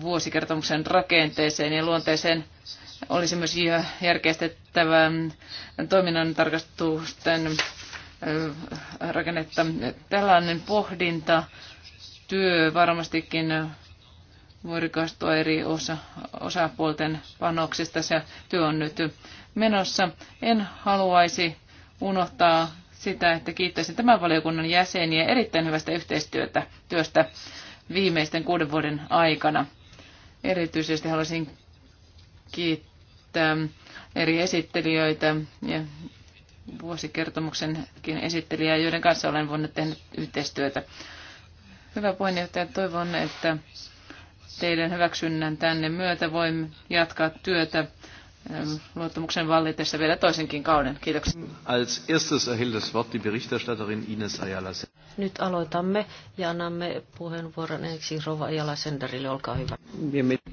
vuosikertomuksen rakenteeseen ja luonteeseen. Olisi myös järkeistettävä toiminnan tarkastusten äh, rakennetta. Tällainen pohdinta työ varmastikin voi rikastua eri osa, osapuolten panoksista. Se työ on nyt menossa. En haluaisi unohtaa sitä, että kiittäisin tämän valiokunnan jäseniä erittäin hyvästä yhteistyötä työstä viimeisten kuuden vuoden aikana. Erityisesti haluaisin kiittää eri esittelijöitä ja vuosikertomuksenkin esittelijää, joiden kanssa olen voinut tehdä yhteistyötä. Hyvä puheenjohtaja, toivon, että teidän hyväksynnän tänne myötä voimme jatkaa työtä ähm, luottamuksen vallitessa vielä toisenkin kauden. Kiitoksia. Als erstes erhält das Wort die Berichterstatterin Ines Ayala. Nyt aloitamme ja annamme puheenvuoron ensin Rova Ayala Senderille. Olkaa hyvä.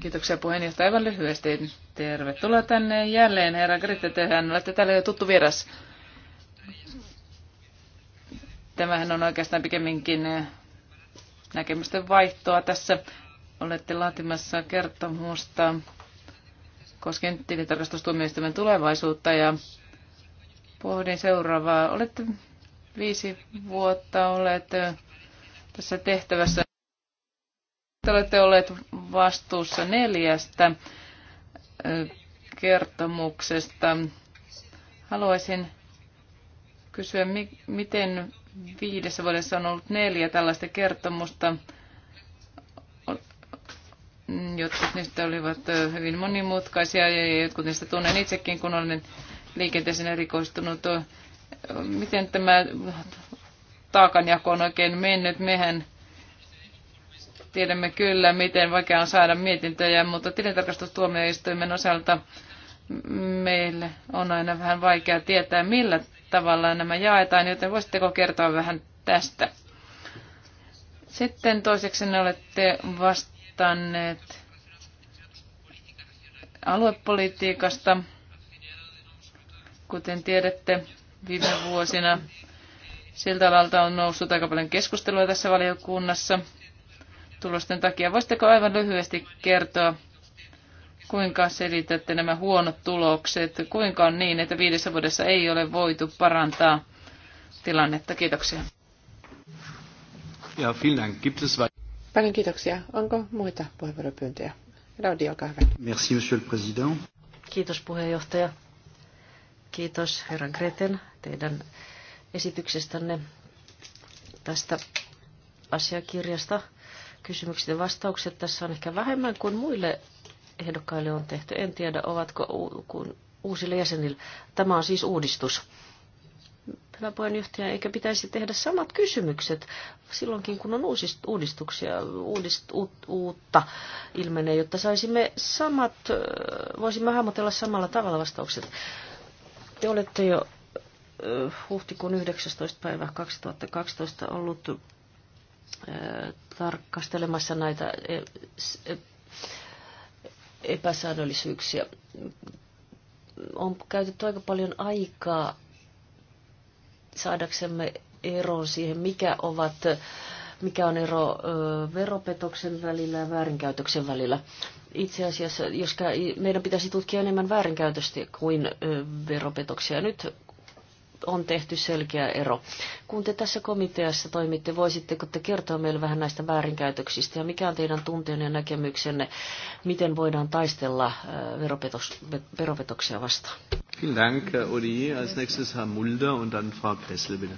Kiitoksia puheenjohtaja. Aivan lyhyesti. Tervetuloa tänne jälleen, herra Gritte. Tehän olette täällä jo tuttu vieras. Tämähän on oikeastaan pikemminkin äh, näkemysten vaihtoa tässä olette laatimassa kertomusta koskien tilintarkastustuomioistuimen tulevaisuutta ja pohdin seuraavaa. Olette viisi vuotta olleet tässä tehtävässä. Te olette olleet vastuussa neljästä kertomuksesta. Haluaisin kysyä, miten viidessä vuodessa on ollut neljä tällaista kertomusta. Jotkut niistä olivat hyvin monimutkaisia ja jotkut niistä tunnen itsekin, kun olen liikenteeseen erikoistunut. Miten tämä taakanjako on oikein mennyt? Mehän tiedämme kyllä, miten vaikea on saada mietintöjä, mutta tilintarkastustuomioistuimen osalta meille on aina vähän vaikea tietää, millä tavalla nämä jaetaan, joten voisitteko kertoa vähän tästä? Sitten toiseksi ne olette vast- vastanneet aluepolitiikasta. Kuten tiedätte, viime vuosina siltä alalta on noussut aika paljon keskustelua tässä valiokunnassa tulosten takia. Voisitteko aivan lyhyesti kertoa, kuinka selitätte nämä huonot tulokset? Kuinka on niin, että viidessä vuodessa ei ole voitu parantaa tilannetta? Kiitoksia. Ja, vielen Dank. Gibt es Paljon kiitoksia. Onko muita puheenvuoropyyntöjä? Raudi, olkaa hyvä. Merci, monsieur le président. Kiitos puheenjohtaja. Kiitos herra Greten teidän esityksestänne tästä asiakirjasta. Kysymykset ja vastaukset tässä on ehkä vähemmän kuin muille ehdokkaille on tehty. En tiedä, ovatko u- uusille jäsenille. Tämä on siis uudistus hyvä puheenjohtaja, eikä pitäisi tehdä samat kysymykset silloinkin, kun on uudistuksia, uudist, uutta ilmenee, jotta saisimme samat, voisimme hahmotella samalla tavalla vastaukset. Te olette jo huhtikuun 19. päivä 2012 ollut tarkastelemassa näitä e, e, epäsäännöllisyyksiä. On käytetty aika paljon aikaa saadaksemme eroon siihen, mikä, ovat, mikä on ero veropetoksen välillä ja väärinkäytöksen välillä. Itse asiassa jos meidän pitäisi tutkia enemmän väärinkäytöstä kuin veropetoksia. Nyt on tehty selkeä ero. Kun te tässä komiteassa toimitte, voisitteko te kertoa meille vähän näistä väärinkäytöksistä ja mikä on teidän tunteenne ja näkemyksenne, miten voidaan taistella äh, veropetos, veropetoksia vastaan? Dank, äh, Als nächstes Herr Mulder und dann Frau Gressel, bitte.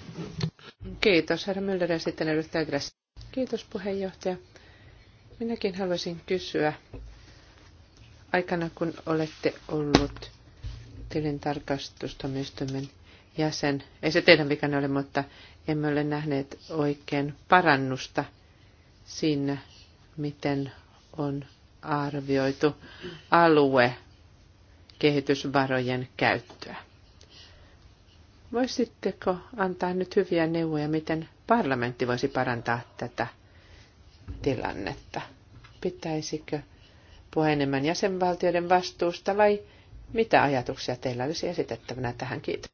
Kiitos, herra Mulder ja sitten edustaja Gressel. Kiitos, puheenjohtaja. Minäkin haluaisin kysyä, aikana kun olette ollut tilintarkastustoimistomen jäsen. Ei se teidän vikanne ole, mutta emme ole nähneet oikein parannusta siinä, miten on arvioitu alue kehitysvarojen käyttöä. Voisitteko antaa nyt hyviä neuvoja, miten parlamentti voisi parantaa tätä tilannetta? Pitäisikö puhua enemmän jäsenvaltioiden vastuusta vai mitä ajatuksia teillä olisi esitettävänä tähän? Kiitos.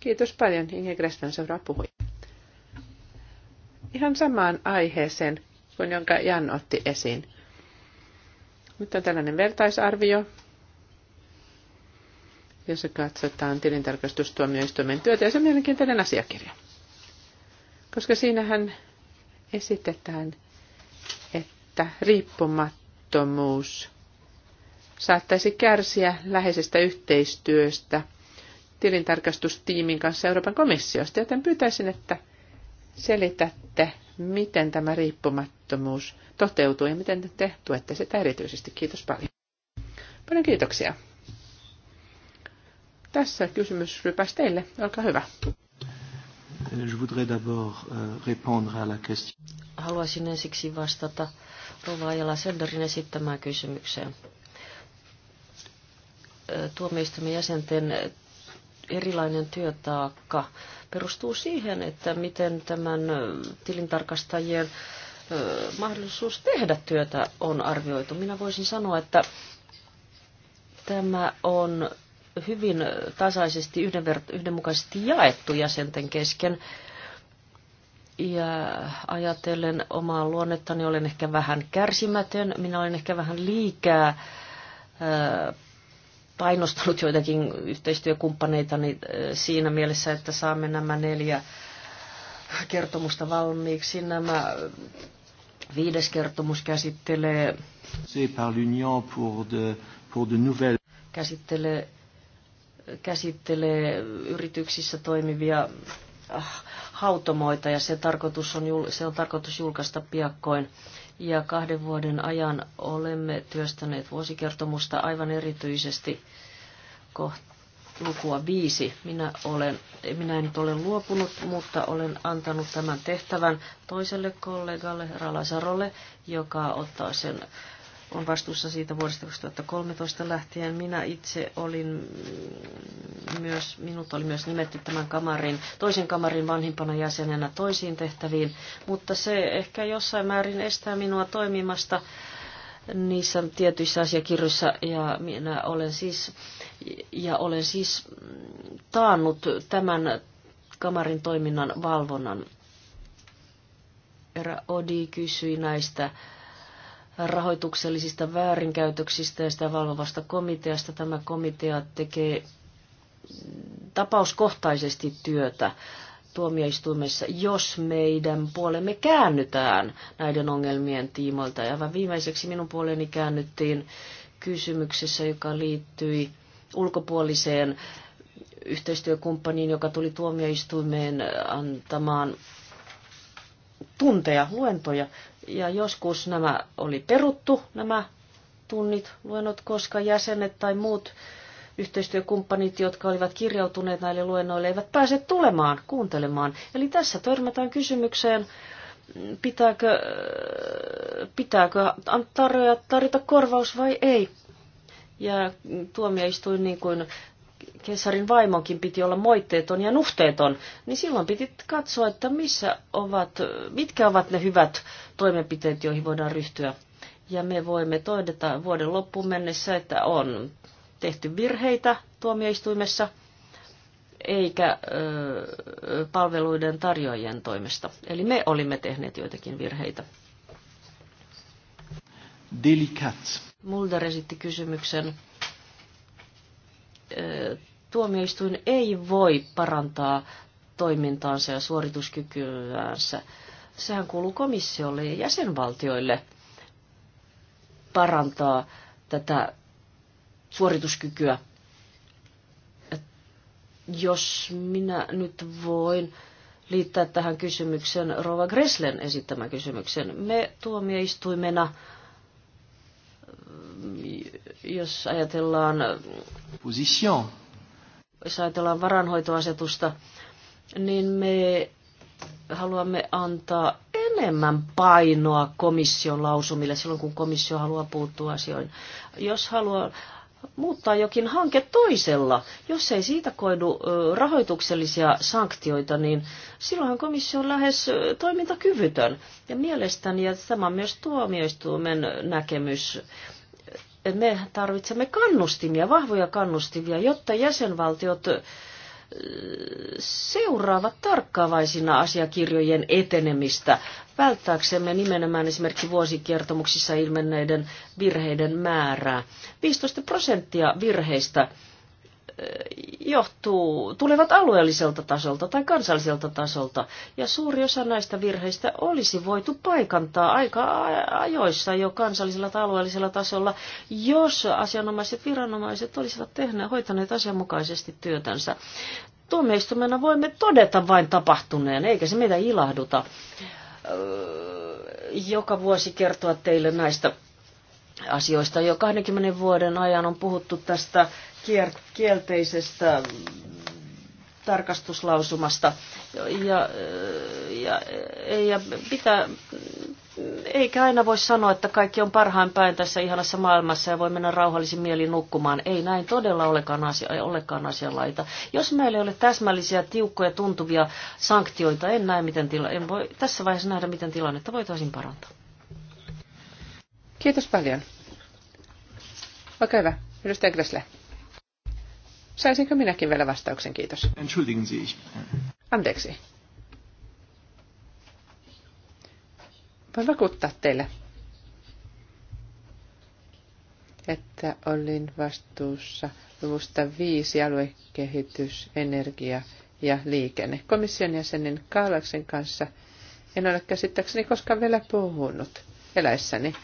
Kiitos paljon, Inge Grestan seuraava puhui. Ihan samaan aiheeseen kuin jonka Jan otti esiin. Nyt on tällainen vertaisarvio, jossa katsotaan tilintarkastustuomioistuimen työtä ja se on mielenkiintoinen asiakirja. Koska siinähän esitetään, että riippumattomuus saattaisi kärsiä läheisestä yhteistyöstä – tilintarkastustiimin kanssa Euroopan komissiosta, joten pyytäisin, että selitätte, miten tämä riippumattomuus toteutuu ja miten te tuette sitä erityisesti. Kiitos paljon. Paljon kiitoksia. Tässä kysymys rypäs teille. Olkaa hyvä. Euh, Haluaisin ensiksi vastata Rova Ajala Senderin esittämään kysymykseen. Tuomioistuimen jäsenten erilainen työtaakka perustuu siihen, että miten tämän tilintarkastajien mahdollisuus tehdä työtä on arvioitu. Minä voisin sanoa, että tämä on hyvin tasaisesti yhdenmukaisesti jaettu jäsenten kesken. Ja ajatellen omaa luonnettani olen ehkä vähän kärsimätön, minä olen ehkä vähän liikaa painostanut joitakin yhteistyökumppaneita niin äh, siinä mielessä, että saamme nämä neljä kertomusta valmiiksi. Nämä äh, viides kertomus käsittelee, käsittelee, käsittelee yrityksissä toimivia äh, hautomoita ja se, tarkoitus on, se on tarkoitus julkaista piakkoin ja kahden vuoden ajan olemme työstäneet vuosikertomusta aivan erityisesti kohta lukua viisi. Minä, olen, minä en nyt ole luopunut, mutta olen antanut tämän tehtävän toiselle kollegalle, Ralasarolle, joka ottaa sen on vastuussa siitä vuodesta 2013 lähtien. Minä itse olin myös, minut oli myös nimetty tämän kamarin, toisen kamarin vanhimpana jäsenenä toisiin tehtäviin, mutta se ehkä jossain määrin estää minua toimimasta niissä tietyissä asiakirjoissa ja minä olen siis, ja olen siis taannut tämän kamarin toiminnan valvonnan. Erä Odi kysyi näistä rahoituksellisista väärinkäytöksistä ja sitä valvovasta komiteasta. Tämä komitea tekee tapauskohtaisesti työtä tuomioistuimessa, jos meidän puolemme käännytään näiden ongelmien tiimoilta. Ja viimeiseksi minun puoleni käännyttiin kysymyksessä, joka liittyi ulkopuoliseen yhteistyökumppaniin, joka tuli tuomioistuimeen antamaan tunteja, luentoja. Ja joskus nämä oli peruttu, nämä tunnit, luennot, koska jäsenet tai muut yhteistyökumppanit, jotka olivat kirjautuneet näille luennoille, eivät pääse tulemaan kuuntelemaan. Eli tässä törmätään kysymykseen, pitääkö, pitääkö tarjota, tarjota korvaus vai ei. Ja tuomioistuin niin kuin kesarin vaimonkin piti olla moitteeton ja nuhteeton, niin silloin piti katsoa, että missä ovat, mitkä ovat ne hyvät toimenpiteet, joihin voidaan ryhtyä. Ja me voimme todeta vuoden loppuun mennessä, että on tehty virheitä tuomioistuimessa eikä ö, palveluiden tarjoajien toimesta. Eli me olimme tehneet joitakin virheitä. Delicat. Mulder esitti kysymyksen. Ö, tuomioistuin ei voi parantaa toimintaansa ja suorituskykyäänsä Sehän kuuluu komissiolle ja jäsenvaltioille parantaa tätä suorituskykyä. Jos minä nyt voin liittää tähän kysymyksen Rova Greslen esittämän kysymyksen. Me tuomioistuimena, jos ajatellaan, Position. jos ajatellaan varanhoitoasetusta, niin me haluamme antaa enemmän painoa komission lausumille silloin, kun komissio haluaa puuttua asioihin. Jos haluaa muuttaa jokin hanke toisella, jos ei siitä koidu rahoituksellisia sanktioita, niin silloin komissio on lähes toimintakyvytön. Ja mielestäni, ja tämä on myös tuomioistuimen näkemys, me tarvitsemme kannustimia, vahvoja kannustimia, jotta jäsenvaltiot seuraavat tarkkaavaisina asiakirjojen etenemistä välttääksemme nimenomaan esimerkiksi vuosikertomuksissa ilmenneiden virheiden määrää. 15 prosenttia virheistä johtuu, tulevat alueelliselta tasolta tai kansalliselta tasolta, ja suuri osa näistä virheistä olisi voitu paikantaa aika ajoissa jo kansallisella tai alueellisella tasolla, jos asianomaiset viranomaiset olisivat tehneet, hoitaneet asianmukaisesti työtänsä. Tuomioistumena voimme todeta vain tapahtuneen, eikä se meitä ilahduta. Joka vuosi kertoa teille näistä asioista. Jo 20 vuoden ajan on puhuttu tästä kielteisestä tarkastuslausumasta. Ja, äh, ja, ja pitää, eikä aina voi sanoa, että kaikki on parhain päin tässä ihanassa maailmassa ja voi mennä rauhallisin mieli nukkumaan. Ei näin todella olekaan, asia, ei olekaan asianlaita. Jos meillä ei ole täsmällisiä, tiukkoja, tuntuvia sanktioita, en näe, miten tila, en voi tässä vaiheessa nähdä, miten tilannetta voitaisiin parantaa. Kiitos paljon. Okei hyvä. Edustaja Gressle. Saisinkö minäkin vielä vastauksen? Kiitos. Entschuldigen Sie. Anteeksi. Voin vakuuttaa teille, että olin vastuussa luvusta viisi aluekehitys, energia ja liikenne. Komission jäsenen Kaalaksen kanssa en ole käsittääkseni koskaan vielä puhunut eläissäni.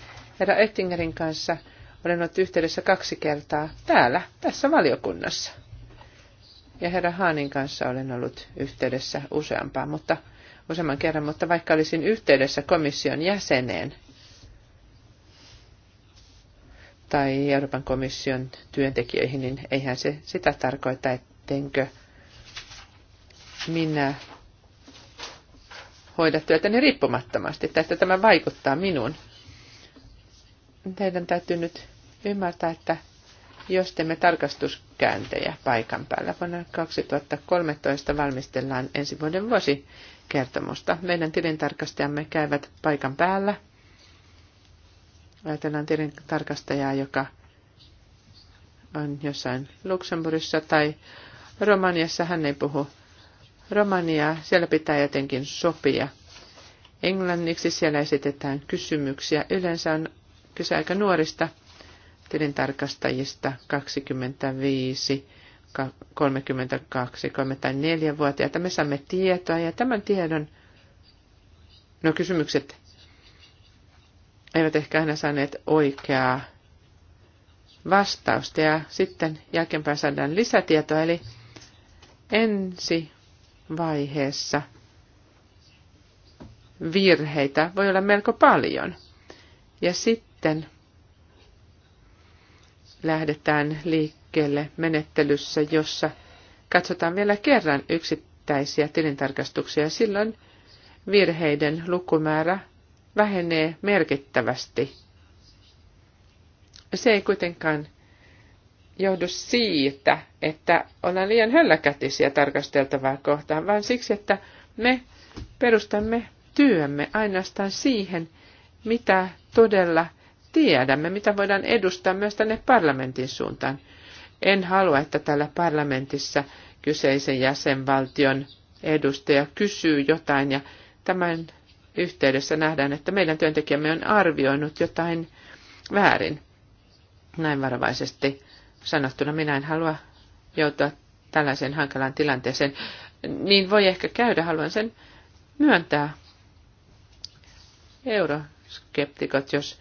Herra Oettingerin kanssa olen ollut yhteydessä kaksi kertaa täällä, tässä valiokunnassa ja herra Haanin kanssa olen ollut yhteydessä useampaan, mutta useamman kerran, mutta vaikka olisin yhteydessä komission jäseneen tai Euroopan komission työntekijöihin, niin eihän se sitä tarkoita, ettenkö minä hoida työtäni riippumattomasti, tai että tämä vaikuttaa minuun. Teidän täytyy nyt ymmärtää, että jos teemme tarkastus käyntejä paikan päällä. Vuonna 2013 valmistellaan ensi vuoden vuosikertomusta. Meidän tilintarkastajamme käyvät paikan päällä. Ajatellaan tilintarkastajaa, joka on jossain Luxemburgissa tai Romaniassa. Hän ei puhu romaniaa. Siellä pitää jotenkin sopia. Englanniksi siellä esitetään kysymyksiä. Yleensä on kyse aika nuorista tilintarkastajista 25 32-34-vuotiaita. Me saamme tietoa ja tämän tiedon, no kysymykset eivät ehkä aina saaneet oikeaa vastausta ja sitten jälkeenpäin saadaan lisätietoa. Eli ensi vaiheessa virheitä voi olla melko paljon. Ja sitten lähdetään liikkeelle menettelyssä, jossa katsotaan vielä kerran yksittäisiä tilintarkastuksia. Silloin virheiden lukumäärä vähenee merkittävästi. Se ei kuitenkaan johdu siitä, että ollaan liian hölläkätisiä tarkasteltavaa kohtaan, vaan siksi, että me perustamme työmme ainoastaan siihen, mitä todella – tiedämme, mitä voidaan edustaa myös tänne parlamentin suuntaan. En halua, että täällä parlamentissa kyseisen jäsenvaltion edustaja kysyy jotain ja tämän yhteydessä nähdään, että meidän työntekijämme on arvioinut jotain väärin. Näin varovaisesti sanottuna minä en halua joutua tällaiseen hankalaan tilanteeseen. Niin voi ehkä käydä, haluan sen myöntää. Euroskeptikot, jos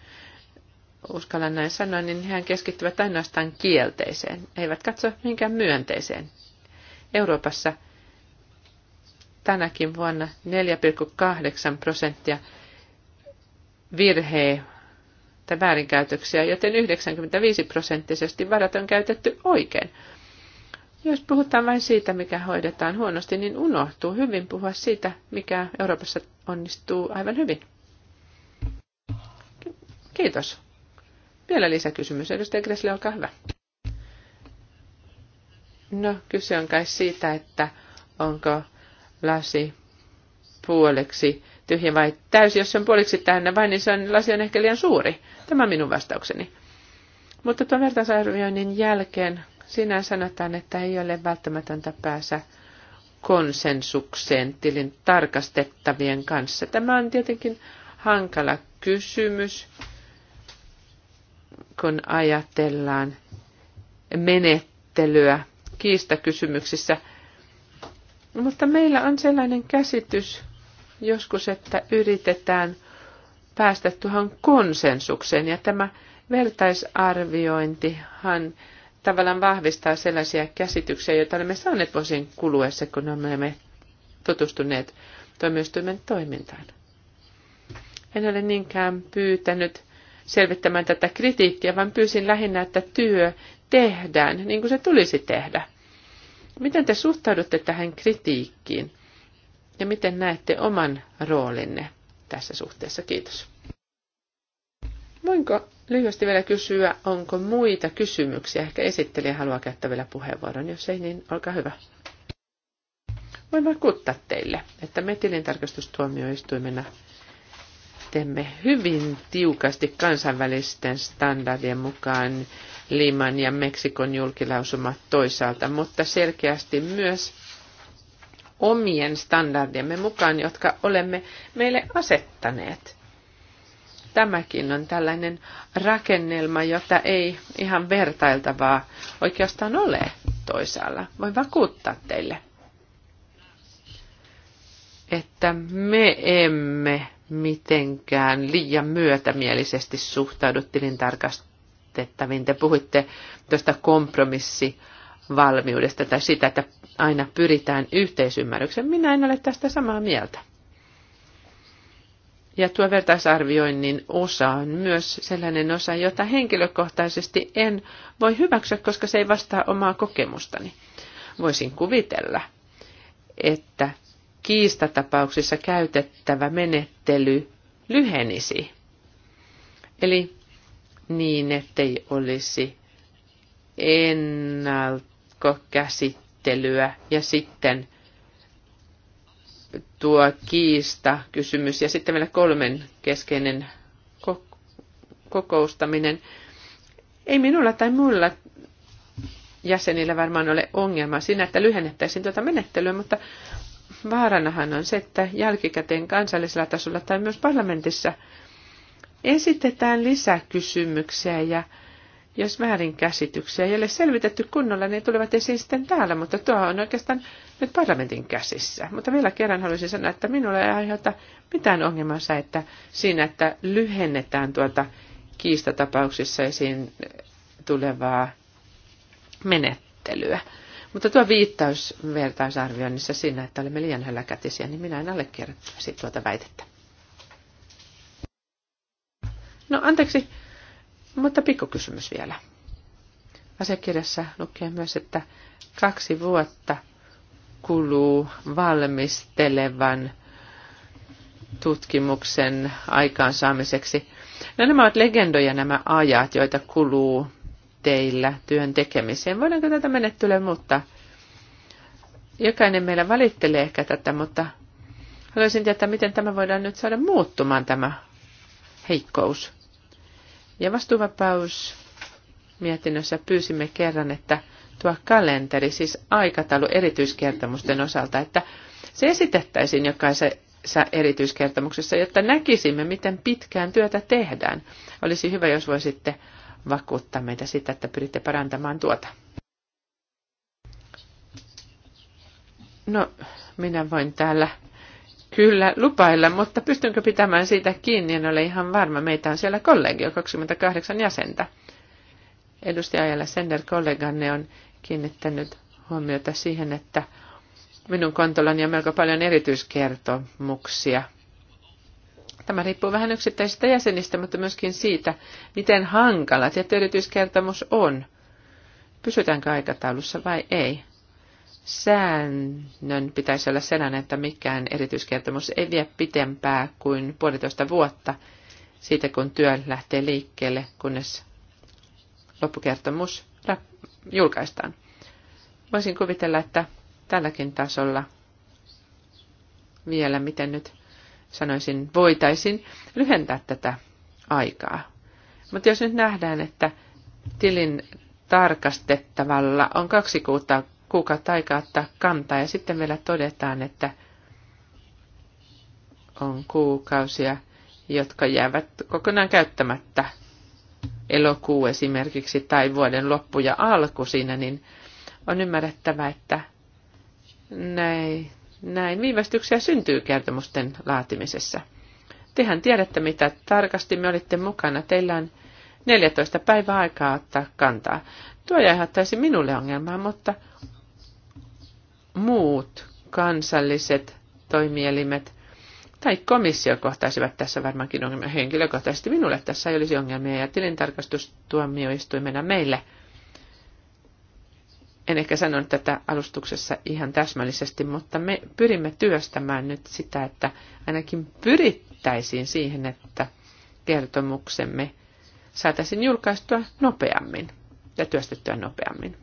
uskallan näin sanoa, niin hän keskittyvät ainoastaan kielteiseen, eivät katso minkään myönteiseen. Euroopassa tänäkin vuonna 4,8 prosenttia virhe tai väärinkäytöksiä, joten 95 prosenttisesti varat on käytetty oikein. Jos puhutaan vain siitä, mikä hoidetaan huonosti, niin unohtuu hyvin puhua siitä, mikä Euroopassa onnistuu aivan hyvin. Kiitos. Vielä lisäkysymys. Edustaja Gressle, olkaa hyvä. No, kyse on kai siitä, että onko lasi puoleksi tyhjä vai täysi. Jos se on puoleksi täynnä vain, niin se on, lasi on ehkä liian suuri. Tämä on minun vastaukseni. Mutta tuon vertaisarvioinnin jälkeen sinä sanotaan, että ei ole välttämätöntä päässä konsensukseen tilin tarkastettavien kanssa. Tämä on tietenkin hankala kysymys kun ajatellaan menettelyä kiistakysymyksissä. Mutta meillä on sellainen käsitys joskus, että yritetään päästä tuohon konsensukseen. Ja tämä vertaisarviointihan tavallaan vahvistaa sellaisia käsityksiä, joita olemme saaneet vuosien kuluessa, kun olemme tutustuneet tuomioistuimen toimintaan. En ole niinkään pyytänyt selvittämään tätä kritiikkiä, vaan pyysin lähinnä, että työ tehdään niin kuin se tulisi tehdä. Miten te suhtaudutte tähän kritiikkiin ja miten näette oman roolinne tässä suhteessa? Kiitos. Voinko lyhyesti vielä kysyä, onko muita kysymyksiä? Ehkä esittelijä haluaa käyttää vielä puheenvuoron. Jos ei, niin olkaa hyvä. Voin vakuuttaa teille, että me tilintarkastustuomioistuimena teemme hyvin tiukasti kansainvälisten standardien mukaan Liman ja Meksikon julkilausumat toisaalta, mutta selkeästi myös omien standardiemme mukaan, jotka olemme meille asettaneet. Tämäkin on tällainen rakennelma, jota ei ihan vertailtavaa oikeastaan ole toisaalla. Voin vakuuttaa teille, että me emme mitenkään liian myötämielisesti suhtaudu tilintarkastettaviin. Te puhuitte tuosta kompromissivalmiudesta tai sitä, että aina pyritään yhteisymmärrykseen. Minä en ole tästä samaa mieltä. Ja tuo vertaisarvioinnin osa on myös sellainen osa, jota henkilökohtaisesti en voi hyväksyä, koska se ei vastaa omaa kokemustani. Voisin kuvitella, että kiistatapauksissa käytettävä menettely lyhenisi. Eli niin, ettei olisi ennalkokäsittelyä ja sitten tuo kiista kysymys ja sitten vielä kolmen keskeinen kokoustaminen. Ei minulla tai muilla jäsenillä varmaan ole ongelma siinä, että lyhennettäisiin tuota menettelyä, mutta vaaranahan on se, että jälkikäteen kansallisella tasolla tai myös parlamentissa esitetään lisäkysymyksiä ja jos väärinkäsityksiä ei ole selvitetty kunnolla, niin tulevat esiin sitten täällä, mutta tuo on oikeastaan nyt parlamentin käsissä. Mutta vielä kerran haluaisin sanoa, että minulle ei aiheuta mitään ongelmaa se, että siinä, että lyhennetään tuota kiistatapauksissa esiin tulevaa menettelyä. Mutta tuo viittaus vertaisarvioinnissa siinä, että olemme liian hölläkätisiä, niin minä en allekirjoittaisi tuota väitettä. No anteeksi, mutta pikkukysymys vielä. Asiakirjassa lukee myös, että kaksi vuotta kuluu valmistelevan tutkimuksen aikaansaamiseksi. No nämä ovat legendoja nämä ajat, joita kuluu teillä työn tekemiseen. Voidaanko tätä menettelyä muuttaa? Jokainen meillä valittelee ehkä tätä, mutta haluaisin tietää, miten tämä voidaan nyt saada muuttumaan tämä heikkous. Ja vastuuvapaus mietinnössä pyysimme kerran, että tuo kalenteri, siis aikataulu erityiskertomusten osalta, että se esitettäisiin jokaisessa erityiskertomuksessa, jotta näkisimme, miten pitkään työtä tehdään. Olisi hyvä, jos voisitte vakuuttaa meitä sitä, että pyritte parantamaan tuota. No, minä voin täällä kyllä lupailla, mutta pystynkö pitämään siitä kiinni, en ole ihan varma. Meitä on siellä kollegio 28 jäsentä. Edustaja Ajala Sender, kolleganne, on kiinnittänyt huomiota siihen, että minun kontollani on melko paljon erityiskertomuksia – Tämä riippuu vähän yksittäisistä jäsenistä, mutta myöskin siitä, miten hankala tietyrityskertomus on. Pysytäänkö aikataulussa vai ei? Säännön pitäisi olla sellainen, että mikään erityiskertomus ei vie pitempää kuin puolitoista vuotta siitä, kun työ lähtee liikkeelle, kunnes loppukertomus julkaistaan. Voisin kuvitella, että tälläkin tasolla vielä, miten nyt sanoisin, voitaisiin lyhentää tätä aikaa. Mutta jos nyt nähdään, että tilin tarkastettavalla on kaksi kuuta, kuukautta aikaa ottaa kantaa ja sitten vielä todetaan, että on kuukausia, jotka jäävät kokonaan käyttämättä elokuu esimerkiksi tai vuoden loppu ja alku siinä, niin on ymmärrettävä, että näin näin viivästyksiä syntyy kertomusten laatimisessa. Tehän tiedätte, mitä tarkasti me olitte mukana. Teillä on 14 päivää aikaa ottaa kantaa. Tuo aiheuttaisi minulle ongelmaa, mutta muut kansalliset toimielimet tai komissio kohtaisivat tässä varmaankin ongelmia. Henkilökohtaisesti minulle tässä ei olisi ongelmia ja tilintarkastustuomioistuimena meille – en ehkä sanonut tätä alustuksessa ihan täsmällisesti, mutta me pyrimme työstämään nyt sitä, että ainakin pyrittäisiin siihen, että kertomuksemme saataisiin julkaistua nopeammin ja työstettyä nopeammin.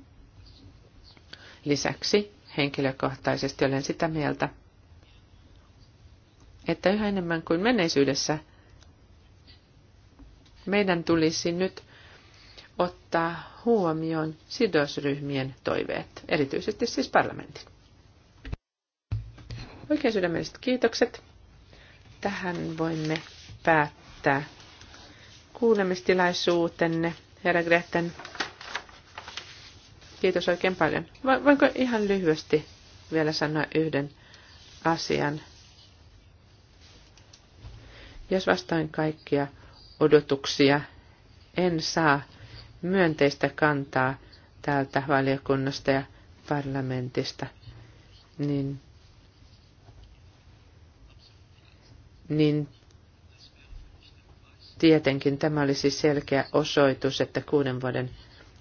Lisäksi henkilökohtaisesti olen sitä mieltä, että yhä enemmän kuin menneisyydessä meidän tulisi nyt ottaa huomioon sidosryhmien toiveet, erityisesti siis parlamentin. Oikein sydämelliset kiitokset. Tähän voimme päättää kuulemistilaisuutenne, herra Gretten. Kiitos oikein paljon. Voinko ihan lyhyesti vielä sanoa yhden asian? Jos vastaan kaikkia odotuksia en saa myönteistä kantaa täältä valiokunnasta ja parlamentista, niin, niin tietenkin tämä olisi siis selkeä osoitus, että kuuden vuoden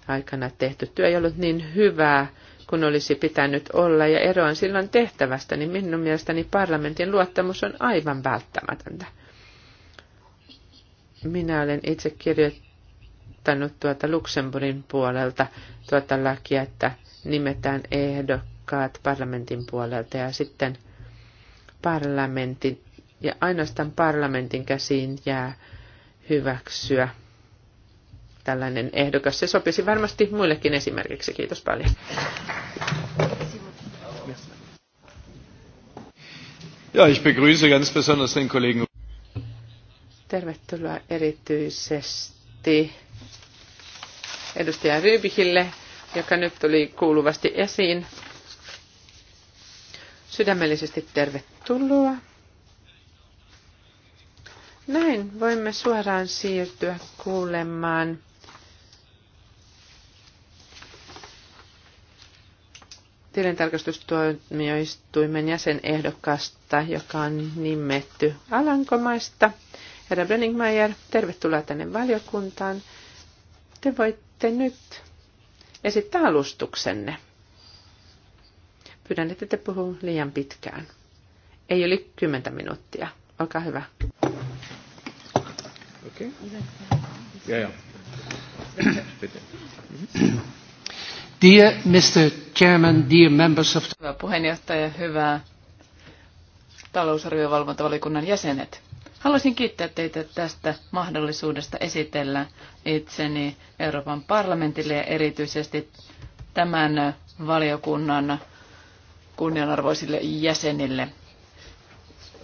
aikana tehty työ ei ollut niin hyvää kun olisi pitänyt olla ja eroan silloin tehtävästä, niin minun mielestäni parlamentin luottamus on aivan välttämätöntä. Minä olen itse kirjoittanut ehdottanut tuota Luxemburgin puolelta tuota lakia, että nimetään ehdokkaat parlamentin puolelta ja sitten parlamentin ja ainoastaan parlamentin käsiin jää hyväksyä tällainen ehdokas. Se sopisi varmasti muillekin esimerkiksi. Kiitos paljon. Ja, ich begrüße ganz besonders den Kollegen. Tervetuloa erityisesti edustaja Ryybihille, joka nyt tuli kuuluvasti esiin. Sydämellisesti tervetuloa. Näin voimme suoraan siirtyä kuulemaan tilintarkastustuomioistuimen jäsenehdokasta, joka on nimetty Alankomaista. Herra Brenningmeier, tervetuloa tänne valiokuntaan. Te voitte nyt esittää alustuksenne. Pyydän, että te puhuu liian pitkään. Ei yli kymmentä minuuttia. Olkaa hyvä. Okei. Okay. Yeah, yeah. Dear Mr. Chairman, dear members of... Hyvä puheenjohtaja, hyvää talousarviovalvontavaliokunnan jäsenet. Haluaisin kiittää teitä tästä mahdollisuudesta esitellä itseni Euroopan parlamentille ja erityisesti tämän valiokunnan kunnianarvoisille jäsenille.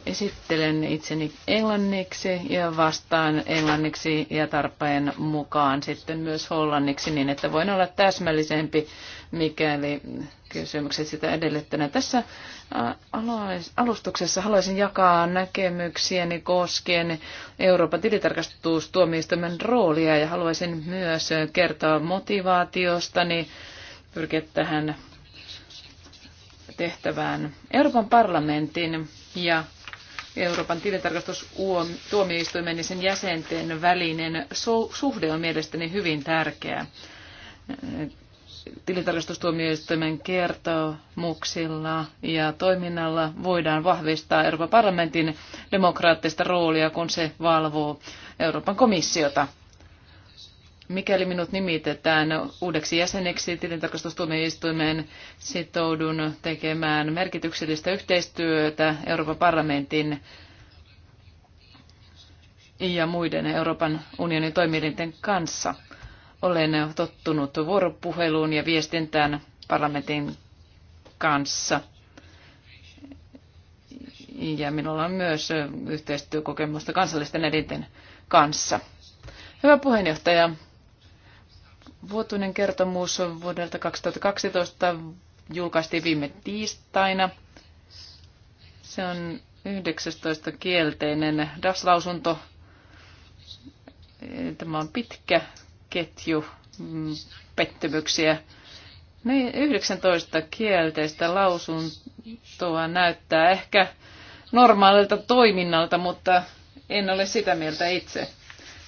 Esittelen itseni englanniksi ja vastaan englanniksi ja tarpeen mukaan sitten myös hollanniksi niin, että voin olla täsmällisempi, mikäli kysymykset sitä edellyttänä. Tässä alustuksessa haluaisin jakaa näkemyksiäni koskien Euroopan tilitarkastustuomioistuimen roolia ja haluaisin myös kertoa motivaatiostani pyrkiä tähän tehtävään Euroopan parlamentin ja Euroopan tilintarkastustuomioistuimen ja sen jäsenten välinen suhde on mielestäni hyvin tärkeä. Tilintarkastustuomioistuimen kertomuksilla ja toiminnalla voidaan vahvistaa Euroopan parlamentin demokraattista roolia, kun se valvoo Euroopan komissiota. Mikäli minut nimitetään uudeksi jäseneksi tilintarkastustuomioistuimeen, sitoudun tekemään merkityksellistä yhteistyötä Euroopan parlamentin ja muiden Euroopan unionin toimielinten kanssa. Olen tottunut vuoropuheluun ja viestintään parlamentin kanssa. Ja minulla on myös yhteistyökokemusta kansallisten elinten kanssa. Hyvä puheenjohtaja, Vuotuinen kertomus vuodelta 2012 julkaistiin viime tiistaina. Se on 19 kielteinen DAS-lausunto. Tämä on pitkä ketju mm, pettymyksiä. Niin, 19 kielteistä lausuntoa näyttää ehkä normaalilta toiminnalta, mutta en ole sitä mieltä itse.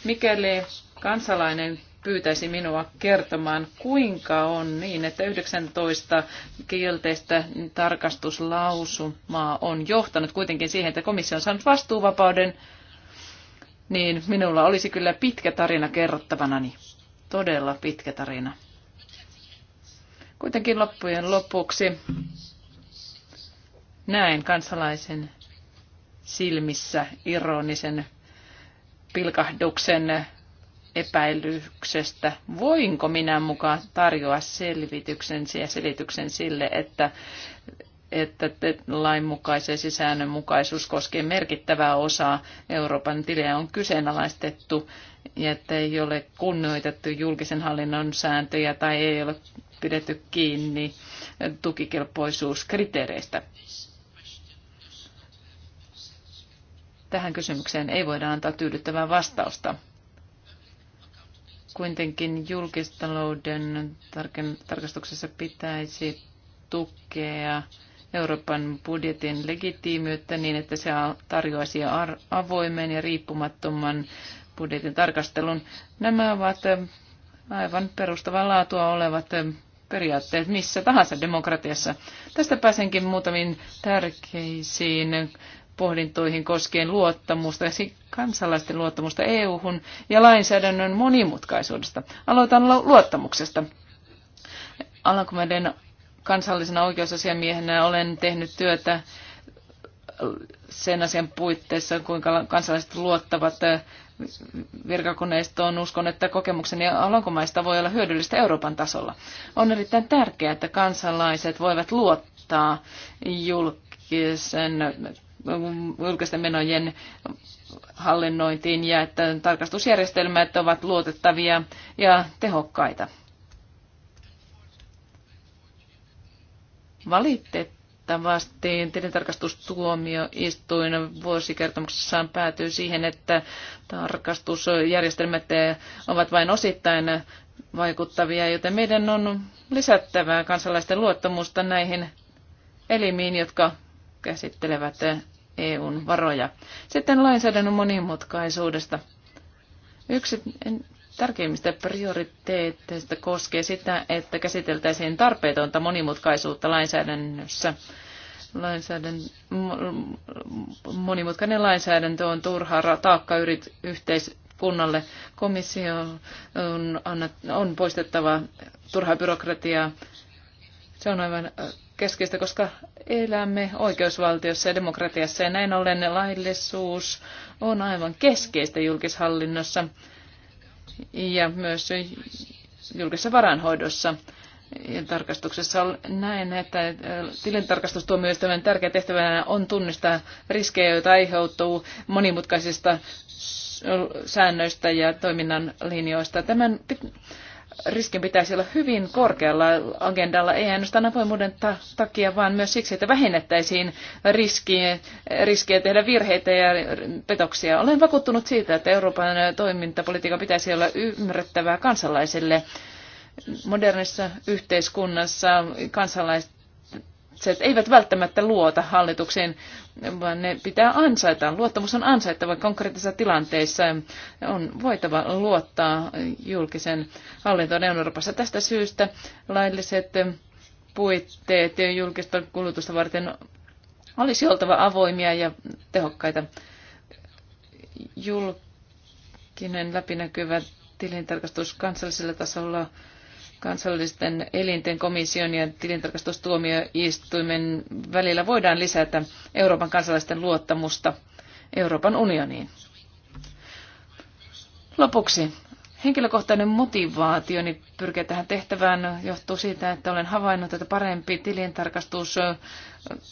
Mikäli kansalainen pyytäisi minua kertomaan, kuinka on niin, että 19 kielteistä tarkastuslausumaa on johtanut kuitenkin siihen, että komissio on saanut vastuuvapauden, niin minulla olisi kyllä pitkä tarina kerrottavanani. Todella pitkä tarina. Kuitenkin loppujen lopuksi näen kansalaisen silmissä ironisen pilkahduksen epäilyksestä, voinko minä mukaan tarjoa selvityksen ja selityksen sille, että, että lainmukaisen säännönmukaisuus koskee merkittävää osaa Euroopan tilejä on kyseenalaistettu ja että ei ole kunnioitettu julkisen hallinnon sääntöjä tai ei ole pidetty kiinni tukikelpoisuuskriteereistä. Tähän kysymykseen ei voida antaa tyydyttävää vastausta. Kuitenkin julkistalouden tarkastuksessa pitäisi tukea Euroopan budjetin legitiimiyttä niin, että se tarjoaisi avoimen ja riippumattoman budjetin tarkastelun. Nämä ovat aivan perustavaa laatua olevat periaatteet missä tahansa demokratiassa. Tästä pääsenkin muutamiin tärkeisiin pohdintoihin koskien luottamusta ja kansalaisten luottamusta EU-hun ja lainsäädännön monimutkaisuudesta. Aloitan luottamuksesta. Alankomaiden kansallisena oikeusasiamiehenä olen tehnyt työtä sen asian puitteissa, kuinka kansalaiset luottavat virkakoneistoon. Uskon, että kokemukseni alankomaista voi olla hyödyllistä Euroopan tasolla. On erittäin tärkeää, että kansalaiset voivat luottaa julkisen julkisten menojen hallinnointiin ja että tarkastusjärjestelmät ovat luotettavia ja tehokkaita. Valitettavasti tilintarkastustuomioistuin vuosikertomuksessaan päätyy siihen, että tarkastusjärjestelmät ovat vain osittain vaikuttavia, joten meidän on lisättävää kansalaisten luottamusta näihin elimiin, jotka käsittelevät EUn varoja. Sitten lainsäädännön monimutkaisuudesta. Yksi tärkeimmistä prioriteetteista koskee sitä, että käsiteltäisiin tarpeetonta monimutkaisuutta lainsäädännössä. Lainsäädän, monimutkainen lainsäädäntö on turha taakka yrit, yhteiskunnalle. Komissio on, on poistettava turhaa byrokratiaa. Se on aivan keskeistä, koska elämme oikeusvaltiossa ja demokratiassa ja näin ollen laillisuus on aivan keskeistä julkishallinnossa ja myös julkisessa varanhoidossa ja tarkastuksessa on näin, että äh, tilintarkastustuomioistuimen tärkeä tehtävänä on tunnistaa riskejä, joita aiheutuu monimutkaisista säännöistä ja toiminnan linjoista. Tämän riskin pitäisi olla hyvin korkealla agendalla, ei ainoastaan avoimuuden ta- takia, vaan myös siksi, että vähennettäisiin riskiä, riskiä tehdä virheitä ja petoksia. Olen vakuuttunut siitä, että Euroopan toimintapolitiikan pitäisi olla ymmärrettävää kansalaisille modernissa yhteiskunnassa kansalaiset kansalaiset eivät välttämättä luota hallitukseen, vaan ne pitää ansaita. Luottamus on ansaittava konkreettisissa tilanteissa. On voitava luottaa julkisen hallintoon Euroopassa. Tästä syystä lailliset puitteet julkista kulutusta varten olisi oltava avoimia ja tehokkaita. Julkinen läpinäkyvä tilintarkastus kansallisella tasolla kansallisten elinten komission ja tilintarkastustuomioistuimen välillä voidaan lisätä Euroopan kansalaisten luottamusta Euroopan unioniin. Lopuksi henkilökohtainen motivaationi pyrkiä tähän tehtävään johtuu siitä, että olen havainnut, että parempi tilintarkastus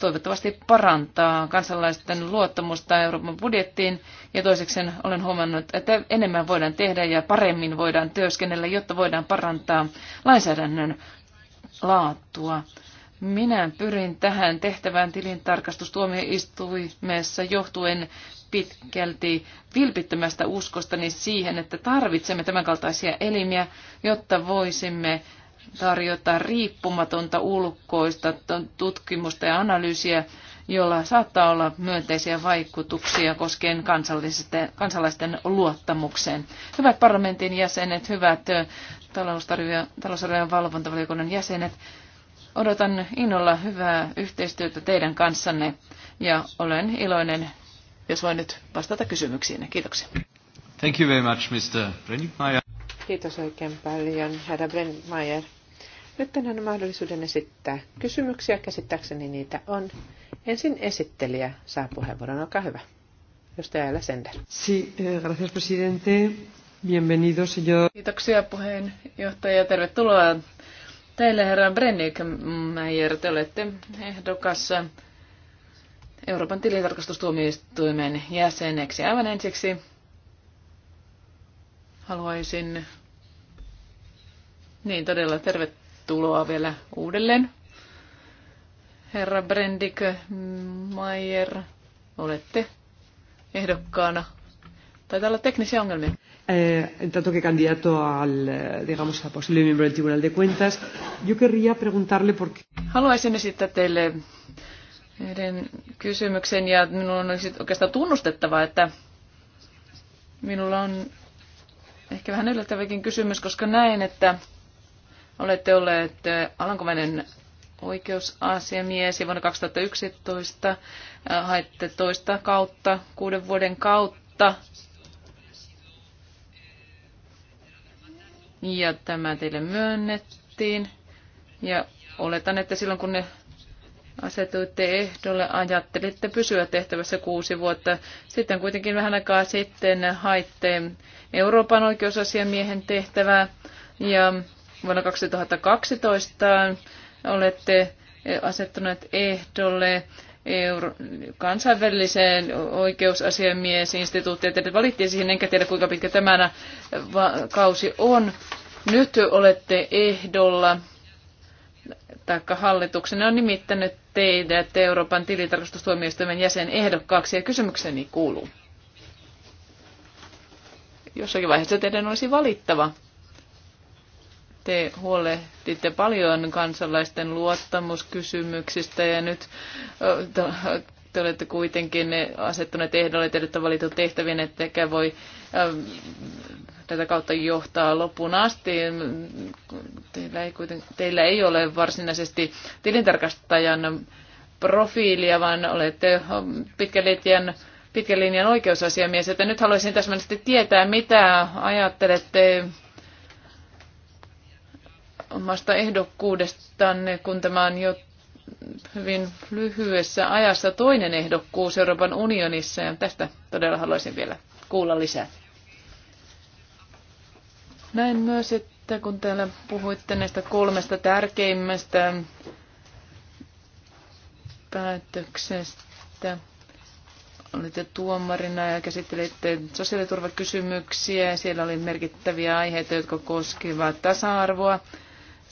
toivottavasti parantaa kansalaisten luottamusta Euroopan budjettiin. Ja toiseksi olen huomannut, että enemmän voidaan tehdä ja paremmin voidaan työskennellä, jotta voidaan parantaa lainsäädännön laatua. Minä pyrin tähän tehtävään tilintarkastustuomioistuimessa johtuen pitkälti vilpittömästä uskostani siihen, että tarvitsemme tämänkaltaisia elimiä, jotta voisimme tarjota riippumatonta ulkoista tutkimusta ja analyysiä, jolla saattaa olla myönteisiä vaikutuksia koskien kansalaisten luottamukseen. Hyvät parlamentin jäsenet, hyvät talousarvion valvontavaliokunnan jäsenet, odotan innolla hyvää yhteistyötä teidän kanssanne ja olen iloinen, jos voin nyt vastata kysymyksiin. Kiitoksia. Thank you very much, Mr. Kiitos oikein paljon, herra Brennmeier. Nyt tänään on mahdollisuuden esittää kysymyksiä, käsittääkseni niitä on. Ensin esittelijä saa puheenvuoron, olkaa hyvä. Jostaja Ella Sender. Sí, eh, gracias presidente. Bienvenido, señor. Kiitoksia puheenjohtaja. Tervetuloa teille, herra Brennikmeijer. Te olette ehdokas Euroopan tilintarkastustuomioistuimen jäseneksi. Aivan ensiksi haluaisin niin todella tervetuloa tervetuloa vielä uudelleen. Herra Brendik Mayer, olette ehdokkaana. Taitaa olla teknisiä ongelmia. Eh, en tanto que candidato al, eh, digamos, a posible miembro del Tribunal de Cuentas, yo querría preguntarle por qué... Haluaisin esittää teille yhden kysymyksen ja minulla on oikeastaan tunnustettava, että minulla on ehkä vähän yllättäväkin kysymys, koska näen, että Olette olleet Alankomainen oikeusasiamies ja vuonna 2011 haitte toista kautta, kuuden vuoden kautta. Ja tämä teille myönnettiin. Ja oletan, että silloin kun ne asetuitte ehdolle, ajattelitte pysyä tehtävässä kuusi vuotta. Sitten kuitenkin vähän aikaa sitten haitte Euroopan oikeusasiamiehen tehtävää. Ja vuonna 2012 olette asettuneet ehdolle Euro- kansainväliseen oikeusasiamiesinstituuttiin. Teidät valittiin siihen, enkä tiedä kuinka pitkä tämä kausi on. Nyt olette ehdolla, taikka hallituksen, on nimittänyt teidät Euroopan tilintarkastustuomioistuimen jäsen ehdokkaaksi, ja kysymykseni kuuluu. Jossakin vaiheessa teidän olisi valittava te huolehditte paljon kansalaisten luottamuskysymyksistä ja nyt te olette kuitenkin asettuneet ehdolle, te valitut tehtäviin, ettekä voi tätä kautta johtaa loppuun asti. Teillä ei, kuiten, teillä ei ole varsinaisesti tilintarkastajan profiilia, vaan olette pitkän linjan, pitkän linjan oikeusasiamies. Että nyt haluaisin täsmällisesti tietää, mitä ajattelette omasta ehdokkuudestanne, kun tämä on jo hyvin lyhyessä ajassa toinen ehdokkuus Euroopan unionissa, ja tästä todella haluaisin vielä kuulla lisää. Näin myös, että kun täällä puhuitte näistä kolmesta tärkeimmästä päätöksestä, olitte tuomarina ja käsittelitte sosiaaliturvakysymyksiä. Siellä oli merkittäviä aiheita, jotka koskivat tasa-arvoa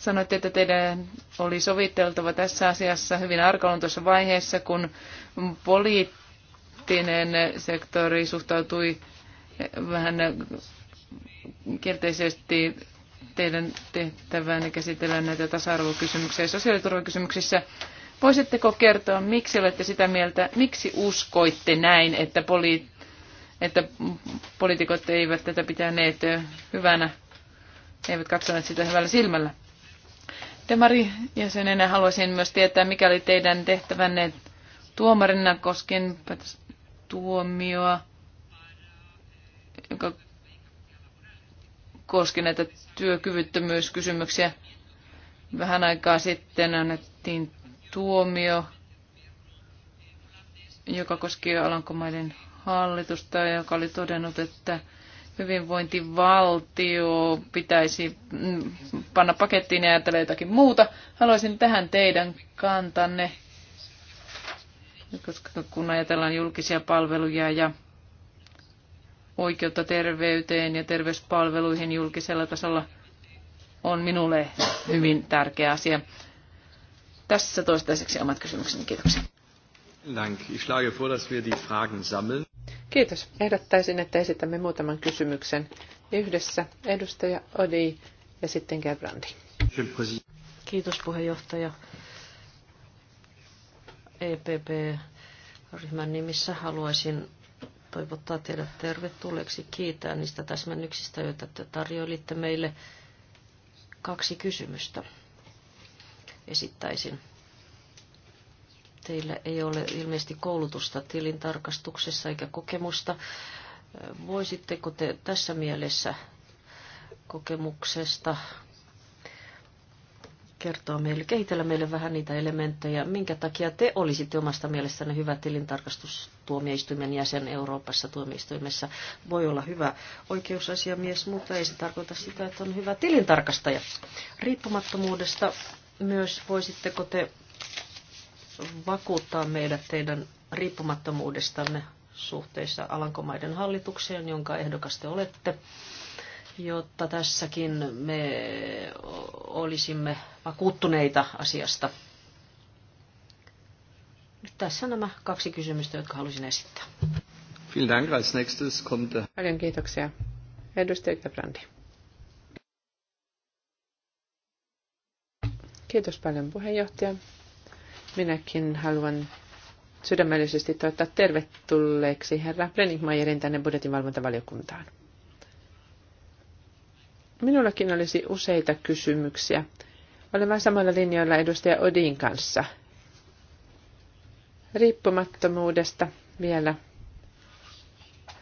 Sanoitte, että teidän oli soviteltava tässä asiassa hyvin arkaluontoisessa vaiheessa, kun poliittinen sektori suhtautui vähän kielteisesti teidän tehtävänne käsitellä näitä tasa-arvokysymyksiä ja sosiaaliturvakysymyksissä. Voisitteko kertoa, miksi olette sitä mieltä, miksi uskoitte näin, että, poli, että poliitikot eivät tätä pitäneet hyvänä, eivät katsoneet sitä hyvällä silmällä? Demari-jäsenenä haluaisin myös tietää, mikä oli teidän tehtävänne tuomarina koskien tuomioa, joka koski näitä työkyvyttömyyskysymyksiä. Vähän aikaa sitten annettiin tuomio, joka koski Alankomaiden hallitusta, joka oli todennut, että hyvinvointivaltio pitäisi mm, panna pakettiin ja ajatella jotakin muuta. Haluaisin tähän teidän kantanne, koska kun ajatellaan julkisia palveluja ja oikeutta terveyteen ja terveyspalveluihin julkisella tasolla on minulle hyvin tärkeä asia. Tässä toistaiseksi omat kysymykseni. Kiitoksia. Dank. Ich schlage vor, dass wir die Fragen sammeln. Kiitos. Ehdottaisin, että esitämme muutaman kysymyksen yhdessä. Edustaja Odi ja sitten Gerbrandi. Kiitos puheenjohtaja. EPP-ryhmän nimissä haluaisin toivottaa teidät tervetulleeksi. Kiitää niistä täsmennyksistä, joita te tarjoilitte meille. Kaksi kysymystä esittäisin. Teillä ei ole ilmeisesti koulutusta tilintarkastuksessa eikä kokemusta. Voisitteko te tässä mielessä kokemuksesta kertoa meille, kehitellä meille vähän niitä elementtejä, minkä takia te olisitte omasta mielestänne hyvä tilintarkastustuomioistuimen jäsen Euroopassa tuomioistuimessa. Voi olla hyvä oikeusasiamies, mutta ei se tarkoita sitä, että on hyvä tilintarkastaja. Riippumattomuudesta myös voisitteko te vakuuttaa meidät teidän riippumattomuudestanne suhteessa Alankomaiden hallitukseen, jonka ehdokas te olette, jotta tässäkin me olisimme vakuuttuneita asiasta. Nyt tässä nämä kaksi kysymystä, jotka halusin esittää. Vielen Dank. Als nächstes kommt Paljon kiitoksia. Edustaja Gebrandi. Kiitos paljon puheenjohtaja. Minäkin haluan sydämellisesti toivottaa tervetulleeksi herra Brenningmeierin tänne budjetinvalvontavaliokuntaan. Minullakin olisi useita kysymyksiä. Olen vain samalla linjoilla edustaja Odin kanssa. Riippumattomuudesta vielä.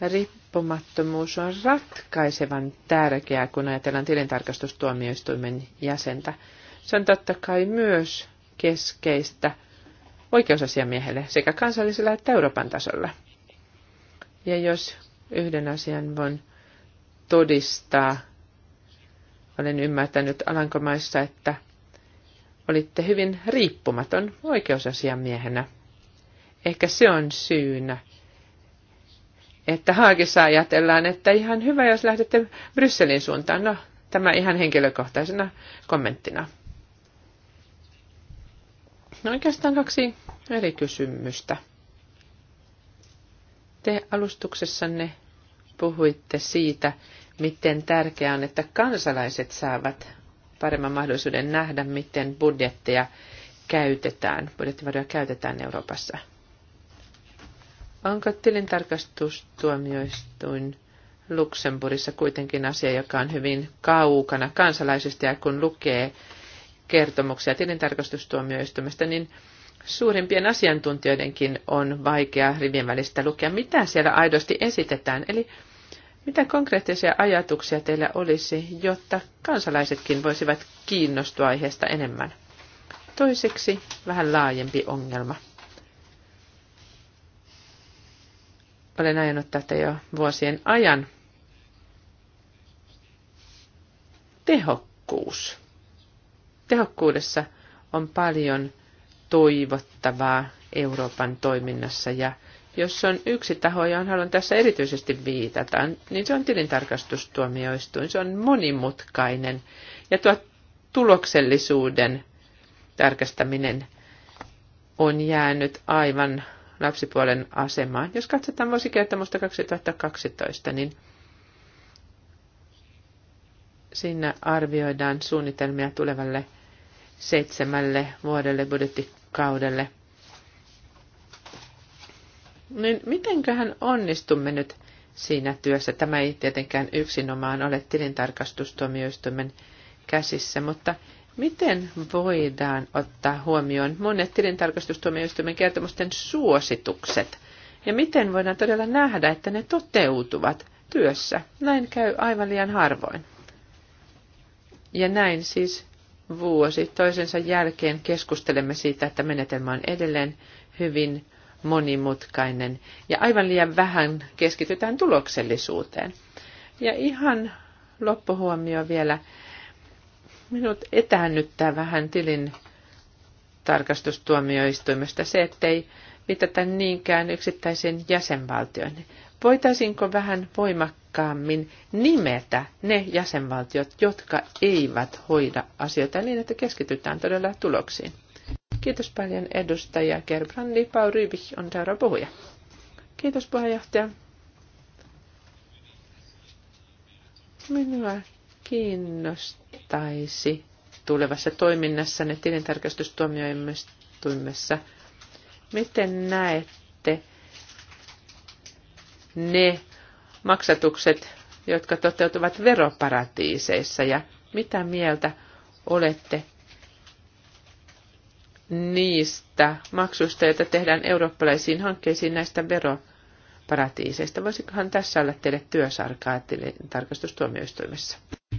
Riippumattomuus on ratkaisevan tärkeää, kun ajatellaan tilintarkastustuomioistuimen jäsentä. Se on totta kai myös keskeistä – oikeusasiamiehelle sekä kansallisella että Euroopan tasolla. Ja jos yhden asian voin todistaa, olen ymmärtänyt Alankomaissa, että olitte hyvin riippumaton oikeusasiamiehenä. Ehkä se on syynä, että Haagissa ajatellaan, että ihan hyvä, jos lähdette Brysselin suuntaan. No, tämä ihan henkilökohtaisena kommenttina. No oikeastaan kaksi eri kysymystä. Te alustuksessanne puhuitte siitä, miten tärkeää on, että kansalaiset saavat paremman mahdollisuuden nähdä, miten budjetteja käytetään, budjettivaroja käytetään Euroopassa. Onko tilintarkastustuomioistuin Luxemburgissa kuitenkin asia, joka on hyvin kaukana kansalaisista ja kun lukee kertomuksia tilintarkastustuomioistumista, niin suurimpien asiantuntijoidenkin on vaikea rivien välistä lukea, mitä siellä aidosti esitetään. Eli mitä konkreettisia ajatuksia teillä olisi, jotta kansalaisetkin voisivat kiinnostua aiheesta enemmän? Toiseksi vähän laajempi ongelma. Olen ajanut tätä jo vuosien ajan. Tehokkuus. Tehokkuudessa on paljon toivottavaa Euroopan toiminnassa ja jos on yksi taho, johon haluan tässä erityisesti viitata, niin se on tilintarkastustuomioistuin. Se on monimutkainen ja tuo tuloksellisuuden tarkastaminen on jäänyt aivan lapsipuolen asemaan. Jos katsotaan vuosikertomusta 2012, niin siinä arvioidaan suunnitelmia tulevalle seitsemälle vuodelle budjettikaudelle. Niin mitenköhän onnistumme nyt siinä työssä? Tämä ei tietenkään yksinomaan ole tilintarkastustuomioistuimen käsissä, mutta miten voidaan ottaa huomioon monet tilintarkastustuomioistuimen kertomusten suositukset? Ja miten voidaan todella nähdä, että ne toteutuvat työssä? Näin käy aivan liian harvoin. Ja näin siis vuosi toisensa jälkeen keskustelemme siitä, että menetelmä on edelleen hyvin monimutkainen ja aivan liian vähän keskitytään tuloksellisuuteen. Ja ihan loppuhuomio vielä. Minut etäännyttää vähän tilin tarkastustuomioistuimesta se, ettei viitata niinkään yksittäisiin jäsenvaltioihin. Voitaisinko vähän voimakkaasti voimakkaammin nimetä ne jäsenvaltiot, jotka eivät hoida asioita niin, että keskitytään todella tuloksiin. Kiitos paljon edustaja Gerbrandi. Pau Rybich on seuraava puhuja. Kiitos puheenjohtaja. Minua kiinnostaisi tulevassa toiminnassanne tilintarkastustuomioistuimessa. Miten näette ne maksatukset, jotka toteutuvat veroparatiiseissa ja mitä mieltä olette niistä maksuista, joita tehdään eurooppalaisiin hankkeisiin näistä veroparatiiseista. Voisikohan tässä olla teille työsarkaa tarkastustuomioistuimessa?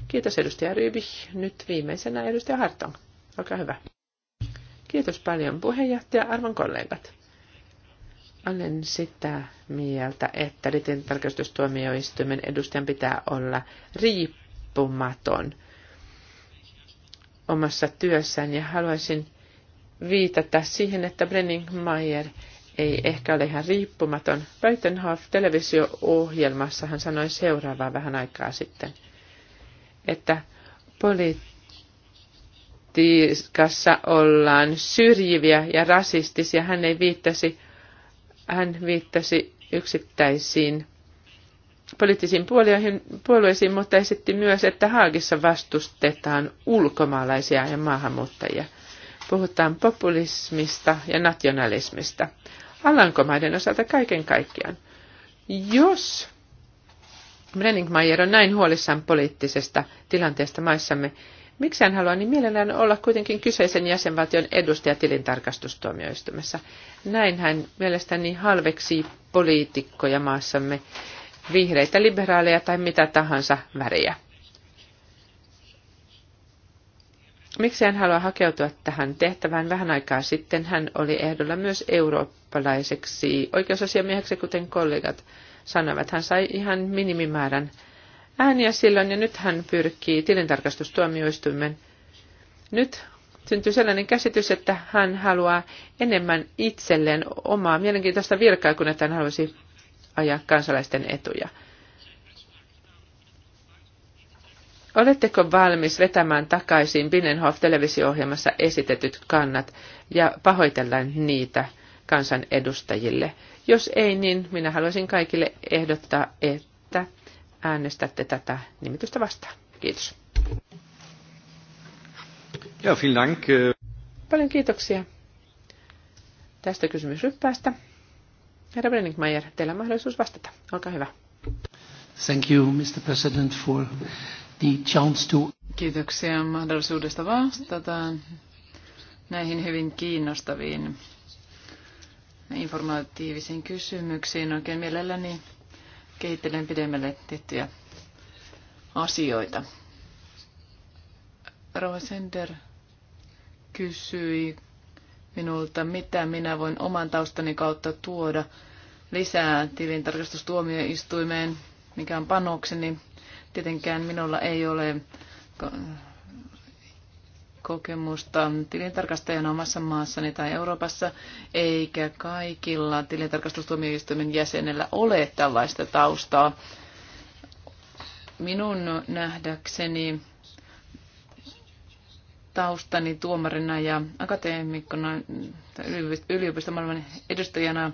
Kiitos edustaja Ryby. Nyt viimeisenä edustaja Hartong. Olkaa hyvä. Kiitos paljon puheenjohtaja, arvon kollegat. Olen sitä mieltä, että tarkastustuomioistuimen edustajan pitää olla riippumaton omassa työssään ja haluaisin viitata siihen, että Brenning Mayer ei ehkä ole ihan riippumaton. Breitenhoff televisio-ohjelmassa hän sanoi seuraavaa vähän aikaa sitten, että politiikassa ollaan syrjiviä ja rasistisia. Hän ei viittasi hän viittasi yksittäisiin poliittisiin puolueisiin, mutta esitti myös, että Haagissa vastustetaan ulkomaalaisia ja maahanmuuttajia. Puhutaan populismista ja nationalismista. Alankomaiden osalta kaiken kaikkiaan. Jos Brenningmeier on näin huolissaan poliittisesta tilanteesta maissamme, Miksi hän haluaa niin mielellään olla kuitenkin kyseisen jäsenvaltion edustaja tilintarkastustuomioistumessa? Näin hän mielestäni halveksi poliitikkoja maassamme, vihreitä, liberaaleja tai mitä tahansa väriä. Miksi hän halua hakeutua tähän tehtävään? Vähän aikaa sitten hän oli ehdolla myös eurooppalaiseksi oikeusasiamieheksi, kuten kollegat sanoivat. Hän sai ihan minimimäärän ääniä silloin ja nyt hän pyrkii tilintarkastustuomioistuimen. Nyt syntyy sellainen käsitys, että hän haluaa enemmän itselleen omaa mielenkiintoista virkaa, kun että hän haluaisi ajaa kansalaisten etuja. Oletteko valmis vetämään takaisin Binnenhof televisio-ohjelmassa esitetyt kannat ja pahoitella niitä kansanedustajille? Jos ei, niin minä haluaisin kaikille ehdottaa, että äänestätte tätä nimitystä vastaan. Kiitos. Ja, vielen dank. Äh. Paljon kiitoksia tästä kysymysryppäästä. Herra Brenningmeier, teillä on mahdollisuus vastata. Olkaa hyvä. Thank you, Mr. President, for the chance to... Kiitoksia mahdollisuudesta vastata näihin hyvin kiinnostaviin informatiivisiin kysymyksiin. Oikein mielelläni kehittelen pidemmälle tiettyjä asioita. Sender kysyi minulta, mitä minä voin oman taustani kautta tuoda lisää tilintarkastustuomioistuimeen, mikä on panokseni. Tietenkään minulla ei ole kokemusta tilintarkastajana omassa maassani tai Euroopassa, eikä kaikilla tilintarkastustuomioistuimen jäsenellä ole tällaista taustaa. Minun nähdäkseni taustani tuomarina ja akateemikkona, yliopistomaailman edustajana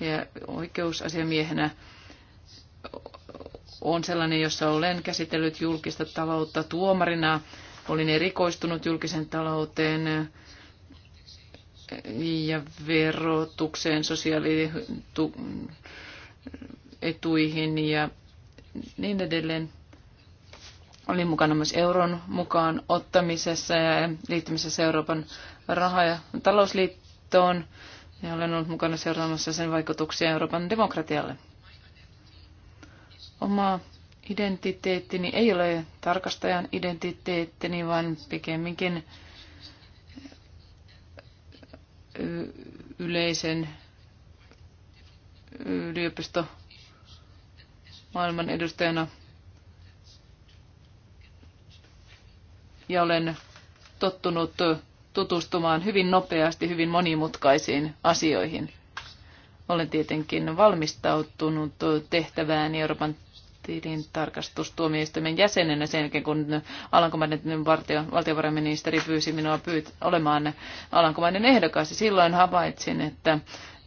ja oikeusasiamiehenä on sellainen, jossa olen käsitellyt julkista taloutta tuomarina olin erikoistunut julkisen talouteen ja verotukseen, sosiaalietuihin ja niin edelleen. Olin mukana myös euron mukaan ottamisessa ja liittymisessä Euroopan raha- ja talousliittoon ja olen ollut mukana seuraamassa sen vaikutuksia Euroopan demokratialle. Oma identiteettini ei ole tarkastajan identiteettini, vaan pikemminkin yleisen yliopisto maailman edustajana. Ja olen tottunut tutustumaan hyvin nopeasti hyvin monimutkaisiin asioihin. Olen tietenkin valmistautunut tehtävään Euroopan tilintarkastustuomioistuimen jäsenenä sen jälkeen, kun Alankomainen valtio, valtiovarainministeri pyysi minua pyyt, olemaan Alankomainen ehdokas. Silloin havaitsin, että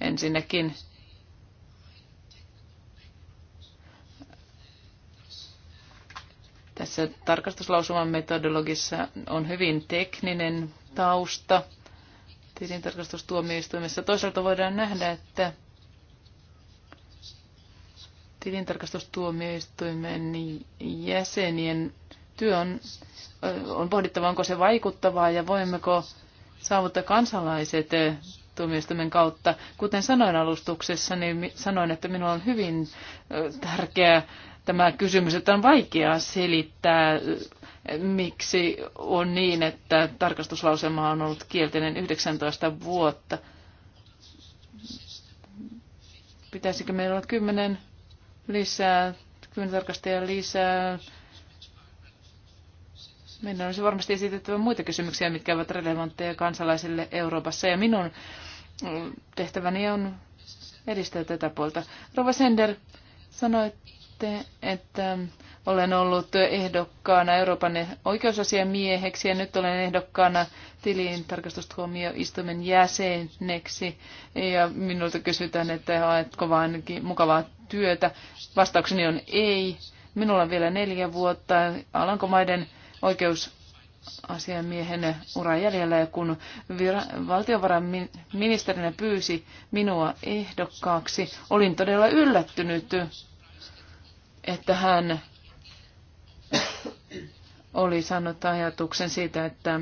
ensinnäkin tässä tarkastuslausuman metodologissa on hyvin tekninen tausta tilintarkastustuomioistuimessa. Toisaalta voidaan nähdä, että tilintarkastustuomioistuimen jäsenien työ on, on pohdittava, onko se vaikuttavaa ja voimmeko saavuttaa kansalaiset tuomioistuimen kautta. Kuten sanoin alustuksessa, niin sanoin, että minulla on hyvin tärkeä tämä kysymys, että on vaikea selittää, miksi on niin, että tarkastuslausema on ollut kielteinen 19 vuotta. Pitäisikö meillä olla 10 lisää, kyyntarkastajia lisää. Minun olisi varmasti esitettävä muita kysymyksiä, mitkä ovat relevantteja kansalaisille Euroopassa. Ja minun mm, tehtäväni on edistää tätä puolta. Rova Sender, sanoitte, että olen ollut ehdokkaana Euroopan oikeusasiamieheksi ja nyt olen ehdokkaana tilintarkastustuomioistuimen jäseneksi ja minulta kysytään, että haetko vain mukavaa työtä. Vastaukseni on ei. Minulla on vielä neljä vuotta Alankomaiden oikeusasiamiehen ura jäljellä ja kun vira- valtiovarainministerinä pyysi minua ehdokkaaksi, olin todella yllättynyt, että hän oli saanut ajatuksen siitä, että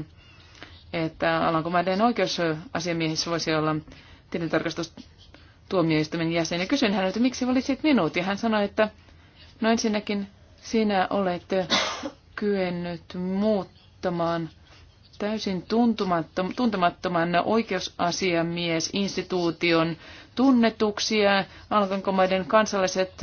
että Alankomaiden oikeusasiamies voisi olla tilintarkastustuomioistuimen jäsen. Ja kysyin häneltä, että miksi valitsit minut? Ja hän sanoi, että no ensinnäkin sinä olet kyennyt muuttamaan täysin tuntemattoman oikeusasiamiesinstituution tunnetuksia. Alankomaiden kansalaiset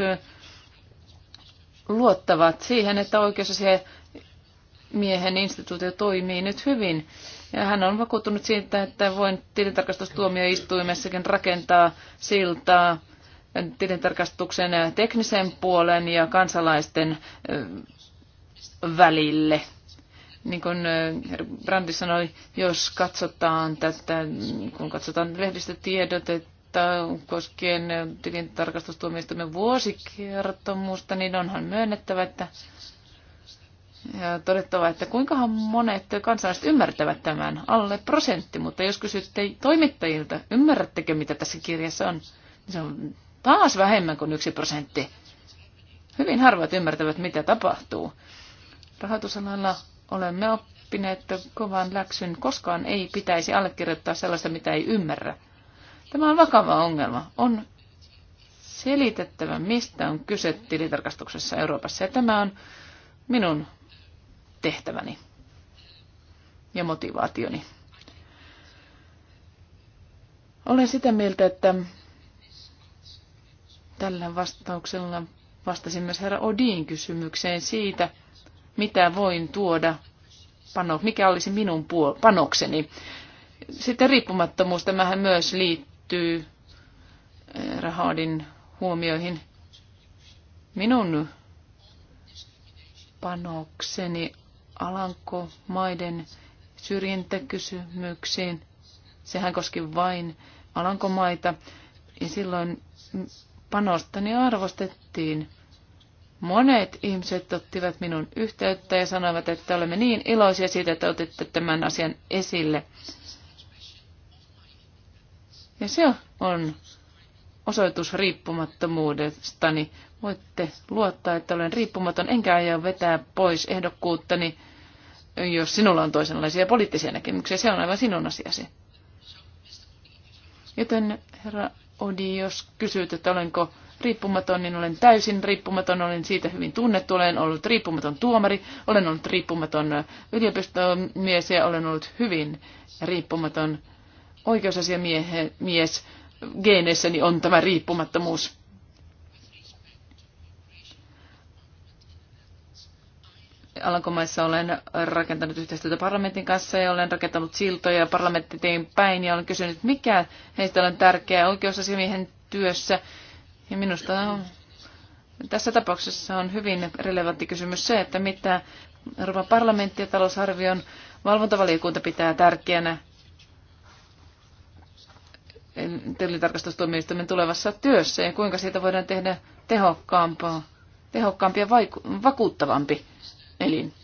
luottavat siihen, että oikeusasiamiehen instituutio toimii nyt hyvin. Ja hän on vakuuttunut siitä, että voin tilintarkastustuomioistuimessakin rakentaa siltaa tilintarkastuksen teknisen puolen ja kansalaisten välille. Niin kuin Brandi sanoi, jos katsotaan tätä, niin kun katsotaan että koskien tilintarkastustuomioistuimen vuosikertomusta, niin onhan myönnettävä, että ja todettava, että kuinkahan monet kansalaiset ymmärtävät tämän, alle prosentti, mutta jos kysytte toimittajilta, ymmärrättekö mitä tässä kirjassa on, niin se on taas vähemmän kuin yksi prosentti. Hyvin harvat ymmärtävät, mitä tapahtuu. Rahoitusalalla olemme oppineet kovan läksyn, koskaan ei pitäisi allekirjoittaa sellaista, mitä ei ymmärrä. Tämä on vakava ongelma. On selitettävä, mistä on kyse tilitarkastuksessa Euroopassa. Ja tämä on minun tehtäväni ja motivaationi. Olen sitä mieltä, että tällä vastauksella vastasin myös herra Odin kysymykseen siitä, mitä voin tuoda, mikä olisi minun panokseni. Sitten riippumattomuus, tämähän myös liittyy eh, Rahadin huomioihin. Minun panokseni Alankomaiden syrjintäkysymyksiin. Sehän koski vain Alankomaita. Ja silloin panostani arvostettiin. Monet ihmiset ottivat minun yhteyttä ja sanoivat, että olemme niin iloisia siitä, että otitte tämän asian esille. Ja se on osoitus riippumattomuudestani. Voitte luottaa, että olen riippumaton, enkä aio vetää pois ehdokkuuttani, jos sinulla on toisenlaisia poliittisia näkemyksiä. Se on aivan sinun asiasi. Joten herra Odi, jos kysyt, että olenko riippumaton, niin olen täysin riippumaton, olen siitä hyvin tunnettu, olen ollut riippumaton tuomari, olen ollut riippumaton yliopistomies ja olen ollut hyvin riippumaton oikeusasiamies. Geeneissäni on tämä riippumattomuus. Alankomaissa olen rakentanut yhteistyötä parlamentin kanssa ja olen rakentanut siltoja parlamenttiin päin ja olen kysynyt, mikä heistä on tärkeää oikeusasiamiehen työssä. Ja minusta on, tässä tapauksessa on hyvin relevantti kysymys se, että mitä Euroopan parlamentti ja talousarvion valvontavaliokunta pitää tärkeänä tilintarkastustuomioistuimen tulevassa työssä ja kuinka siitä voidaan tehdä tehokkaampaa, tehokkaampi ja vaiku- vakuuttavampi elin.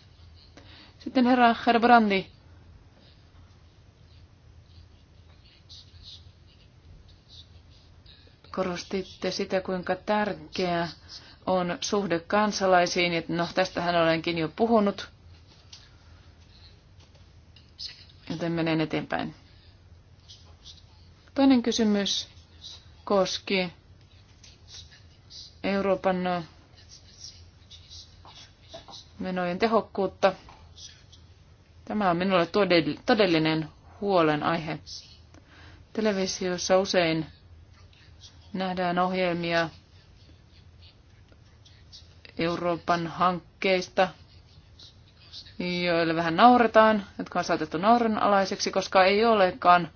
Sitten herra Herbrandi. Korostitte sitä, kuinka tärkeää on suhde kansalaisiin. No, tästähän olenkin jo puhunut, joten menen eteenpäin. Toinen kysymys koski Euroopan menojen tehokkuutta. Tämä on minulle todellinen huolenaihe. Televisiossa usein nähdään ohjelmia Euroopan hankkeista, joille vähän nauretaan, jotka on saatettu naurunalaiseksi, koska ei olekaan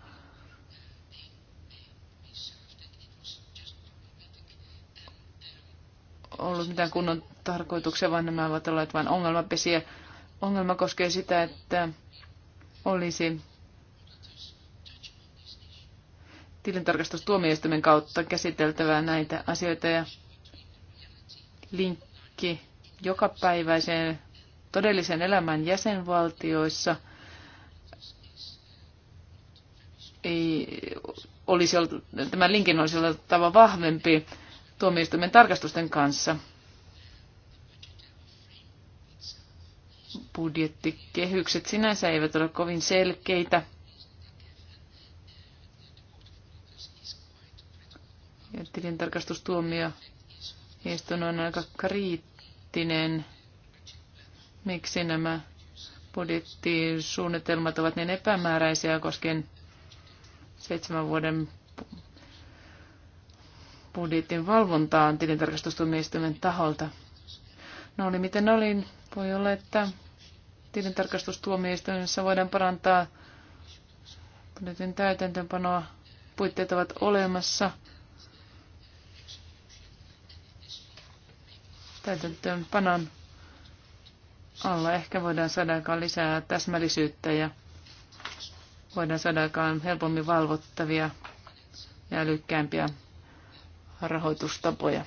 ollut mitään kunnon tarkoituksia, vaan nämä ovat olleet vain ongelmapesiä. Ongelma koskee sitä, että olisi tilintarkastustuomioistuimen kautta käsiteltävää näitä asioita ja linkki jokapäiväiseen todellisen elämän jäsenvaltioissa ei olisi ollut, tämän linkin olisi ollut vahvempi tuomioistuimen tarkastusten kanssa. Budjettikehykset sinänsä eivät ole kovin selkeitä. Ja tilintarkastustuomio on aika kriittinen. Miksi nämä budjettisuunnitelmat ovat niin epämääräisiä koskien seitsemän vuoden budjetin valvontaan tilintarkastustuomioistuimen taholta. No oli niin, miten olin, voi olla, että tilintarkastustuomioistuimessa voidaan parantaa budjetin täytäntöönpanoa. Puitteet ovat olemassa. Täytäntöönpanon alla ehkä voidaan saada aikaan lisää täsmällisyyttä ja voidaan saada aikaan helpommin valvottavia ja älykkäämpiä rahoitustapoja.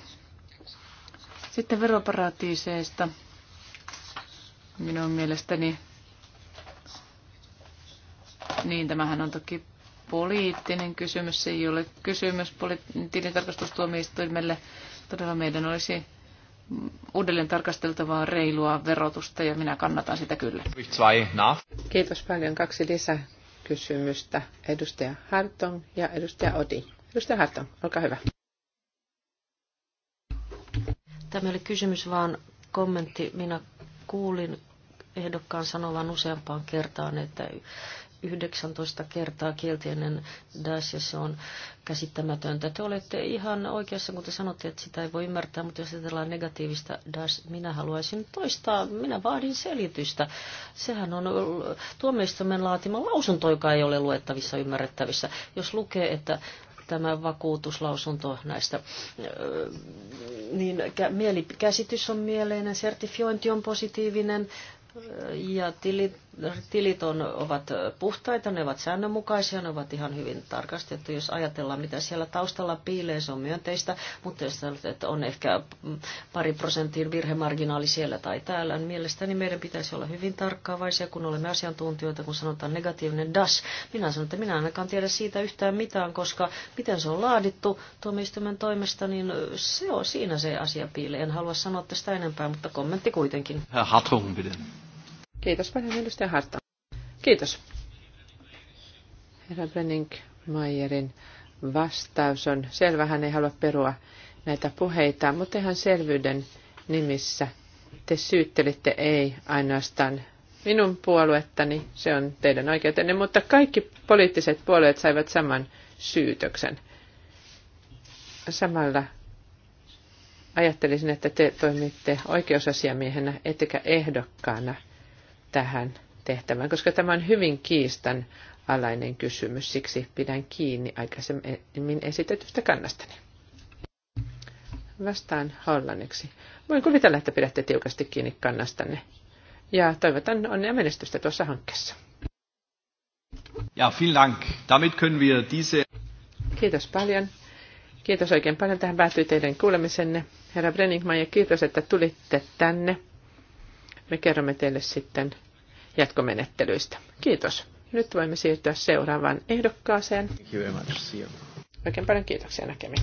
Sitten veroparatiiseista. Minun mielestäni, niin tämähän on toki poliittinen kysymys, se ei ole kysymys tilintarkastustuomioistuimelle. Todella meidän olisi uudelleen tarkasteltavaa reilua verotusta ja minä kannatan sitä kyllä. Kiitos paljon. Kaksi lisäkysymystä. Edustaja Harton ja edustaja Odi. Edustaja Harton, olkaa hyvä. Tämä oli kysymys, vaan kommentti. Minä kuulin ehdokkaan sanovan useampaan kertaan, että 19 kertaa kielteinen dash, ja se on käsittämätöntä. Te olette ihan oikeassa, kun te sanotte, että sitä ei voi ymmärtää, mutta jos ajatellaan negatiivista dash, minä haluaisin toistaa, minä vaadin selitystä. Sehän on tuomioistuimen laatima lausunto, joka ei ole luettavissa, ymmärrettävissä. Jos lukee, että tämä vakuutuslausunto näistä, niin käsitys on mieleinen, sertifiointi on positiivinen ja tilit tilit on, ovat puhtaita, ne ovat säännönmukaisia, ne ovat ihan hyvin tarkastettu. Jos ajatellaan, mitä siellä taustalla piilee, se on myönteistä, mutta jos että on ehkä pari prosentin virhemarginaali siellä tai täällä, niin mielestäni meidän pitäisi olla hyvin tarkkaavaisia, kun olemme asiantuntijoita, kun sanotaan negatiivinen das. Minä sanon, että minä ainakaan tiedä siitä yhtään mitään, koska miten se on laadittu tuomioistuimen toimesta, niin se on siinä se asia piilee. En halua sanoa tästä enempää, mutta kommentti kuitenkin. Herr Hartung, bitte. Kiitos paljon edustaja Harta. Kiitos. Herra Brenning Mayerin vastaus on selvä. Hän ei halua perua näitä puheita, mutta ihan selvyyden nimissä te syyttelitte ei ainoastaan minun puoluettani, se on teidän oikeutenne, mutta kaikki poliittiset puolueet saivat saman syytöksen. Samalla ajattelisin, että te toimitte oikeusasiamiehenä etekä ehdokkaana – tähän tehtävään, koska tämä on hyvin kiistan alainen kysymys, siksi pidän kiinni aikaisemmin esitetystä kannastani. Vastaan hollanniksi. Voin kuvitella, että pidätte tiukasti kiinni kannastanne. Ja toivotan onnea menestystä tuossa hankkeessa. Ja, vielen Dank. Damit können wir diese... Kiitos paljon. Kiitos oikein paljon. Tähän päättyy teidän kuulemisenne. Herra Brenningmaier, kiitos, että tulitte tänne me kerromme teille sitten jatkomenettelyistä. Kiitos. Nyt voimme siirtyä seuraavaan ehdokkaaseen. Oikein paljon kiitoksia näkemiin.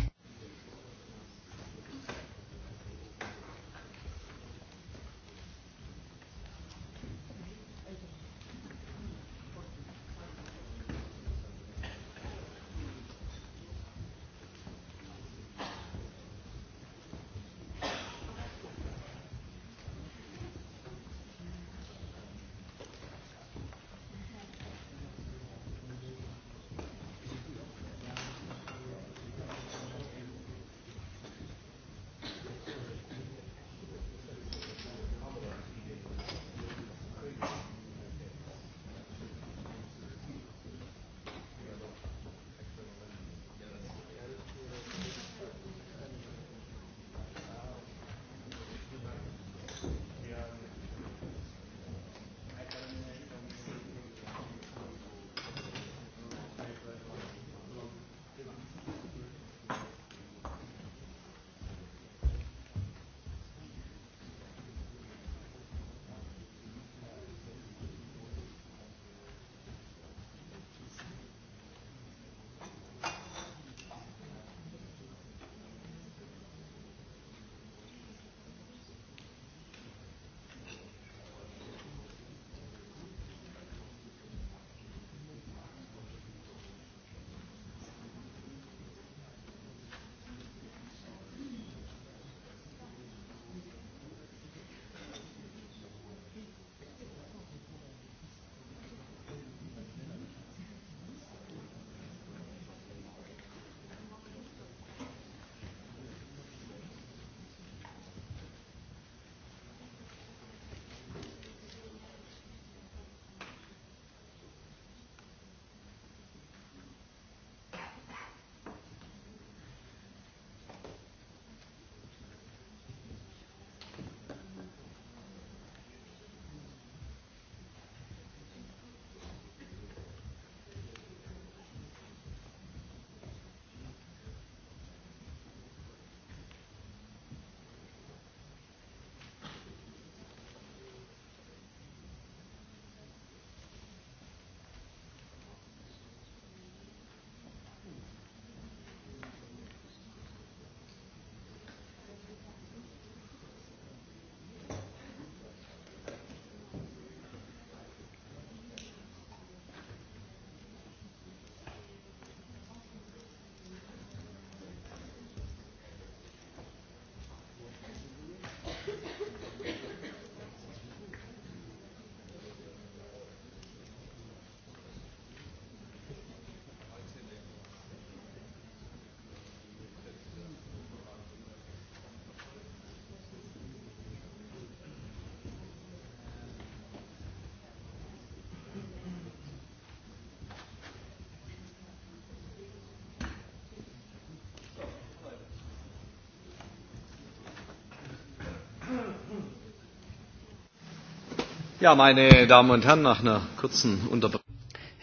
Ja, meine Damen und Herren, nach einer kurzen Unterbrechung.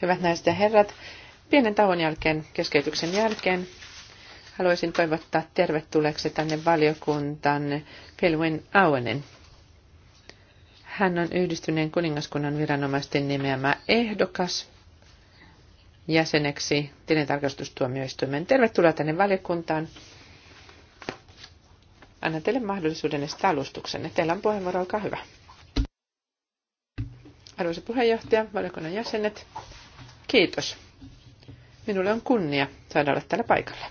Hyvät naiset ja herrat, pienen tauon jälkeen, keskeytyksen jälkeen, haluaisin toivottaa tervetulleeksi tänne valiokuntaan Pelwin Auenin. Hän on yhdistyneen kuningaskunnan viranomaisten nimeämä ehdokas jäseneksi tilintarkastustuomioistuimen. Tervetuloa tänne valiokuntaan. Annan teille mahdollisuuden estää alustuksenne. Teillä on puheenvuoro, olkaa hyvä. Arvoisa puheenjohtaja, valiokunnan jäsenet, kiitos. Minulle on kunnia saada olla täällä paikalla.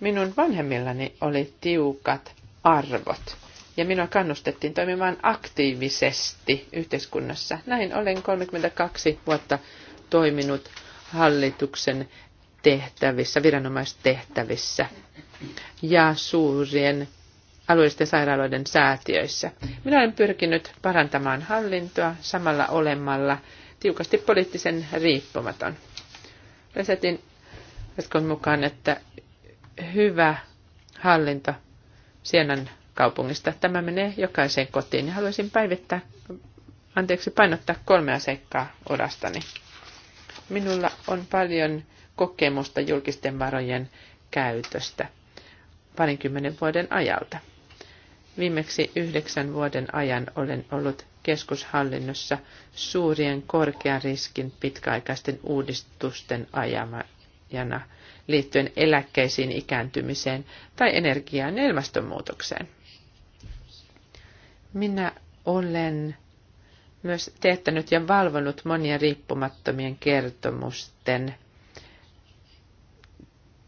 Minun vanhemmillani oli tiukat arvot ja minua kannustettiin toimimaan aktiivisesti yhteiskunnassa. Näin olen 32 vuotta toiminut hallituksen tehtävissä, viranomaistehtävissä ja suurien alueellisten sairaaloiden säätiöissä. Minä olen pyrkinyt parantamaan hallintoa samalla olemalla tiukasti poliittisen riippumaton. Resetin äsken mukaan, että hyvä hallinto Sienan kaupungista. Tämä menee jokaiseen kotiin ja haluaisin päivittää, anteeksi, painottaa kolmea seikkaa odastani. Minulla on paljon kokemusta julkisten varojen käytöstä parinkymmenen vuoden ajalta. Viimeksi yhdeksän vuoden ajan olen ollut keskushallinnossa suurien korkean riskin pitkäaikaisten uudistusten ajamajana liittyen eläkkeisiin, ikääntymiseen tai energiaan ja ilmastonmuutokseen. Minä olen myös teettänyt ja valvonut monien riippumattomien kertomusten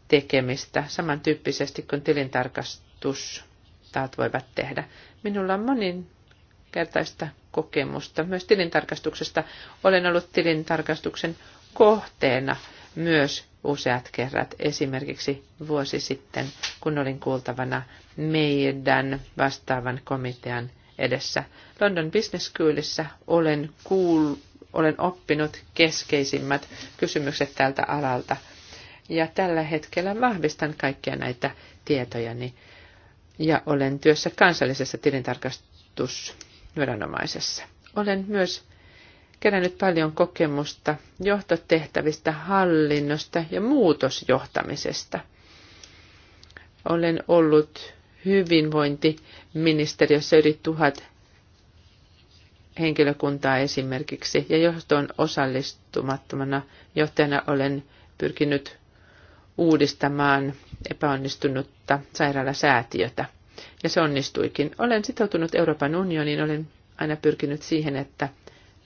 tekemistä samantyyppisesti kuin tilintarkastus tahot voivat tehdä. Minulla on moninkertaista kokemusta myös tilintarkastuksesta. Olen ollut tilintarkastuksen kohteena myös useat kerrat, esimerkiksi vuosi sitten, kun olin kuultavana meidän vastaavan komitean edessä. London Business Schoolissa olen, kuul- olen oppinut keskeisimmät kysymykset tältä alalta. Ja tällä hetkellä vahvistan kaikkia näitä tietojani ja olen työssä kansallisessa tilintarkastusviranomaisessa. Olen myös kerännyt paljon kokemusta johtotehtävistä, hallinnosta ja muutosjohtamisesta. Olen ollut hyvinvointiministeriössä yli tuhat henkilökuntaa esimerkiksi, ja johtoon osallistumattomana johtajana olen pyrkinyt uudistamaan epäonnistunutta sairaalasäätiötä. Ja se onnistuikin. Olen sitoutunut Euroopan unioniin, olen aina pyrkinyt siihen, että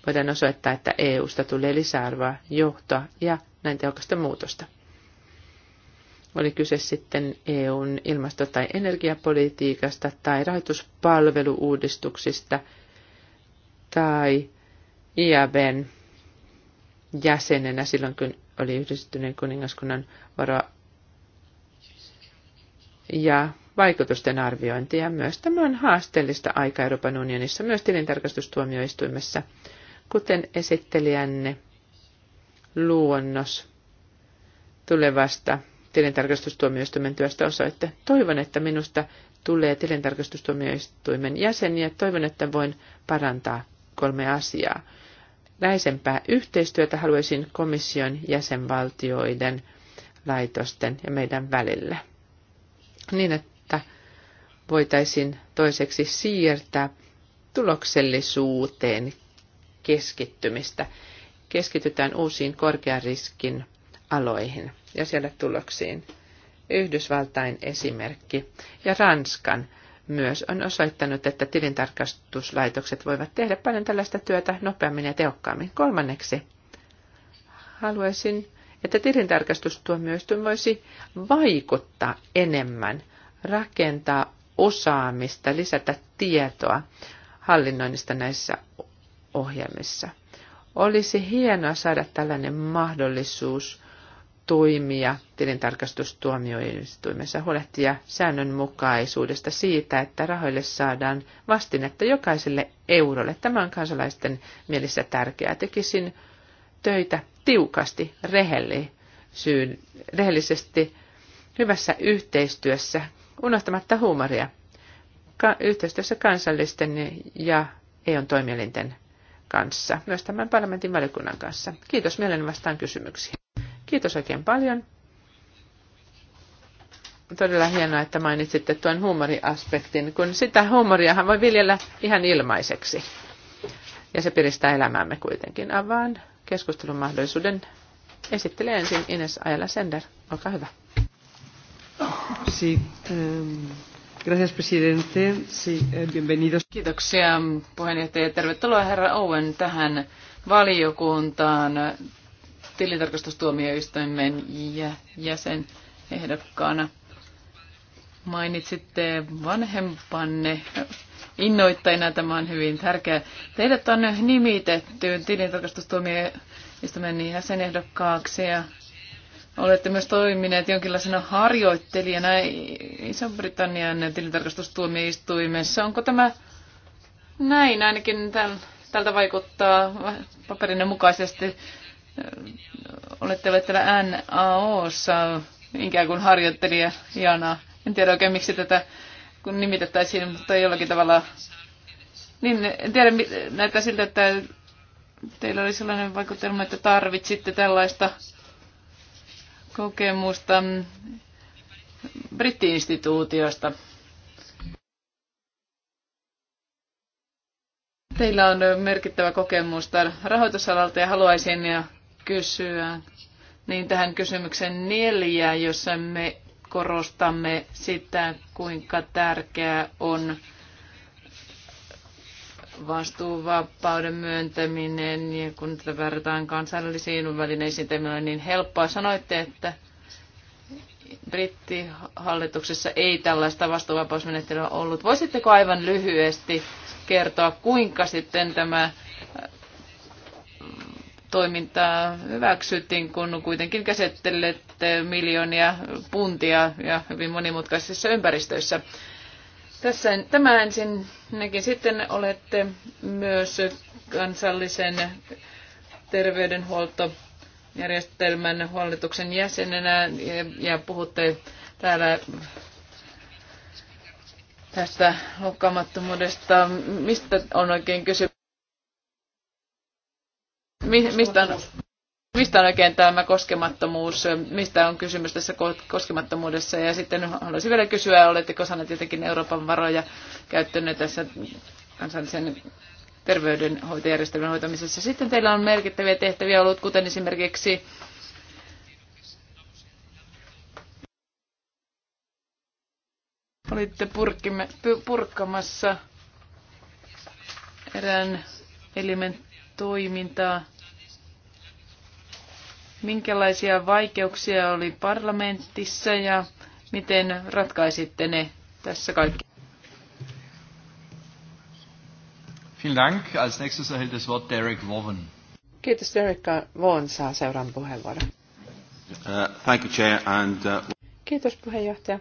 voidaan osoittaa, että EUsta tulee lisäarvoa, johtoa ja näin tehokasta muutosta. Oli kyse sitten EUn ilmasto- tai energiapolitiikasta tai rahoituspalveluuudistuksista tai IABn jäsenenä silloin, kun oli yhdistyneen kuningaskunnan vara ja vaikutusten arviointi ja myös. Tämä on haasteellista aika Euroopan unionissa, myös tilintarkastustuomioistuimessa, kuten esittelijänne luonnos tulevasta tilintarkastustuomioistuimen työstä osoitte. Toivon, että minusta tulee tilintarkastustuomioistuimen jäseniä. Toivon, että voin parantaa kolme asiaa läheisempää yhteistyötä haluaisin komission jäsenvaltioiden laitosten ja meidän välillä. Niin, että voitaisiin toiseksi siirtää tuloksellisuuteen keskittymistä. Keskitytään uusiin korkean riskin aloihin ja siellä tuloksiin. Yhdysvaltain esimerkki ja Ranskan myös on osoittanut, että tilintarkastuslaitokset voivat tehdä paljon tällaista työtä nopeammin ja tehokkaammin. Kolmanneksi haluaisin, että tilintarkastustuomioistuin voisi vaikuttaa enemmän, rakentaa osaamista, lisätä tietoa hallinnoinnista näissä ohjelmissa. Olisi hienoa saada tällainen mahdollisuus toimia tilintarkastustuomioistuimessa, huolehtia säännönmukaisuudesta siitä, että rahoille saadaan vastinetta jokaiselle eurolle. Tämä on kansalaisten mielessä tärkeää. Tekisin töitä tiukasti, rehellisyyn, rehellisesti, hyvässä yhteistyössä, unohtamatta huumoria, ka- yhteistyössä kansallisten ja EUn toimielinten kanssa, myös tämän parlamentin valiokunnan kanssa. Kiitos mielen vastaan kysymyksiä. Kiitos oikein paljon. Todella hienoa, että mainitsitte tuon huumoriaspektin, kun sitä huumoriahan voi viljellä ihan ilmaiseksi. Ja se piristää elämäämme kuitenkin. Avaan keskustelun mahdollisuuden. Esittelee ensin Ines Ajala-Sender. Olkaa hyvä. Sí, Gracias, presidente. Sí, eh, bienvenidos. Kiitoksia puheenjohtaja. Tervetuloa herra Owen tähän valiokuntaan tilintarkastustuomioistuimen jäsen ehdokkaana. Mainitsitte vanhempanne innoittajina. Tämä on hyvin tärkeää. Teidät on nimitetty tilintarkastustuomioistuimen jäsenehdokkaaksi ja olette myös toimineet jonkinlaisena harjoittelijana Iso-Britannian tilintarkastustuomioistuimessa. Onko tämä näin? Ainakin tältä vaikuttaa paperinne mukaisesti olette olleet täällä NAOssa ikään kuin Jana, En tiedä oikein miksi tätä kun nimitettäisiin, mutta jollakin tavalla... Niin, en tiedä, näyttää siltä, että teillä oli sellainen vaikutelma, että tarvitsitte tällaista kokemusta brittiinstituutiosta. Teillä on merkittävä kokemusta rahoitusalalta ja haluaisin ja kysyä niin tähän kysymykseen neljä, jossa me korostamme sitä, kuinka tärkeää on vastuuvapauden myöntäminen ja kun tätä verrataan kansainvälisiin välineisiin, teillä on niin helppoa. Sanoitte, että brittihallituksessa ei tällaista vastuuvapausmenettelyä ollut. Voisitteko aivan lyhyesti kertoa, kuinka sitten tämä toimintaa hyväksyttiin, kun kuitenkin käsittelette miljoonia puntia ja hyvin monimutkaisissa ympäristöissä. Tässä, tämä ensinnäkin sitten olette myös kansallisen terveydenhuoltojärjestelmän hallituksen jäsenenä ja, ja puhutte täällä tästä lukkaamattomuudesta. Mistä on oikein kysymys? mistä on, mistä on oikein tämä koskemattomuus, mistä on kysymys tässä koskemattomuudessa. Ja sitten haluaisin vielä kysyä, oletteko saaneet jotenkin Euroopan varoja käyttöön tässä kansallisen terveydenhoitojärjestelmän hoitamisessa. Sitten teillä on merkittäviä tehtäviä ollut, kuten esimerkiksi olitte purkimme, purkamassa erään elementtoimintaa. toimintaa Minkälaisia vaikeuksia oli parlamentissa ja miten ratkaisitte ne tässä kaikki? Vielen Dank. Als nächstes erhält das Wort Derek Woven. Kiitos Derek Vaughan saa seuraavan puheenvuoron. Uh, thank you, Chair, and, uh... Kiitos puheenjohtaja.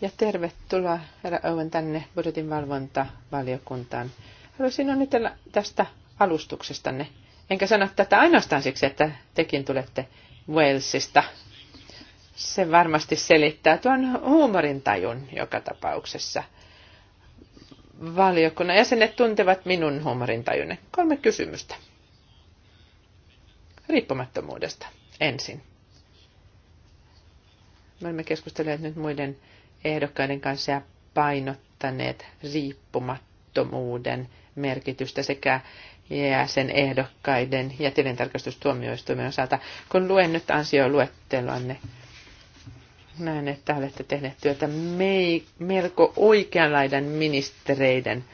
Ja tervetuloa herra Owen tänne budjetin valvontavaliokuntaan. Haluaisin onnitella tästä alustuksestanne. Enkä sano tätä ainoastaan siksi, että tekin tulette Walesista. Se varmasti selittää tuon huumorintajun joka tapauksessa. Valiokunnan jäsenet tuntevat minun huumorintajunne. Kolme kysymystä. Riippumattomuudesta ensin. Me olemme keskustelleet nyt muiden ehdokkaiden kanssa ja painottaneet riippumattomuuden merkitystä sekä jäsenehdokkaiden ja tilintarkastustuomioistuimen osalta. Kun luen nyt ansioluettelonne, näen, että olette tehneet työtä mei, melko oikeanlaidan ministereiden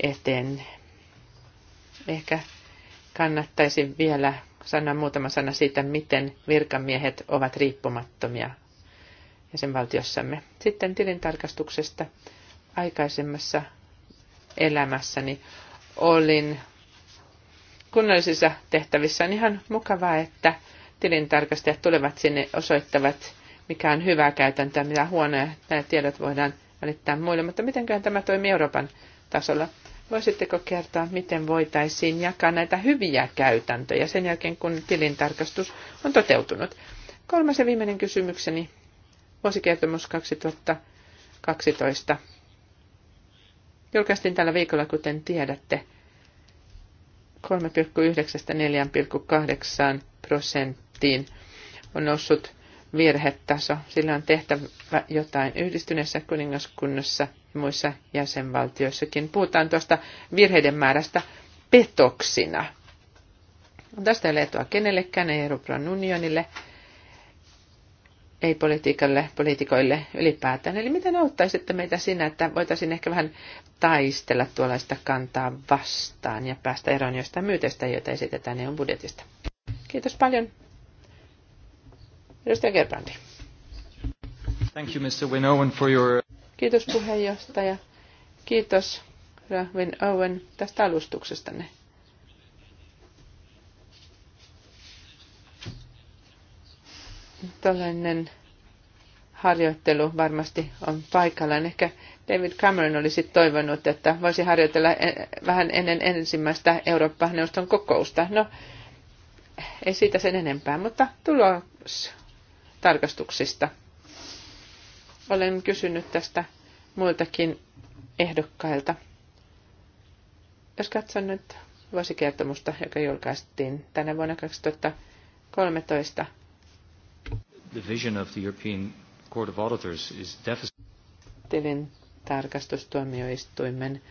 eteen. Ehkä kannattaisi vielä sanoa muutama sana siitä, miten virkamiehet ovat riippumattomia jäsenvaltiossamme. Sitten tilintarkastuksesta aikaisemmassa elämässäni olin kunnallisissa tehtävissä, on ihan mukavaa, että tilintarkastajat tulevat sinne, osoittavat, mikä on hyvää käytäntöä, mitä huonoja nämä tiedot voidaan välittää muille. Mutta mitenköhän tämä toimii Euroopan tasolla? Voisitteko kertoa, miten voitaisiin jakaa näitä hyviä käytäntöjä sen jälkeen, kun tilintarkastus on toteutunut? Kolmas ja viimeinen kysymykseni. Vuosikertomus 2012 Julkaistiin tällä viikolla, kuten tiedätte, 3,9-4,8 prosenttiin on noussut virhetaso. Sillä on tehtävä jotain yhdistyneessä kuningaskunnassa ja muissa jäsenvaltioissakin. Puhutaan tuosta virheiden määrästä petoksina. Tästä ei ole etua kenellekään, ei Euroopan unionille, ei politiikalle, poliitikoille ylipäätään. Eli miten auttaisitte meitä siinä, että voitaisiin ehkä vähän taistella tuollaista kantaa vastaan ja päästä eroon jostain myyteistä, joita esitetään on budjetista? Kiitos paljon. Edustaja Gerbrandi. Thank you, Mr. Owen, for your... Kiitos puheenjohtaja. Kiitos Rahvin Owen tästä alustuksestanne. tällainen harjoittelu varmasti on paikallaan. Ehkä David Cameron olisi toivonut, että voisi harjoitella e- vähän ennen ensimmäistä Eurooppa-neuvoston kokousta. No, ei siitä sen enempää, mutta tulos tarkastuksista. Olen kysynyt tästä muiltakin ehdokkailta. Jos katson nyt vuosikertomusta, joka julkaistiin tänä vuonna 2013, The vision of the European Court of Auditors is deficit. Tilin tarkastustuomioistuimen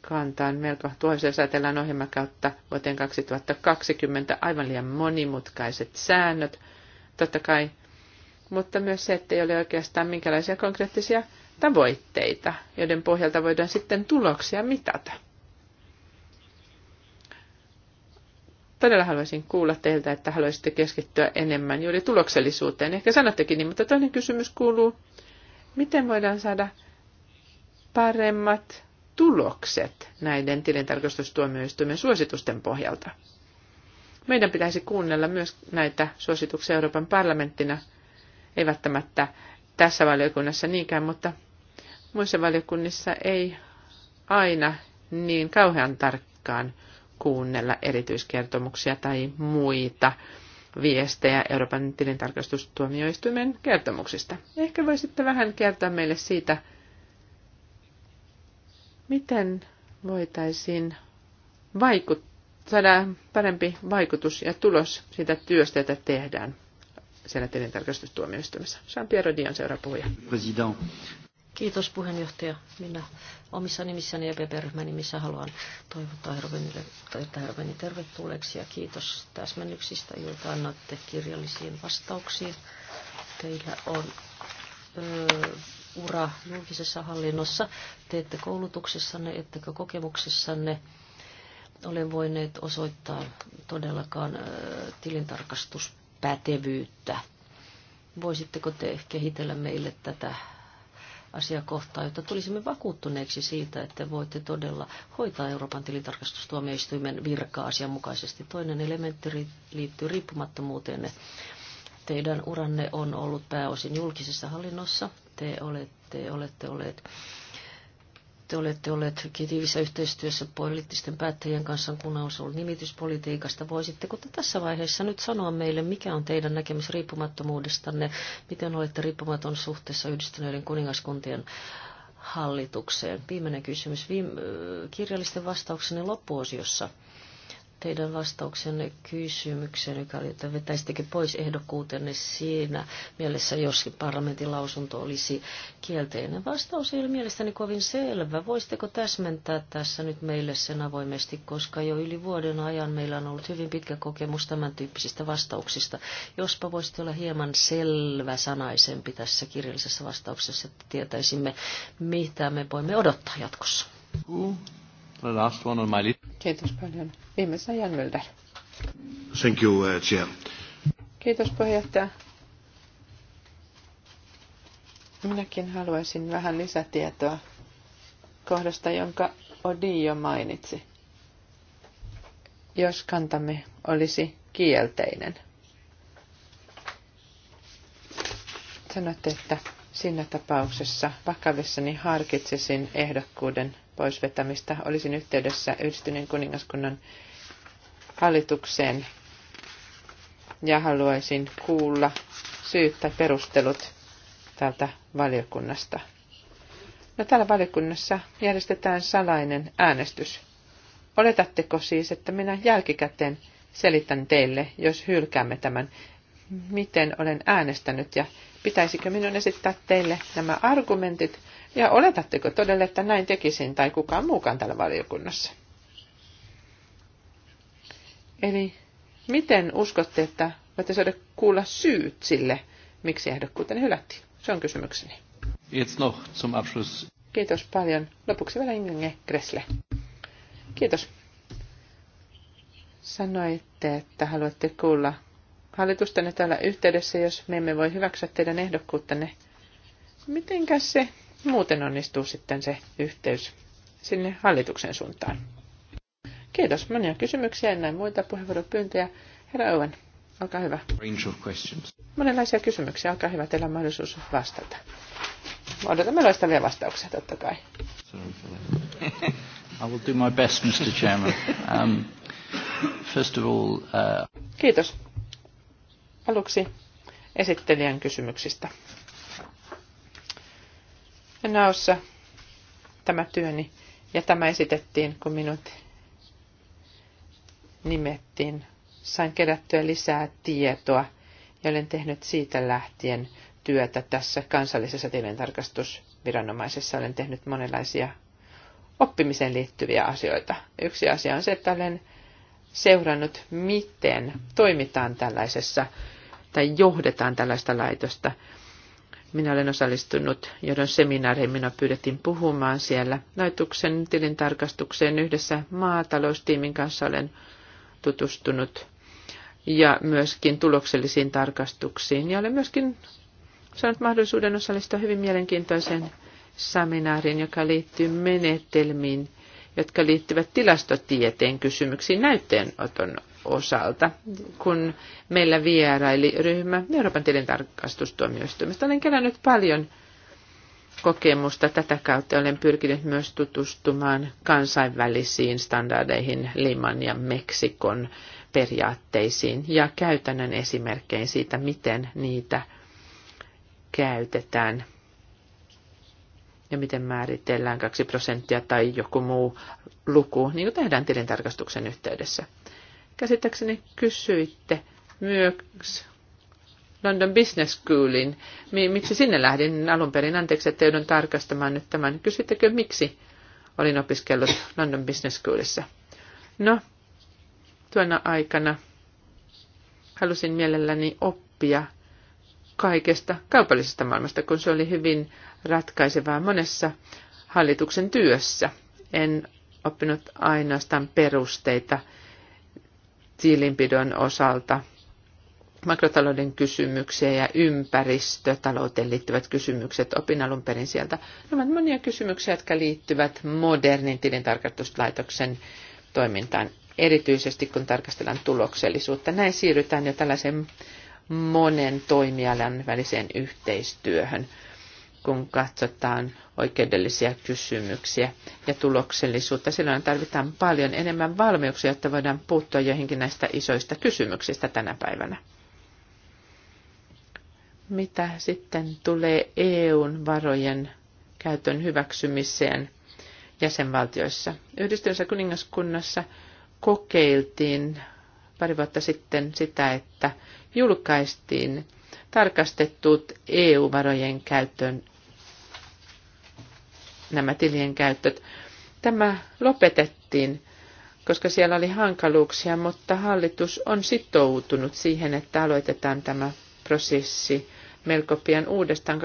kantaan melko tuossa, jos ajatellaan ohjelmakautta vuoteen 2020, aivan liian monimutkaiset säännöt, totta kai, mutta myös se, että ei ole oikeastaan minkälaisia konkreettisia tavoitteita, joiden pohjalta voidaan sitten tuloksia mitata. todella haluaisin kuulla teiltä, että haluaisitte keskittyä enemmän juuri tuloksellisuuteen. Ehkä sanottekin niin, mutta toinen kysymys kuuluu, miten voidaan saada paremmat tulokset näiden tilintarkastustuomioistuimen suositusten pohjalta? Meidän pitäisi kuunnella myös näitä suosituksia Euroopan parlamenttina, ei välttämättä tässä valiokunnassa niinkään, mutta muissa valiokunnissa ei aina niin kauhean tarkkaan kuunnella erityiskertomuksia tai muita viestejä Euroopan tilintarkastustuomioistuimen kertomuksista. Ehkä voisitte vähän kertoa meille siitä, miten voitaisiin vaikuttaa, saada parempi vaikutus ja tulos siitä työstä, jota tehdään siellä tilintarkastustuomioistuimessa. Jean-Pierre Dion, seuraava puhuja. President. Kiitos puheenjohtaja. Minä omissa nimissäni ja PP-ryhmän nimissä haluan toivottaa Herveni tervetulleeksi ja kiitos täsmennyksistä, joita annatte kirjallisiin vastauksiin. Teillä on ö, ura julkisessa hallinnossa. Teette koulutuksessanne, ettekö kokemuksessanne ole voineet osoittaa todellakaan ö, tilintarkastuspätevyyttä. Voisitteko te kehitellä meille tätä asiakohtaa, jotta tulisimme vakuuttuneeksi siitä, että voitte todella hoitaa Euroopan tilintarkastustuomioistuimen virkaa asianmukaisesti. Toinen elementti liittyy riippumattomuuteen. Teidän uranne on ollut pääosin julkisessa hallinnossa. Te olette, olette olleet te olette olleet kiitivissä yhteistyössä poliittisten päättäjien kanssa, kun on ollut nimityspolitiikasta. Voisitteko te tässä vaiheessa nyt sanoa meille, mikä on teidän näkemys riippumattomuudestanne, miten olette riippumaton suhteessa yhdistyneiden kuningaskuntien hallitukseen? Viimeinen kysymys. Viime, kirjallisten vastauksenne loppuosiossa teidän vastauksenne kysymykseen, joka oli, että vetäisittekö pois ehdokkuutenne siinä mielessä, jos parlamentin lausunto olisi kielteinen. Vastaus ei ole mielestäni kovin selvä. Voisitteko täsmentää tässä nyt meille sen avoimesti, koska jo yli vuoden ajan meillä on ollut hyvin pitkä kokemus tämän tyyppisistä vastauksista. Jospa voisitte olla hieman selvä sanaisempi tässä kirjallisessa vastauksessa, että tietäisimme, mitä me voimme odottaa jatkossa. The last one on my list. Kiitos paljon. Viimeisenä Jan Mylder. Thank you, uh, Chair. Kiitos puheenjohtaja. Minäkin haluaisin vähän lisätietoa kohdasta, jonka Odi jo mainitsi. Jos kantamme olisi kielteinen. Sanotte, että siinä tapauksessa vakavissani harkitsisin ehdokkuuden poisvetämistä. Olisin yhteydessä yhdistyneen kuningaskunnan hallitukseen ja haluaisin kuulla syyt tai perustelut täältä valiokunnasta. No täällä valiokunnassa järjestetään salainen äänestys. Oletatteko siis, että minä jälkikäteen selitän teille, jos hylkäämme tämän, miten olen äänestänyt ja pitäisikö minun esittää teille nämä argumentit ja oletatteko todella, että näin tekisin tai kukaan muukaan täällä valiokunnassa? Eli miten uskotte, että voitte saada kuulla syyt sille, miksi ehdokkuuten hylättiin? Se on kysymykseni. Jetzt noch zum Abschluss. Kiitos paljon. Lopuksi vielä Inge Gressle. Kiitos. Sanoitte, että haluatte kuulla hallitustanne täällä yhteydessä, jos me emme voi hyväksyä teidän ehdokkuuttanne. Mitenkäs se muuten onnistuu sitten se yhteys sinne hallituksen suuntaan. Kiitos. Monia kysymyksiä, en näin muita puheenvuoropyyntöjä. Herra Owen, olkaa hyvä. Range of questions. Monenlaisia kysymyksiä, olkaa hyvä, teillä on mahdollisuus vastata. Odotamme loistavia vastauksia, totta kai. I will do my best, Mr. Chairman. Um, first of all, uh... Kiitos. Aluksi esittelijän kysymyksistä naossa tämä työni. Ja tämä esitettiin, kun minut nimettiin. Sain kerättyä lisää tietoa ja olen tehnyt siitä lähtien työtä tässä kansallisessa tilintarkastusviranomaisessa. Olen tehnyt monenlaisia oppimiseen liittyviä asioita. Yksi asia on se, että olen seurannut, miten toimitaan tällaisessa tai johdetaan tällaista laitosta. Minä olen osallistunut johdon seminaareihin, minua pyydettiin puhumaan siellä laituksen tilintarkastukseen yhdessä maataloustiimin kanssa olen tutustunut ja myöskin tuloksellisiin tarkastuksiin. Ja olen myöskin saanut mahdollisuuden osallistua hyvin mielenkiintoiseen seminaariin, joka liittyy menetelmiin, jotka liittyvät tilastotieteen kysymyksiin näytteenoton osalta, kun meillä vieraili ryhmä Euroopan tilintarkastustuomioistuimesta. Olen kerännyt paljon kokemusta. Tätä kautta olen pyrkinyt myös tutustumaan kansainvälisiin standardeihin Liman ja Meksikon periaatteisiin ja käytännön esimerkkeihin siitä, miten niitä käytetään ja miten määritellään 2 prosenttia tai joku muu luku, niin kuin tehdään tilintarkastuksen yhteydessä. Käsittääkseni kysyitte myös London Business Schoolin, miksi sinne lähdin alun perin. Anteeksi, että joudun tarkastamaan nyt tämän. Kysyttekö, miksi olin opiskellut London Business Schoolissa? No, tuona aikana halusin mielelläni oppia kaikesta kaupallisesta maailmasta, kun se oli hyvin ratkaisevaa monessa hallituksen työssä. En oppinut ainoastaan perusteita tilinpidon osalta makrotalouden kysymyksiä ja ympäristötalouteen liittyvät kysymykset opin alun perin sieltä. Ne ovat monia kysymyksiä, jotka liittyvät modernin tilintarkastuslaitoksen toimintaan, erityisesti kun tarkastellaan tuloksellisuutta. Näin siirrytään jo tällaisen monen toimialan väliseen yhteistyöhön kun katsotaan oikeudellisia kysymyksiä ja tuloksellisuutta. Silloin tarvitaan paljon enemmän valmiuksia, jotta voidaan puuttua joihinkin näistä isoista kysymyksistä tänä päivänä. Mitä sitten tulee EUn varojen käytön hyväksymiseen jäsenvaltioissa? Yhdistyneessä kuningaskunnassa kokeiltiin pari vuotta sitten sitä, että julkaistiin tarkastetut EU-varojen käyttöön nämä tilien käyttöt. Tämä lopetettiin, koska siellä oli hankaluuksia, mutta hallitus on sitoutunut siihen, että aloitetaan tämä prosessi melko pian uudestaan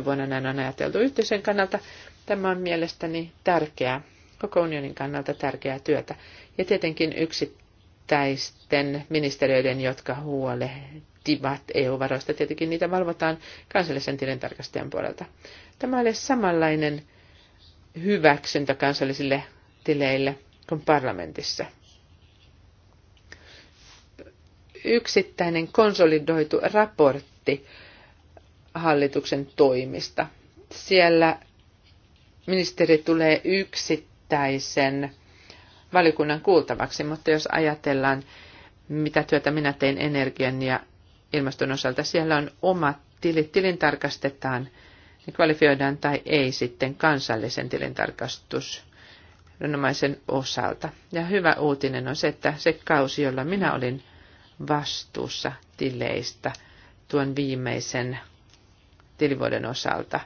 2014-2015 vuonna näin on ajateltu. Yhteisen kannalta tämä on mielestäni tärkeää, koko unionin kannalta tärkeää työtä. Ja tietenkin yksittäisten ministeriöiden, jotka huolehtivat nauttivat EU-varoista. Tietenkin niitä valvotaan kansallisen tilintarkastajan puolelta. Tämä oli samanlainen hyväksyntä kansallisille tileille kuin parlamentissa. Yksittäinen konsolidoitu raportti hallituksen toimista. Siellä ministeri tulee yksittäisen valikunnan kuultavaksi, mutta jos ajatellaan, mitä työtä minä tein energian ja ilmaston osalta. Siellä on omat tilit, tilintarkastetaan, ne kvalifioidaan tai ei sitten kansallisen tilintarkastus viranomaisen osalta. Ja hyvä uutinen on se, että se kausi, jolla minä olin vastuussa tileistä tuon viimeisen tilivuoden osalta,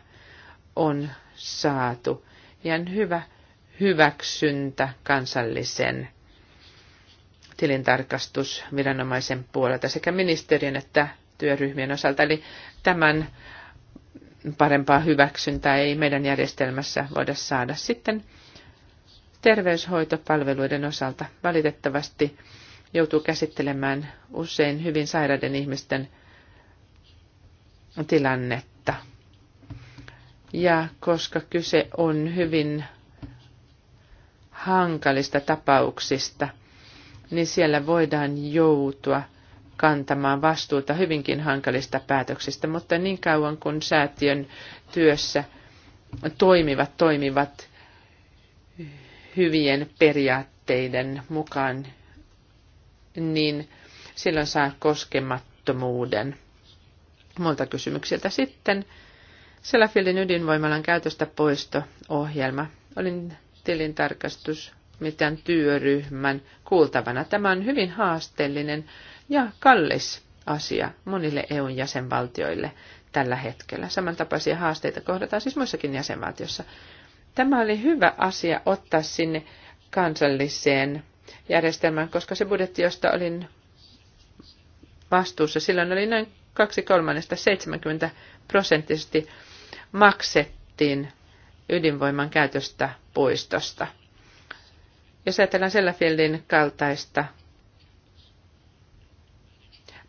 on saatu ihan hyvä hyväksyntä kansallisen tilintarkastus viranomaisen puolelta sekä ministeriön että työryhmien osalta. Eli tämän parempaa hyväksyntää ei meidän järjestelmässä voida saada. Sitten terveyshoitopalveluiden osalta valitettavasti joutuu käsittelemään usein hyvin sairaiden ihmisten tilannetta. Ja koska kyse on hyvin hankalista tapauksista – niin siellä voidaan joutua kantamaan vastuuta hyvinkin hankalista päätöksistä, mutta niin kauan kun säätiön työssä toimivat, toimivat hyvien periaatteiden mukaan, niin silloin saa koskemattomuuden. Muilta kysymyksiltä sitten Sellafieldin ydinvoimalan käytöstä poisto-ohjelma. Olin tilintarkastus mitään työryhmän kuultavana. Tämä on hyvin haasteellinen ja kallis asia monille EUn jäsenvaltioille tällä hetkellä. Samantapaisia haasteita kohdataan siis muissakin jäsenvaltiossa. Tämä oli hyvä asia ottaa sinne kansalliseen järjestelmään, koska se budjetti, josta olin vastuussa, silloin oli noin kaksi kolmannesta 70 prosenttisesti maksettiin ydinvoiman käytöstä puistosta. Jos ajatellaan Sellafieldin kaltaista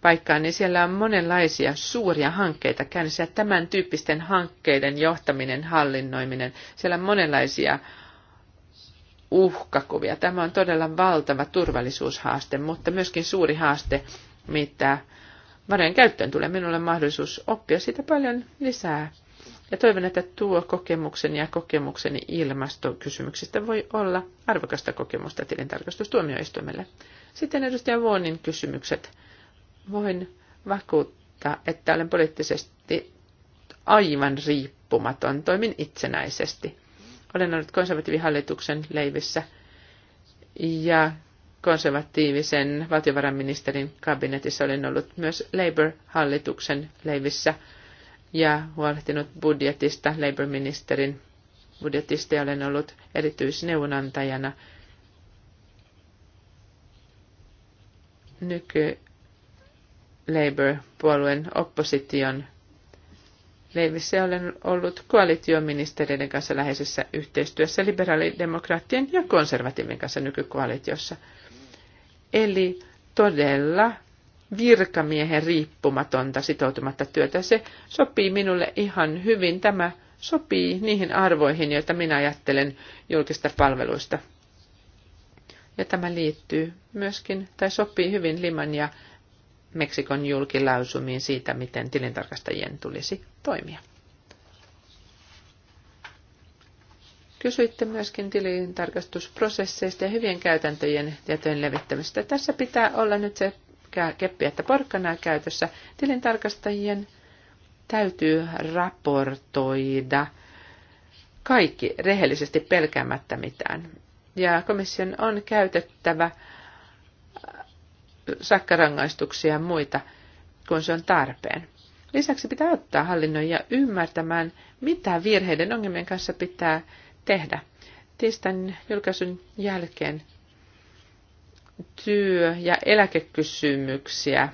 paikkaa, niin siellä on monenlaisia suuria hankkeita käynnissä. Tämän tyyppisten hankkeiden johtaminen, hallinnoiminen, siellä on monenlaisia uhkakuvia. Tämä on todella valtava turvallisuushaaste, mutta myöskin suuri haaste, mitä varojen käyttöön tulee. Minulle mahdollisuus oppia siitä paljon lisää ja toivon, että tuo kokemukseni ja kokemukseni ilmastokysymyksistä voi olla arvokasta kokemusta tilintarkastustuomioistuimelle. Sitten edustaja Vuonin kysymykset. Voin vakuuttaa, että olen poliittisesti aivan riippumaton, toimin itsenäisesti. Olen ollut konservatiivihallituksen leivissä ja konservatiivisen valtiovarainministerin kabinetissa olen ollut myös Labour-hallituksen leivissä – ja huolehtinut budjetista, Labour-ministerin budjetista ja olen ollut erityisneuvonantajana nyky Labour-puolueen opposition leivissä olen ollut koalitioministeriöiden kanssa läheisessä yhteistyössä liberaalidemokraattien ja konservatiivien kanssa nykykoalitiossa. Eli todella virkamiehen riippumatonta sitoutumatta työtä. Se sopii minulle ihan hyvin. Tämä sopii niihin arvoihin, joita minä ajattelen julkista palveluista. Ja tämä liittyy myöskin, tai sopii hyvin Liman ja Meksikon julkilausumiin siitä, miten tilintarkastajien tulisi toimia. Kysyitte myöskin tilintarkastusprosesseista ja hyvien käytäntöjen tietojen levittämistä. Tässä pitää olla nyt se sekä keppiä että porkkanaa käytössä, tilintarkastajien täytyy raportoida kaikki rehellisesti pelkäämättä mitään. Ja komission on käytettävä äh, sakkarangaistuksia ja muita, kun se on tarpeen. Lisäksi pitää ottaa hallinnon ja ymmärtämään, mitä virheiden ongelmien kanssa pitää tehdä. Tiistain julkaisun jälkeen työ- ja eläkekysymyksiä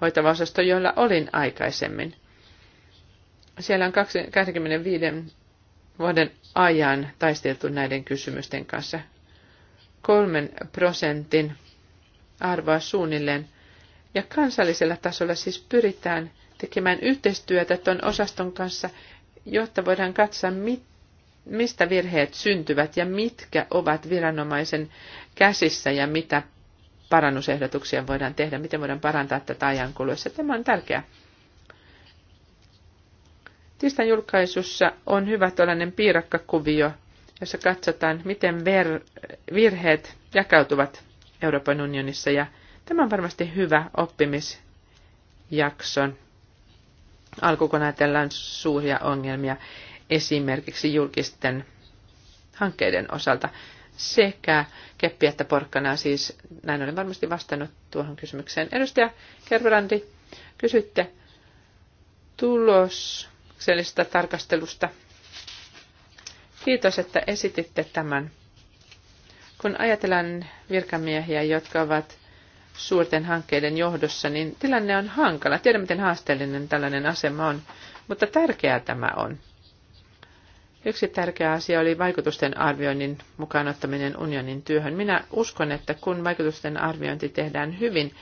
hoitava osasto, jolla olin aikaisemmin. Siellä on 25 vuoden ajan taisteltu näiden kysymysten kanssa. Kolmen prosentin arvoa suunnilleen. Ja kansallisella tasolla siis pyritään tekemään yhteistyötä tuon osaston kanssa, jotta voidaan katsoa, mitä mistä virheet syntyvät ja mitkä ovat viranomaisen käsissä ja mitä parannusehdotuksia voidaan tehdä, miten voidaan parantaa tätä ajan kuluessa. Tämä on tärkeää. Tistan julkaisussa on hyvä tällainen piirakkakuvio, jossa katsotaan, miten ver- virheet jakautuvat Euroopan unionissa. Ja tämä on varmasti hyvä oppimisjakson alku, kun ajatellaan suuria ongelmia esimerkiksi julkisten hankkeiden osalta sekä keppiä että porkkanaa, Siis näin olen varmasti vastannut tuohon kysymykseen. Edustaja Kerverandi, kysytte tuloksellisesta tarkastelusta. Kiitos, että esititte tämän. Kun ajatellaan virkamiehiä, jotka ovat suurten hankkeiden johdossa, niin tilanne on hankala. Tiedän, miten haasteellinen tällainen asema on, mutta tärkeää tämä on. Yksi tärkeä asia oli vaikutusten arvioinnin mukaan ottaminen unionin työhön. Minä uskon, että kun vaikutusten arviointi tehdään hyvin,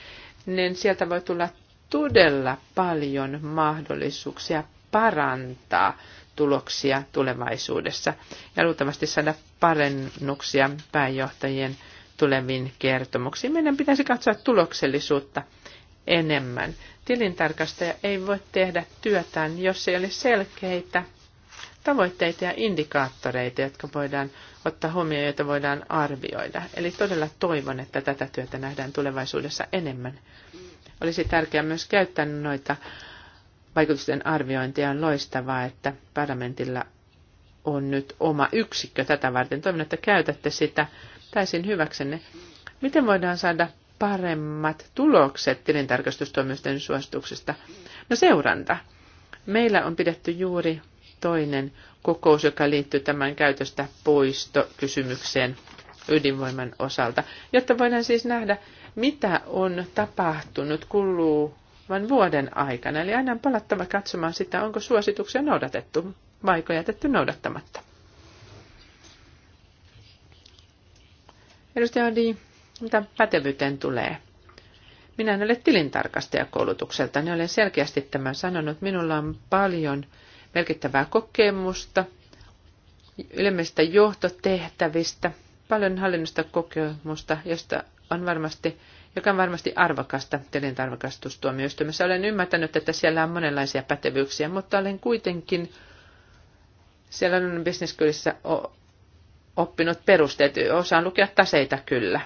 niin sieltä voi tulla todella paljon mahdollisuuksia parantaa tuloksia tulevaisuudessa ja luultavasti saada parennuksia pääjohtajien tuleviin kertomuksiin. Meidän pitäisi katsoa tuloksellisuutta enemmän. Tilintarkastaja ei voi tehdä työtään, jos ei ole selkeitä tavoitteita ja indikaattoreita, jotka voidaan ottaa huomioon, joita voidaan arvioida. Eli todella toivon, että tätä työtä nähdään tulevaisuudessa enemmän. Olisi tärkeää myös käyttää noita vaikutusten arviointia. On loistavaa, että parlamentilla on nyt oma yksikkö tätä varten. Toivon, että käytätte sitä täysin hyväksenne. Miten voidaan saada paremmat tulokset tilintarkastustoimisten suosituksesta? No seuranta. Meillä on pidetty juuri toinen kokous, joka liittyy tämän käytöstä poistokysymykseen ydinvoiman osalta, jotta voidaan siis nähdä, mitä on tapahtunut kuluu vain vuoden aikana. Eli aina on palattava katsomaan sitä, onko suosituksia noudatettu vaiko jätetty noudattamatta. Edustaja Adi, mitä pätevyyteen tulee? Minä en ole tilintarkastajakoulutukselta, niin olen selkeästi tämän sanonut. Minulla on paljon merkittävää kokemusta ylemmistä johtotehtävistä, paljon hallinnosta kokemusta, josta on varmasti, joka on varmasti arvokasta tilintarkastustuomioistuimessa. Olen ymmärtänyt, että siellä on monenlaisia pätevyyksiä, mutta olen kuitenkin siellä on bisneskylissä oppinut perusteet. Osaan lukea taseita kyllä.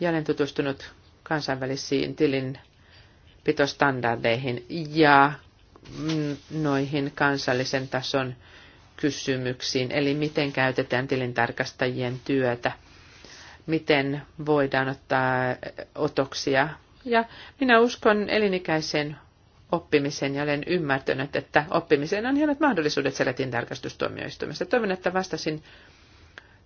Ja olen tutustunut kansainvälisiin tilin pitostandardeihin ja noihin kansallisen tason kysymyksiin, eli miten käytetään tilintarkastajien työtä, miten voidaan ottaa otoksia. Ja minä uskon elinikäiseen oppimiseen ja olen ymmärtänyt, että oppimiseen on hienot mahdollisuudet siellä tilintarkastustuomioistuimessa. Toivon, että vastasin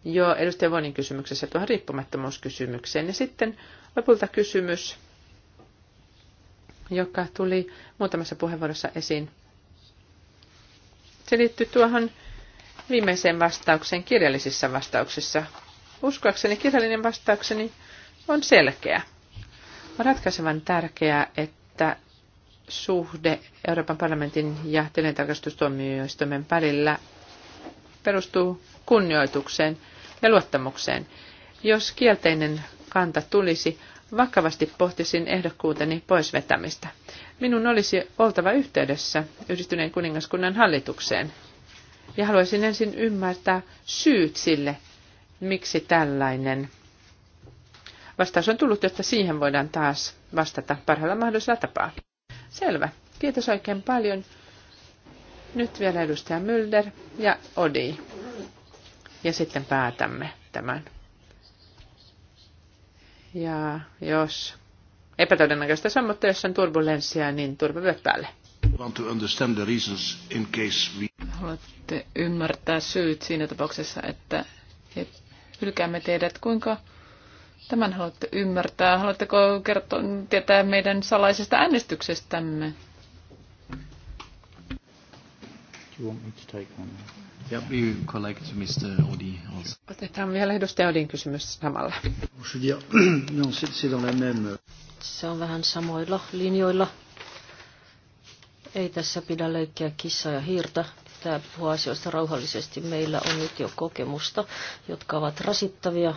jo edustaja Vonin kysymyksessä tuohon riippumattomuuskysymykseen. Ja sitten lopulta kysymys joka tuli muutamassa puheenvuorossa esiin. Se liittyy tuohon viimeiseen vastaukseen kirjallisissa vastauksissa. Uskoakseni kirjallinen vastaukseni on selkeä. On ratkaisevan tärkeää, että suhde Euroopan parlamentin ja tilintarkastustuomioistuimen välillä perustuu kunnioitukseen ja luottamukseen. Jos kielteinen kanta tulisi, vakavasti pohtisin ehdokkuuteni vetämistä. Minun olisi oltava yhteydessä yhdistyneen kuningaskunnan hallitukseen. Ja haluaisin ensin ymmärtää syyt sille, miksi tällainen vastaus on tullut, jotta siihen voidaan taas vastata parhaalla mahdollisella tapaa. Selvä. Kiitos oikein paljon. Nyt vielä edustaja Mylder ja Odi. Ja sitten päätämme tämän. Ja jos epätodennäköistä se on, mutta jos on turbulenssia, niin turvavyöt päälle. Haluatte ymmärtää syyt siinä tapauksessa, että hylkäämme teidät. Kuinka tämän haluatte ymmärtää? Haluatteko kertoa, tietää meidän salaisesta äänestyksestämme? you want me to take Yep, you collect Mr. Odi also. Otetaan vielä edustaja Odin kysymys samalla. Euh, Se on vähän samoilla linjoilla. Ei tässä pidä leikkiä kissa ja hiirtä. Pitää puhua asioista rauhallisesti. Meillä on nyt jo kokemusta, jotka ovat rasittavia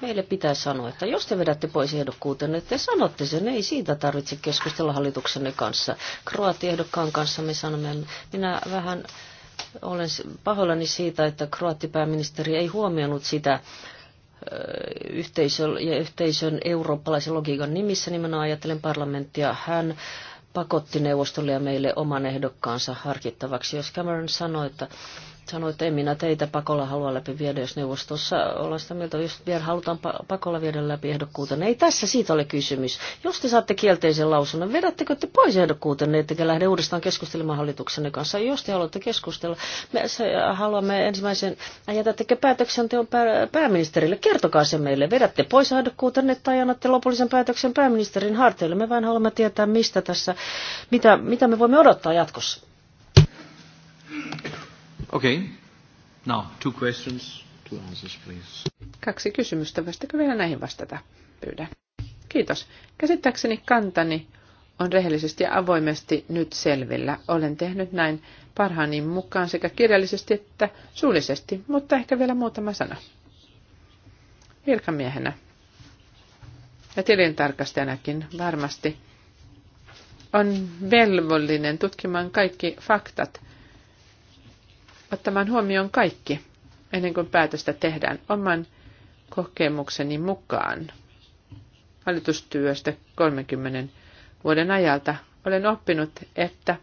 meille pitää sanoa, että jos te vedätte pois ehdokkuuten, että te sanotte sen, ei siitä tarvitse keskustella hallituksenne kanssa. Kroatiehdokkaan kanssa me sanomme, minä vähän olen pahoillani siitä, että kroattipääministeri ei huomioinut sitä yhteisön ja yhteisön eurooppalaisen logiikan nimissä, nimenomaan ajattelen parlamenttia. Hän pakotti neuvostolle ja meille oman ehdokkaansa harkittavaksi. Jos Cameron sanoi, että sanoi, että en minä teitä pakolla halua läpi viedä, jos neuvostossa ollaan sitä mieltä, jos vielä halutaan pakolla viedä läpi ehdokkuuten. Niin ei tässä siitä ole kysymys. Jos te saatte kielteisen lausunnon, vedättekö te pois ehdokkuuten, niin ettekä lähde uudestaan keskustelemaan hallituksenne kanssa. Jos te haluatte keskustella, me haluamme ensimmäisen, jätättekö päätöksenteon pää, pääministerille, kertokaa se meille. Vedätte pois ehdokkuutenne tai annatte lopullisen päätöksen pääministerin harteille. Me vain haluamme tietää, mistä tässä, mitä, mitä me voimme odottaa jatkossa. Okay. Now, two questions, two answers, please. Kaksi kysymystä. Voisitteko vielä näihin vastata? Pyydän. Kiitos. Käsittääkseni kantani on rehellisesti ja avoimesti nyt selvillä. Olen tehnyt näin parhaani mukaan sekä kirjallisesti että suullisesti, mutta ehkä vielä muutama sana. Virkamiehenä ja tilintarkastajanakin varmasti on velvollinen tutkimaan kaikki faktat – ottamaan huomioon kaikki ennen kuin päätöstä tehdään oman kokemukseni mukaan. Hallitustyöstä 30 vuoden ajalta olen oppinut, että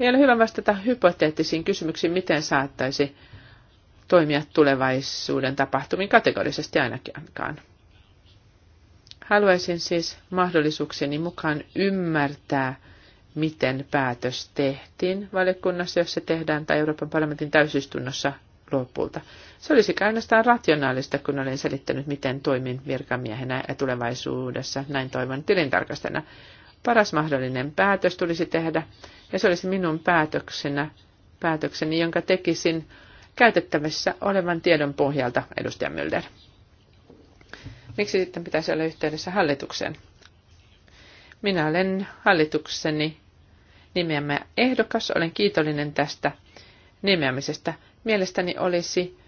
ei ole hyvä vastata hypoteettisiin kysymyksiin, miten saattaisi toimia tulevaisuuden tapahtumiin kategorisesti ainakaan. Haluaisin siis mahdollisuukseni mukaan ymmärtää miten päätös tehtiin valiokunnassa, jos se tehdään, tai Euroopan parlamentin täysistunnossa lopulta. Se olisi ainoastaan rationaalista, kun olen selittänyt, miten toimin virkamiehenä ja tulevaisuudessa, näin toivon tilintarkastajana. Paras mahdollinen päätös tulisi tehdä, ja se olisi minun päätöksenä, päätökseni, jonka tekisin käytettävissä olevan tiedon pohjalta, edustaja Mylder. Miksi sitten pitäisi olla yhteydessä hallitukseen? Minä olen hallitukseni nimeämä ehdokas. Olen kiitollinen tästä nimeämisestä. Mielestäni olisi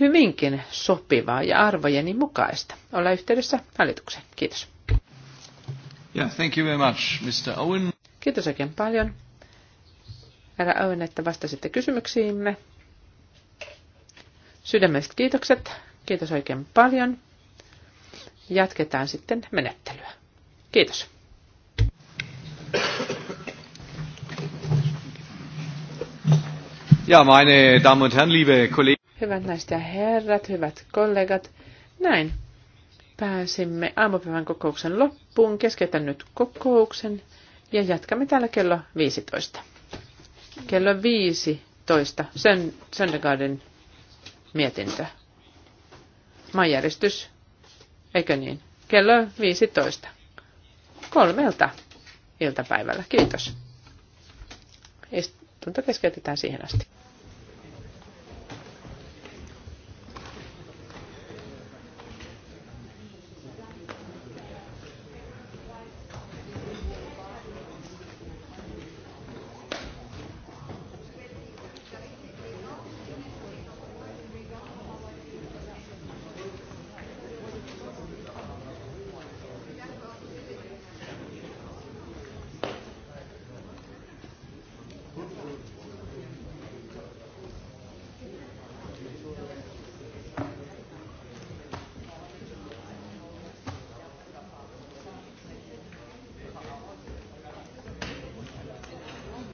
hyvinkin sopivaa ja arvojeni mukaista olla yhteydessä hallitukseen. Kiitos. Yeah, thank you very much, Mr. Owen. Kiitos oikein paljon. Herra Owen, että vastasitte kysymyksiimme. Sydämelliset kiitokset. Kiitos oikein paljon. Jatketaan sitten menettelyä. Kiitos. Ja, meine Damen und Herren, liebe Kollegen. Hyvät naiset ja herrat, hyvät kollegat. Näin. Pääsimme aamupäivän kokouksen loppuun. Keskeytän nyt kokouksen ja jatkamme täällä kello 15. Kello 15. Sen Söndergaarden mietintö. Maanjäristys. Eikö niin? Kello 15. Kolmelta iltapäivällä. Kiitos täysistunto keskeytetään siihen asti.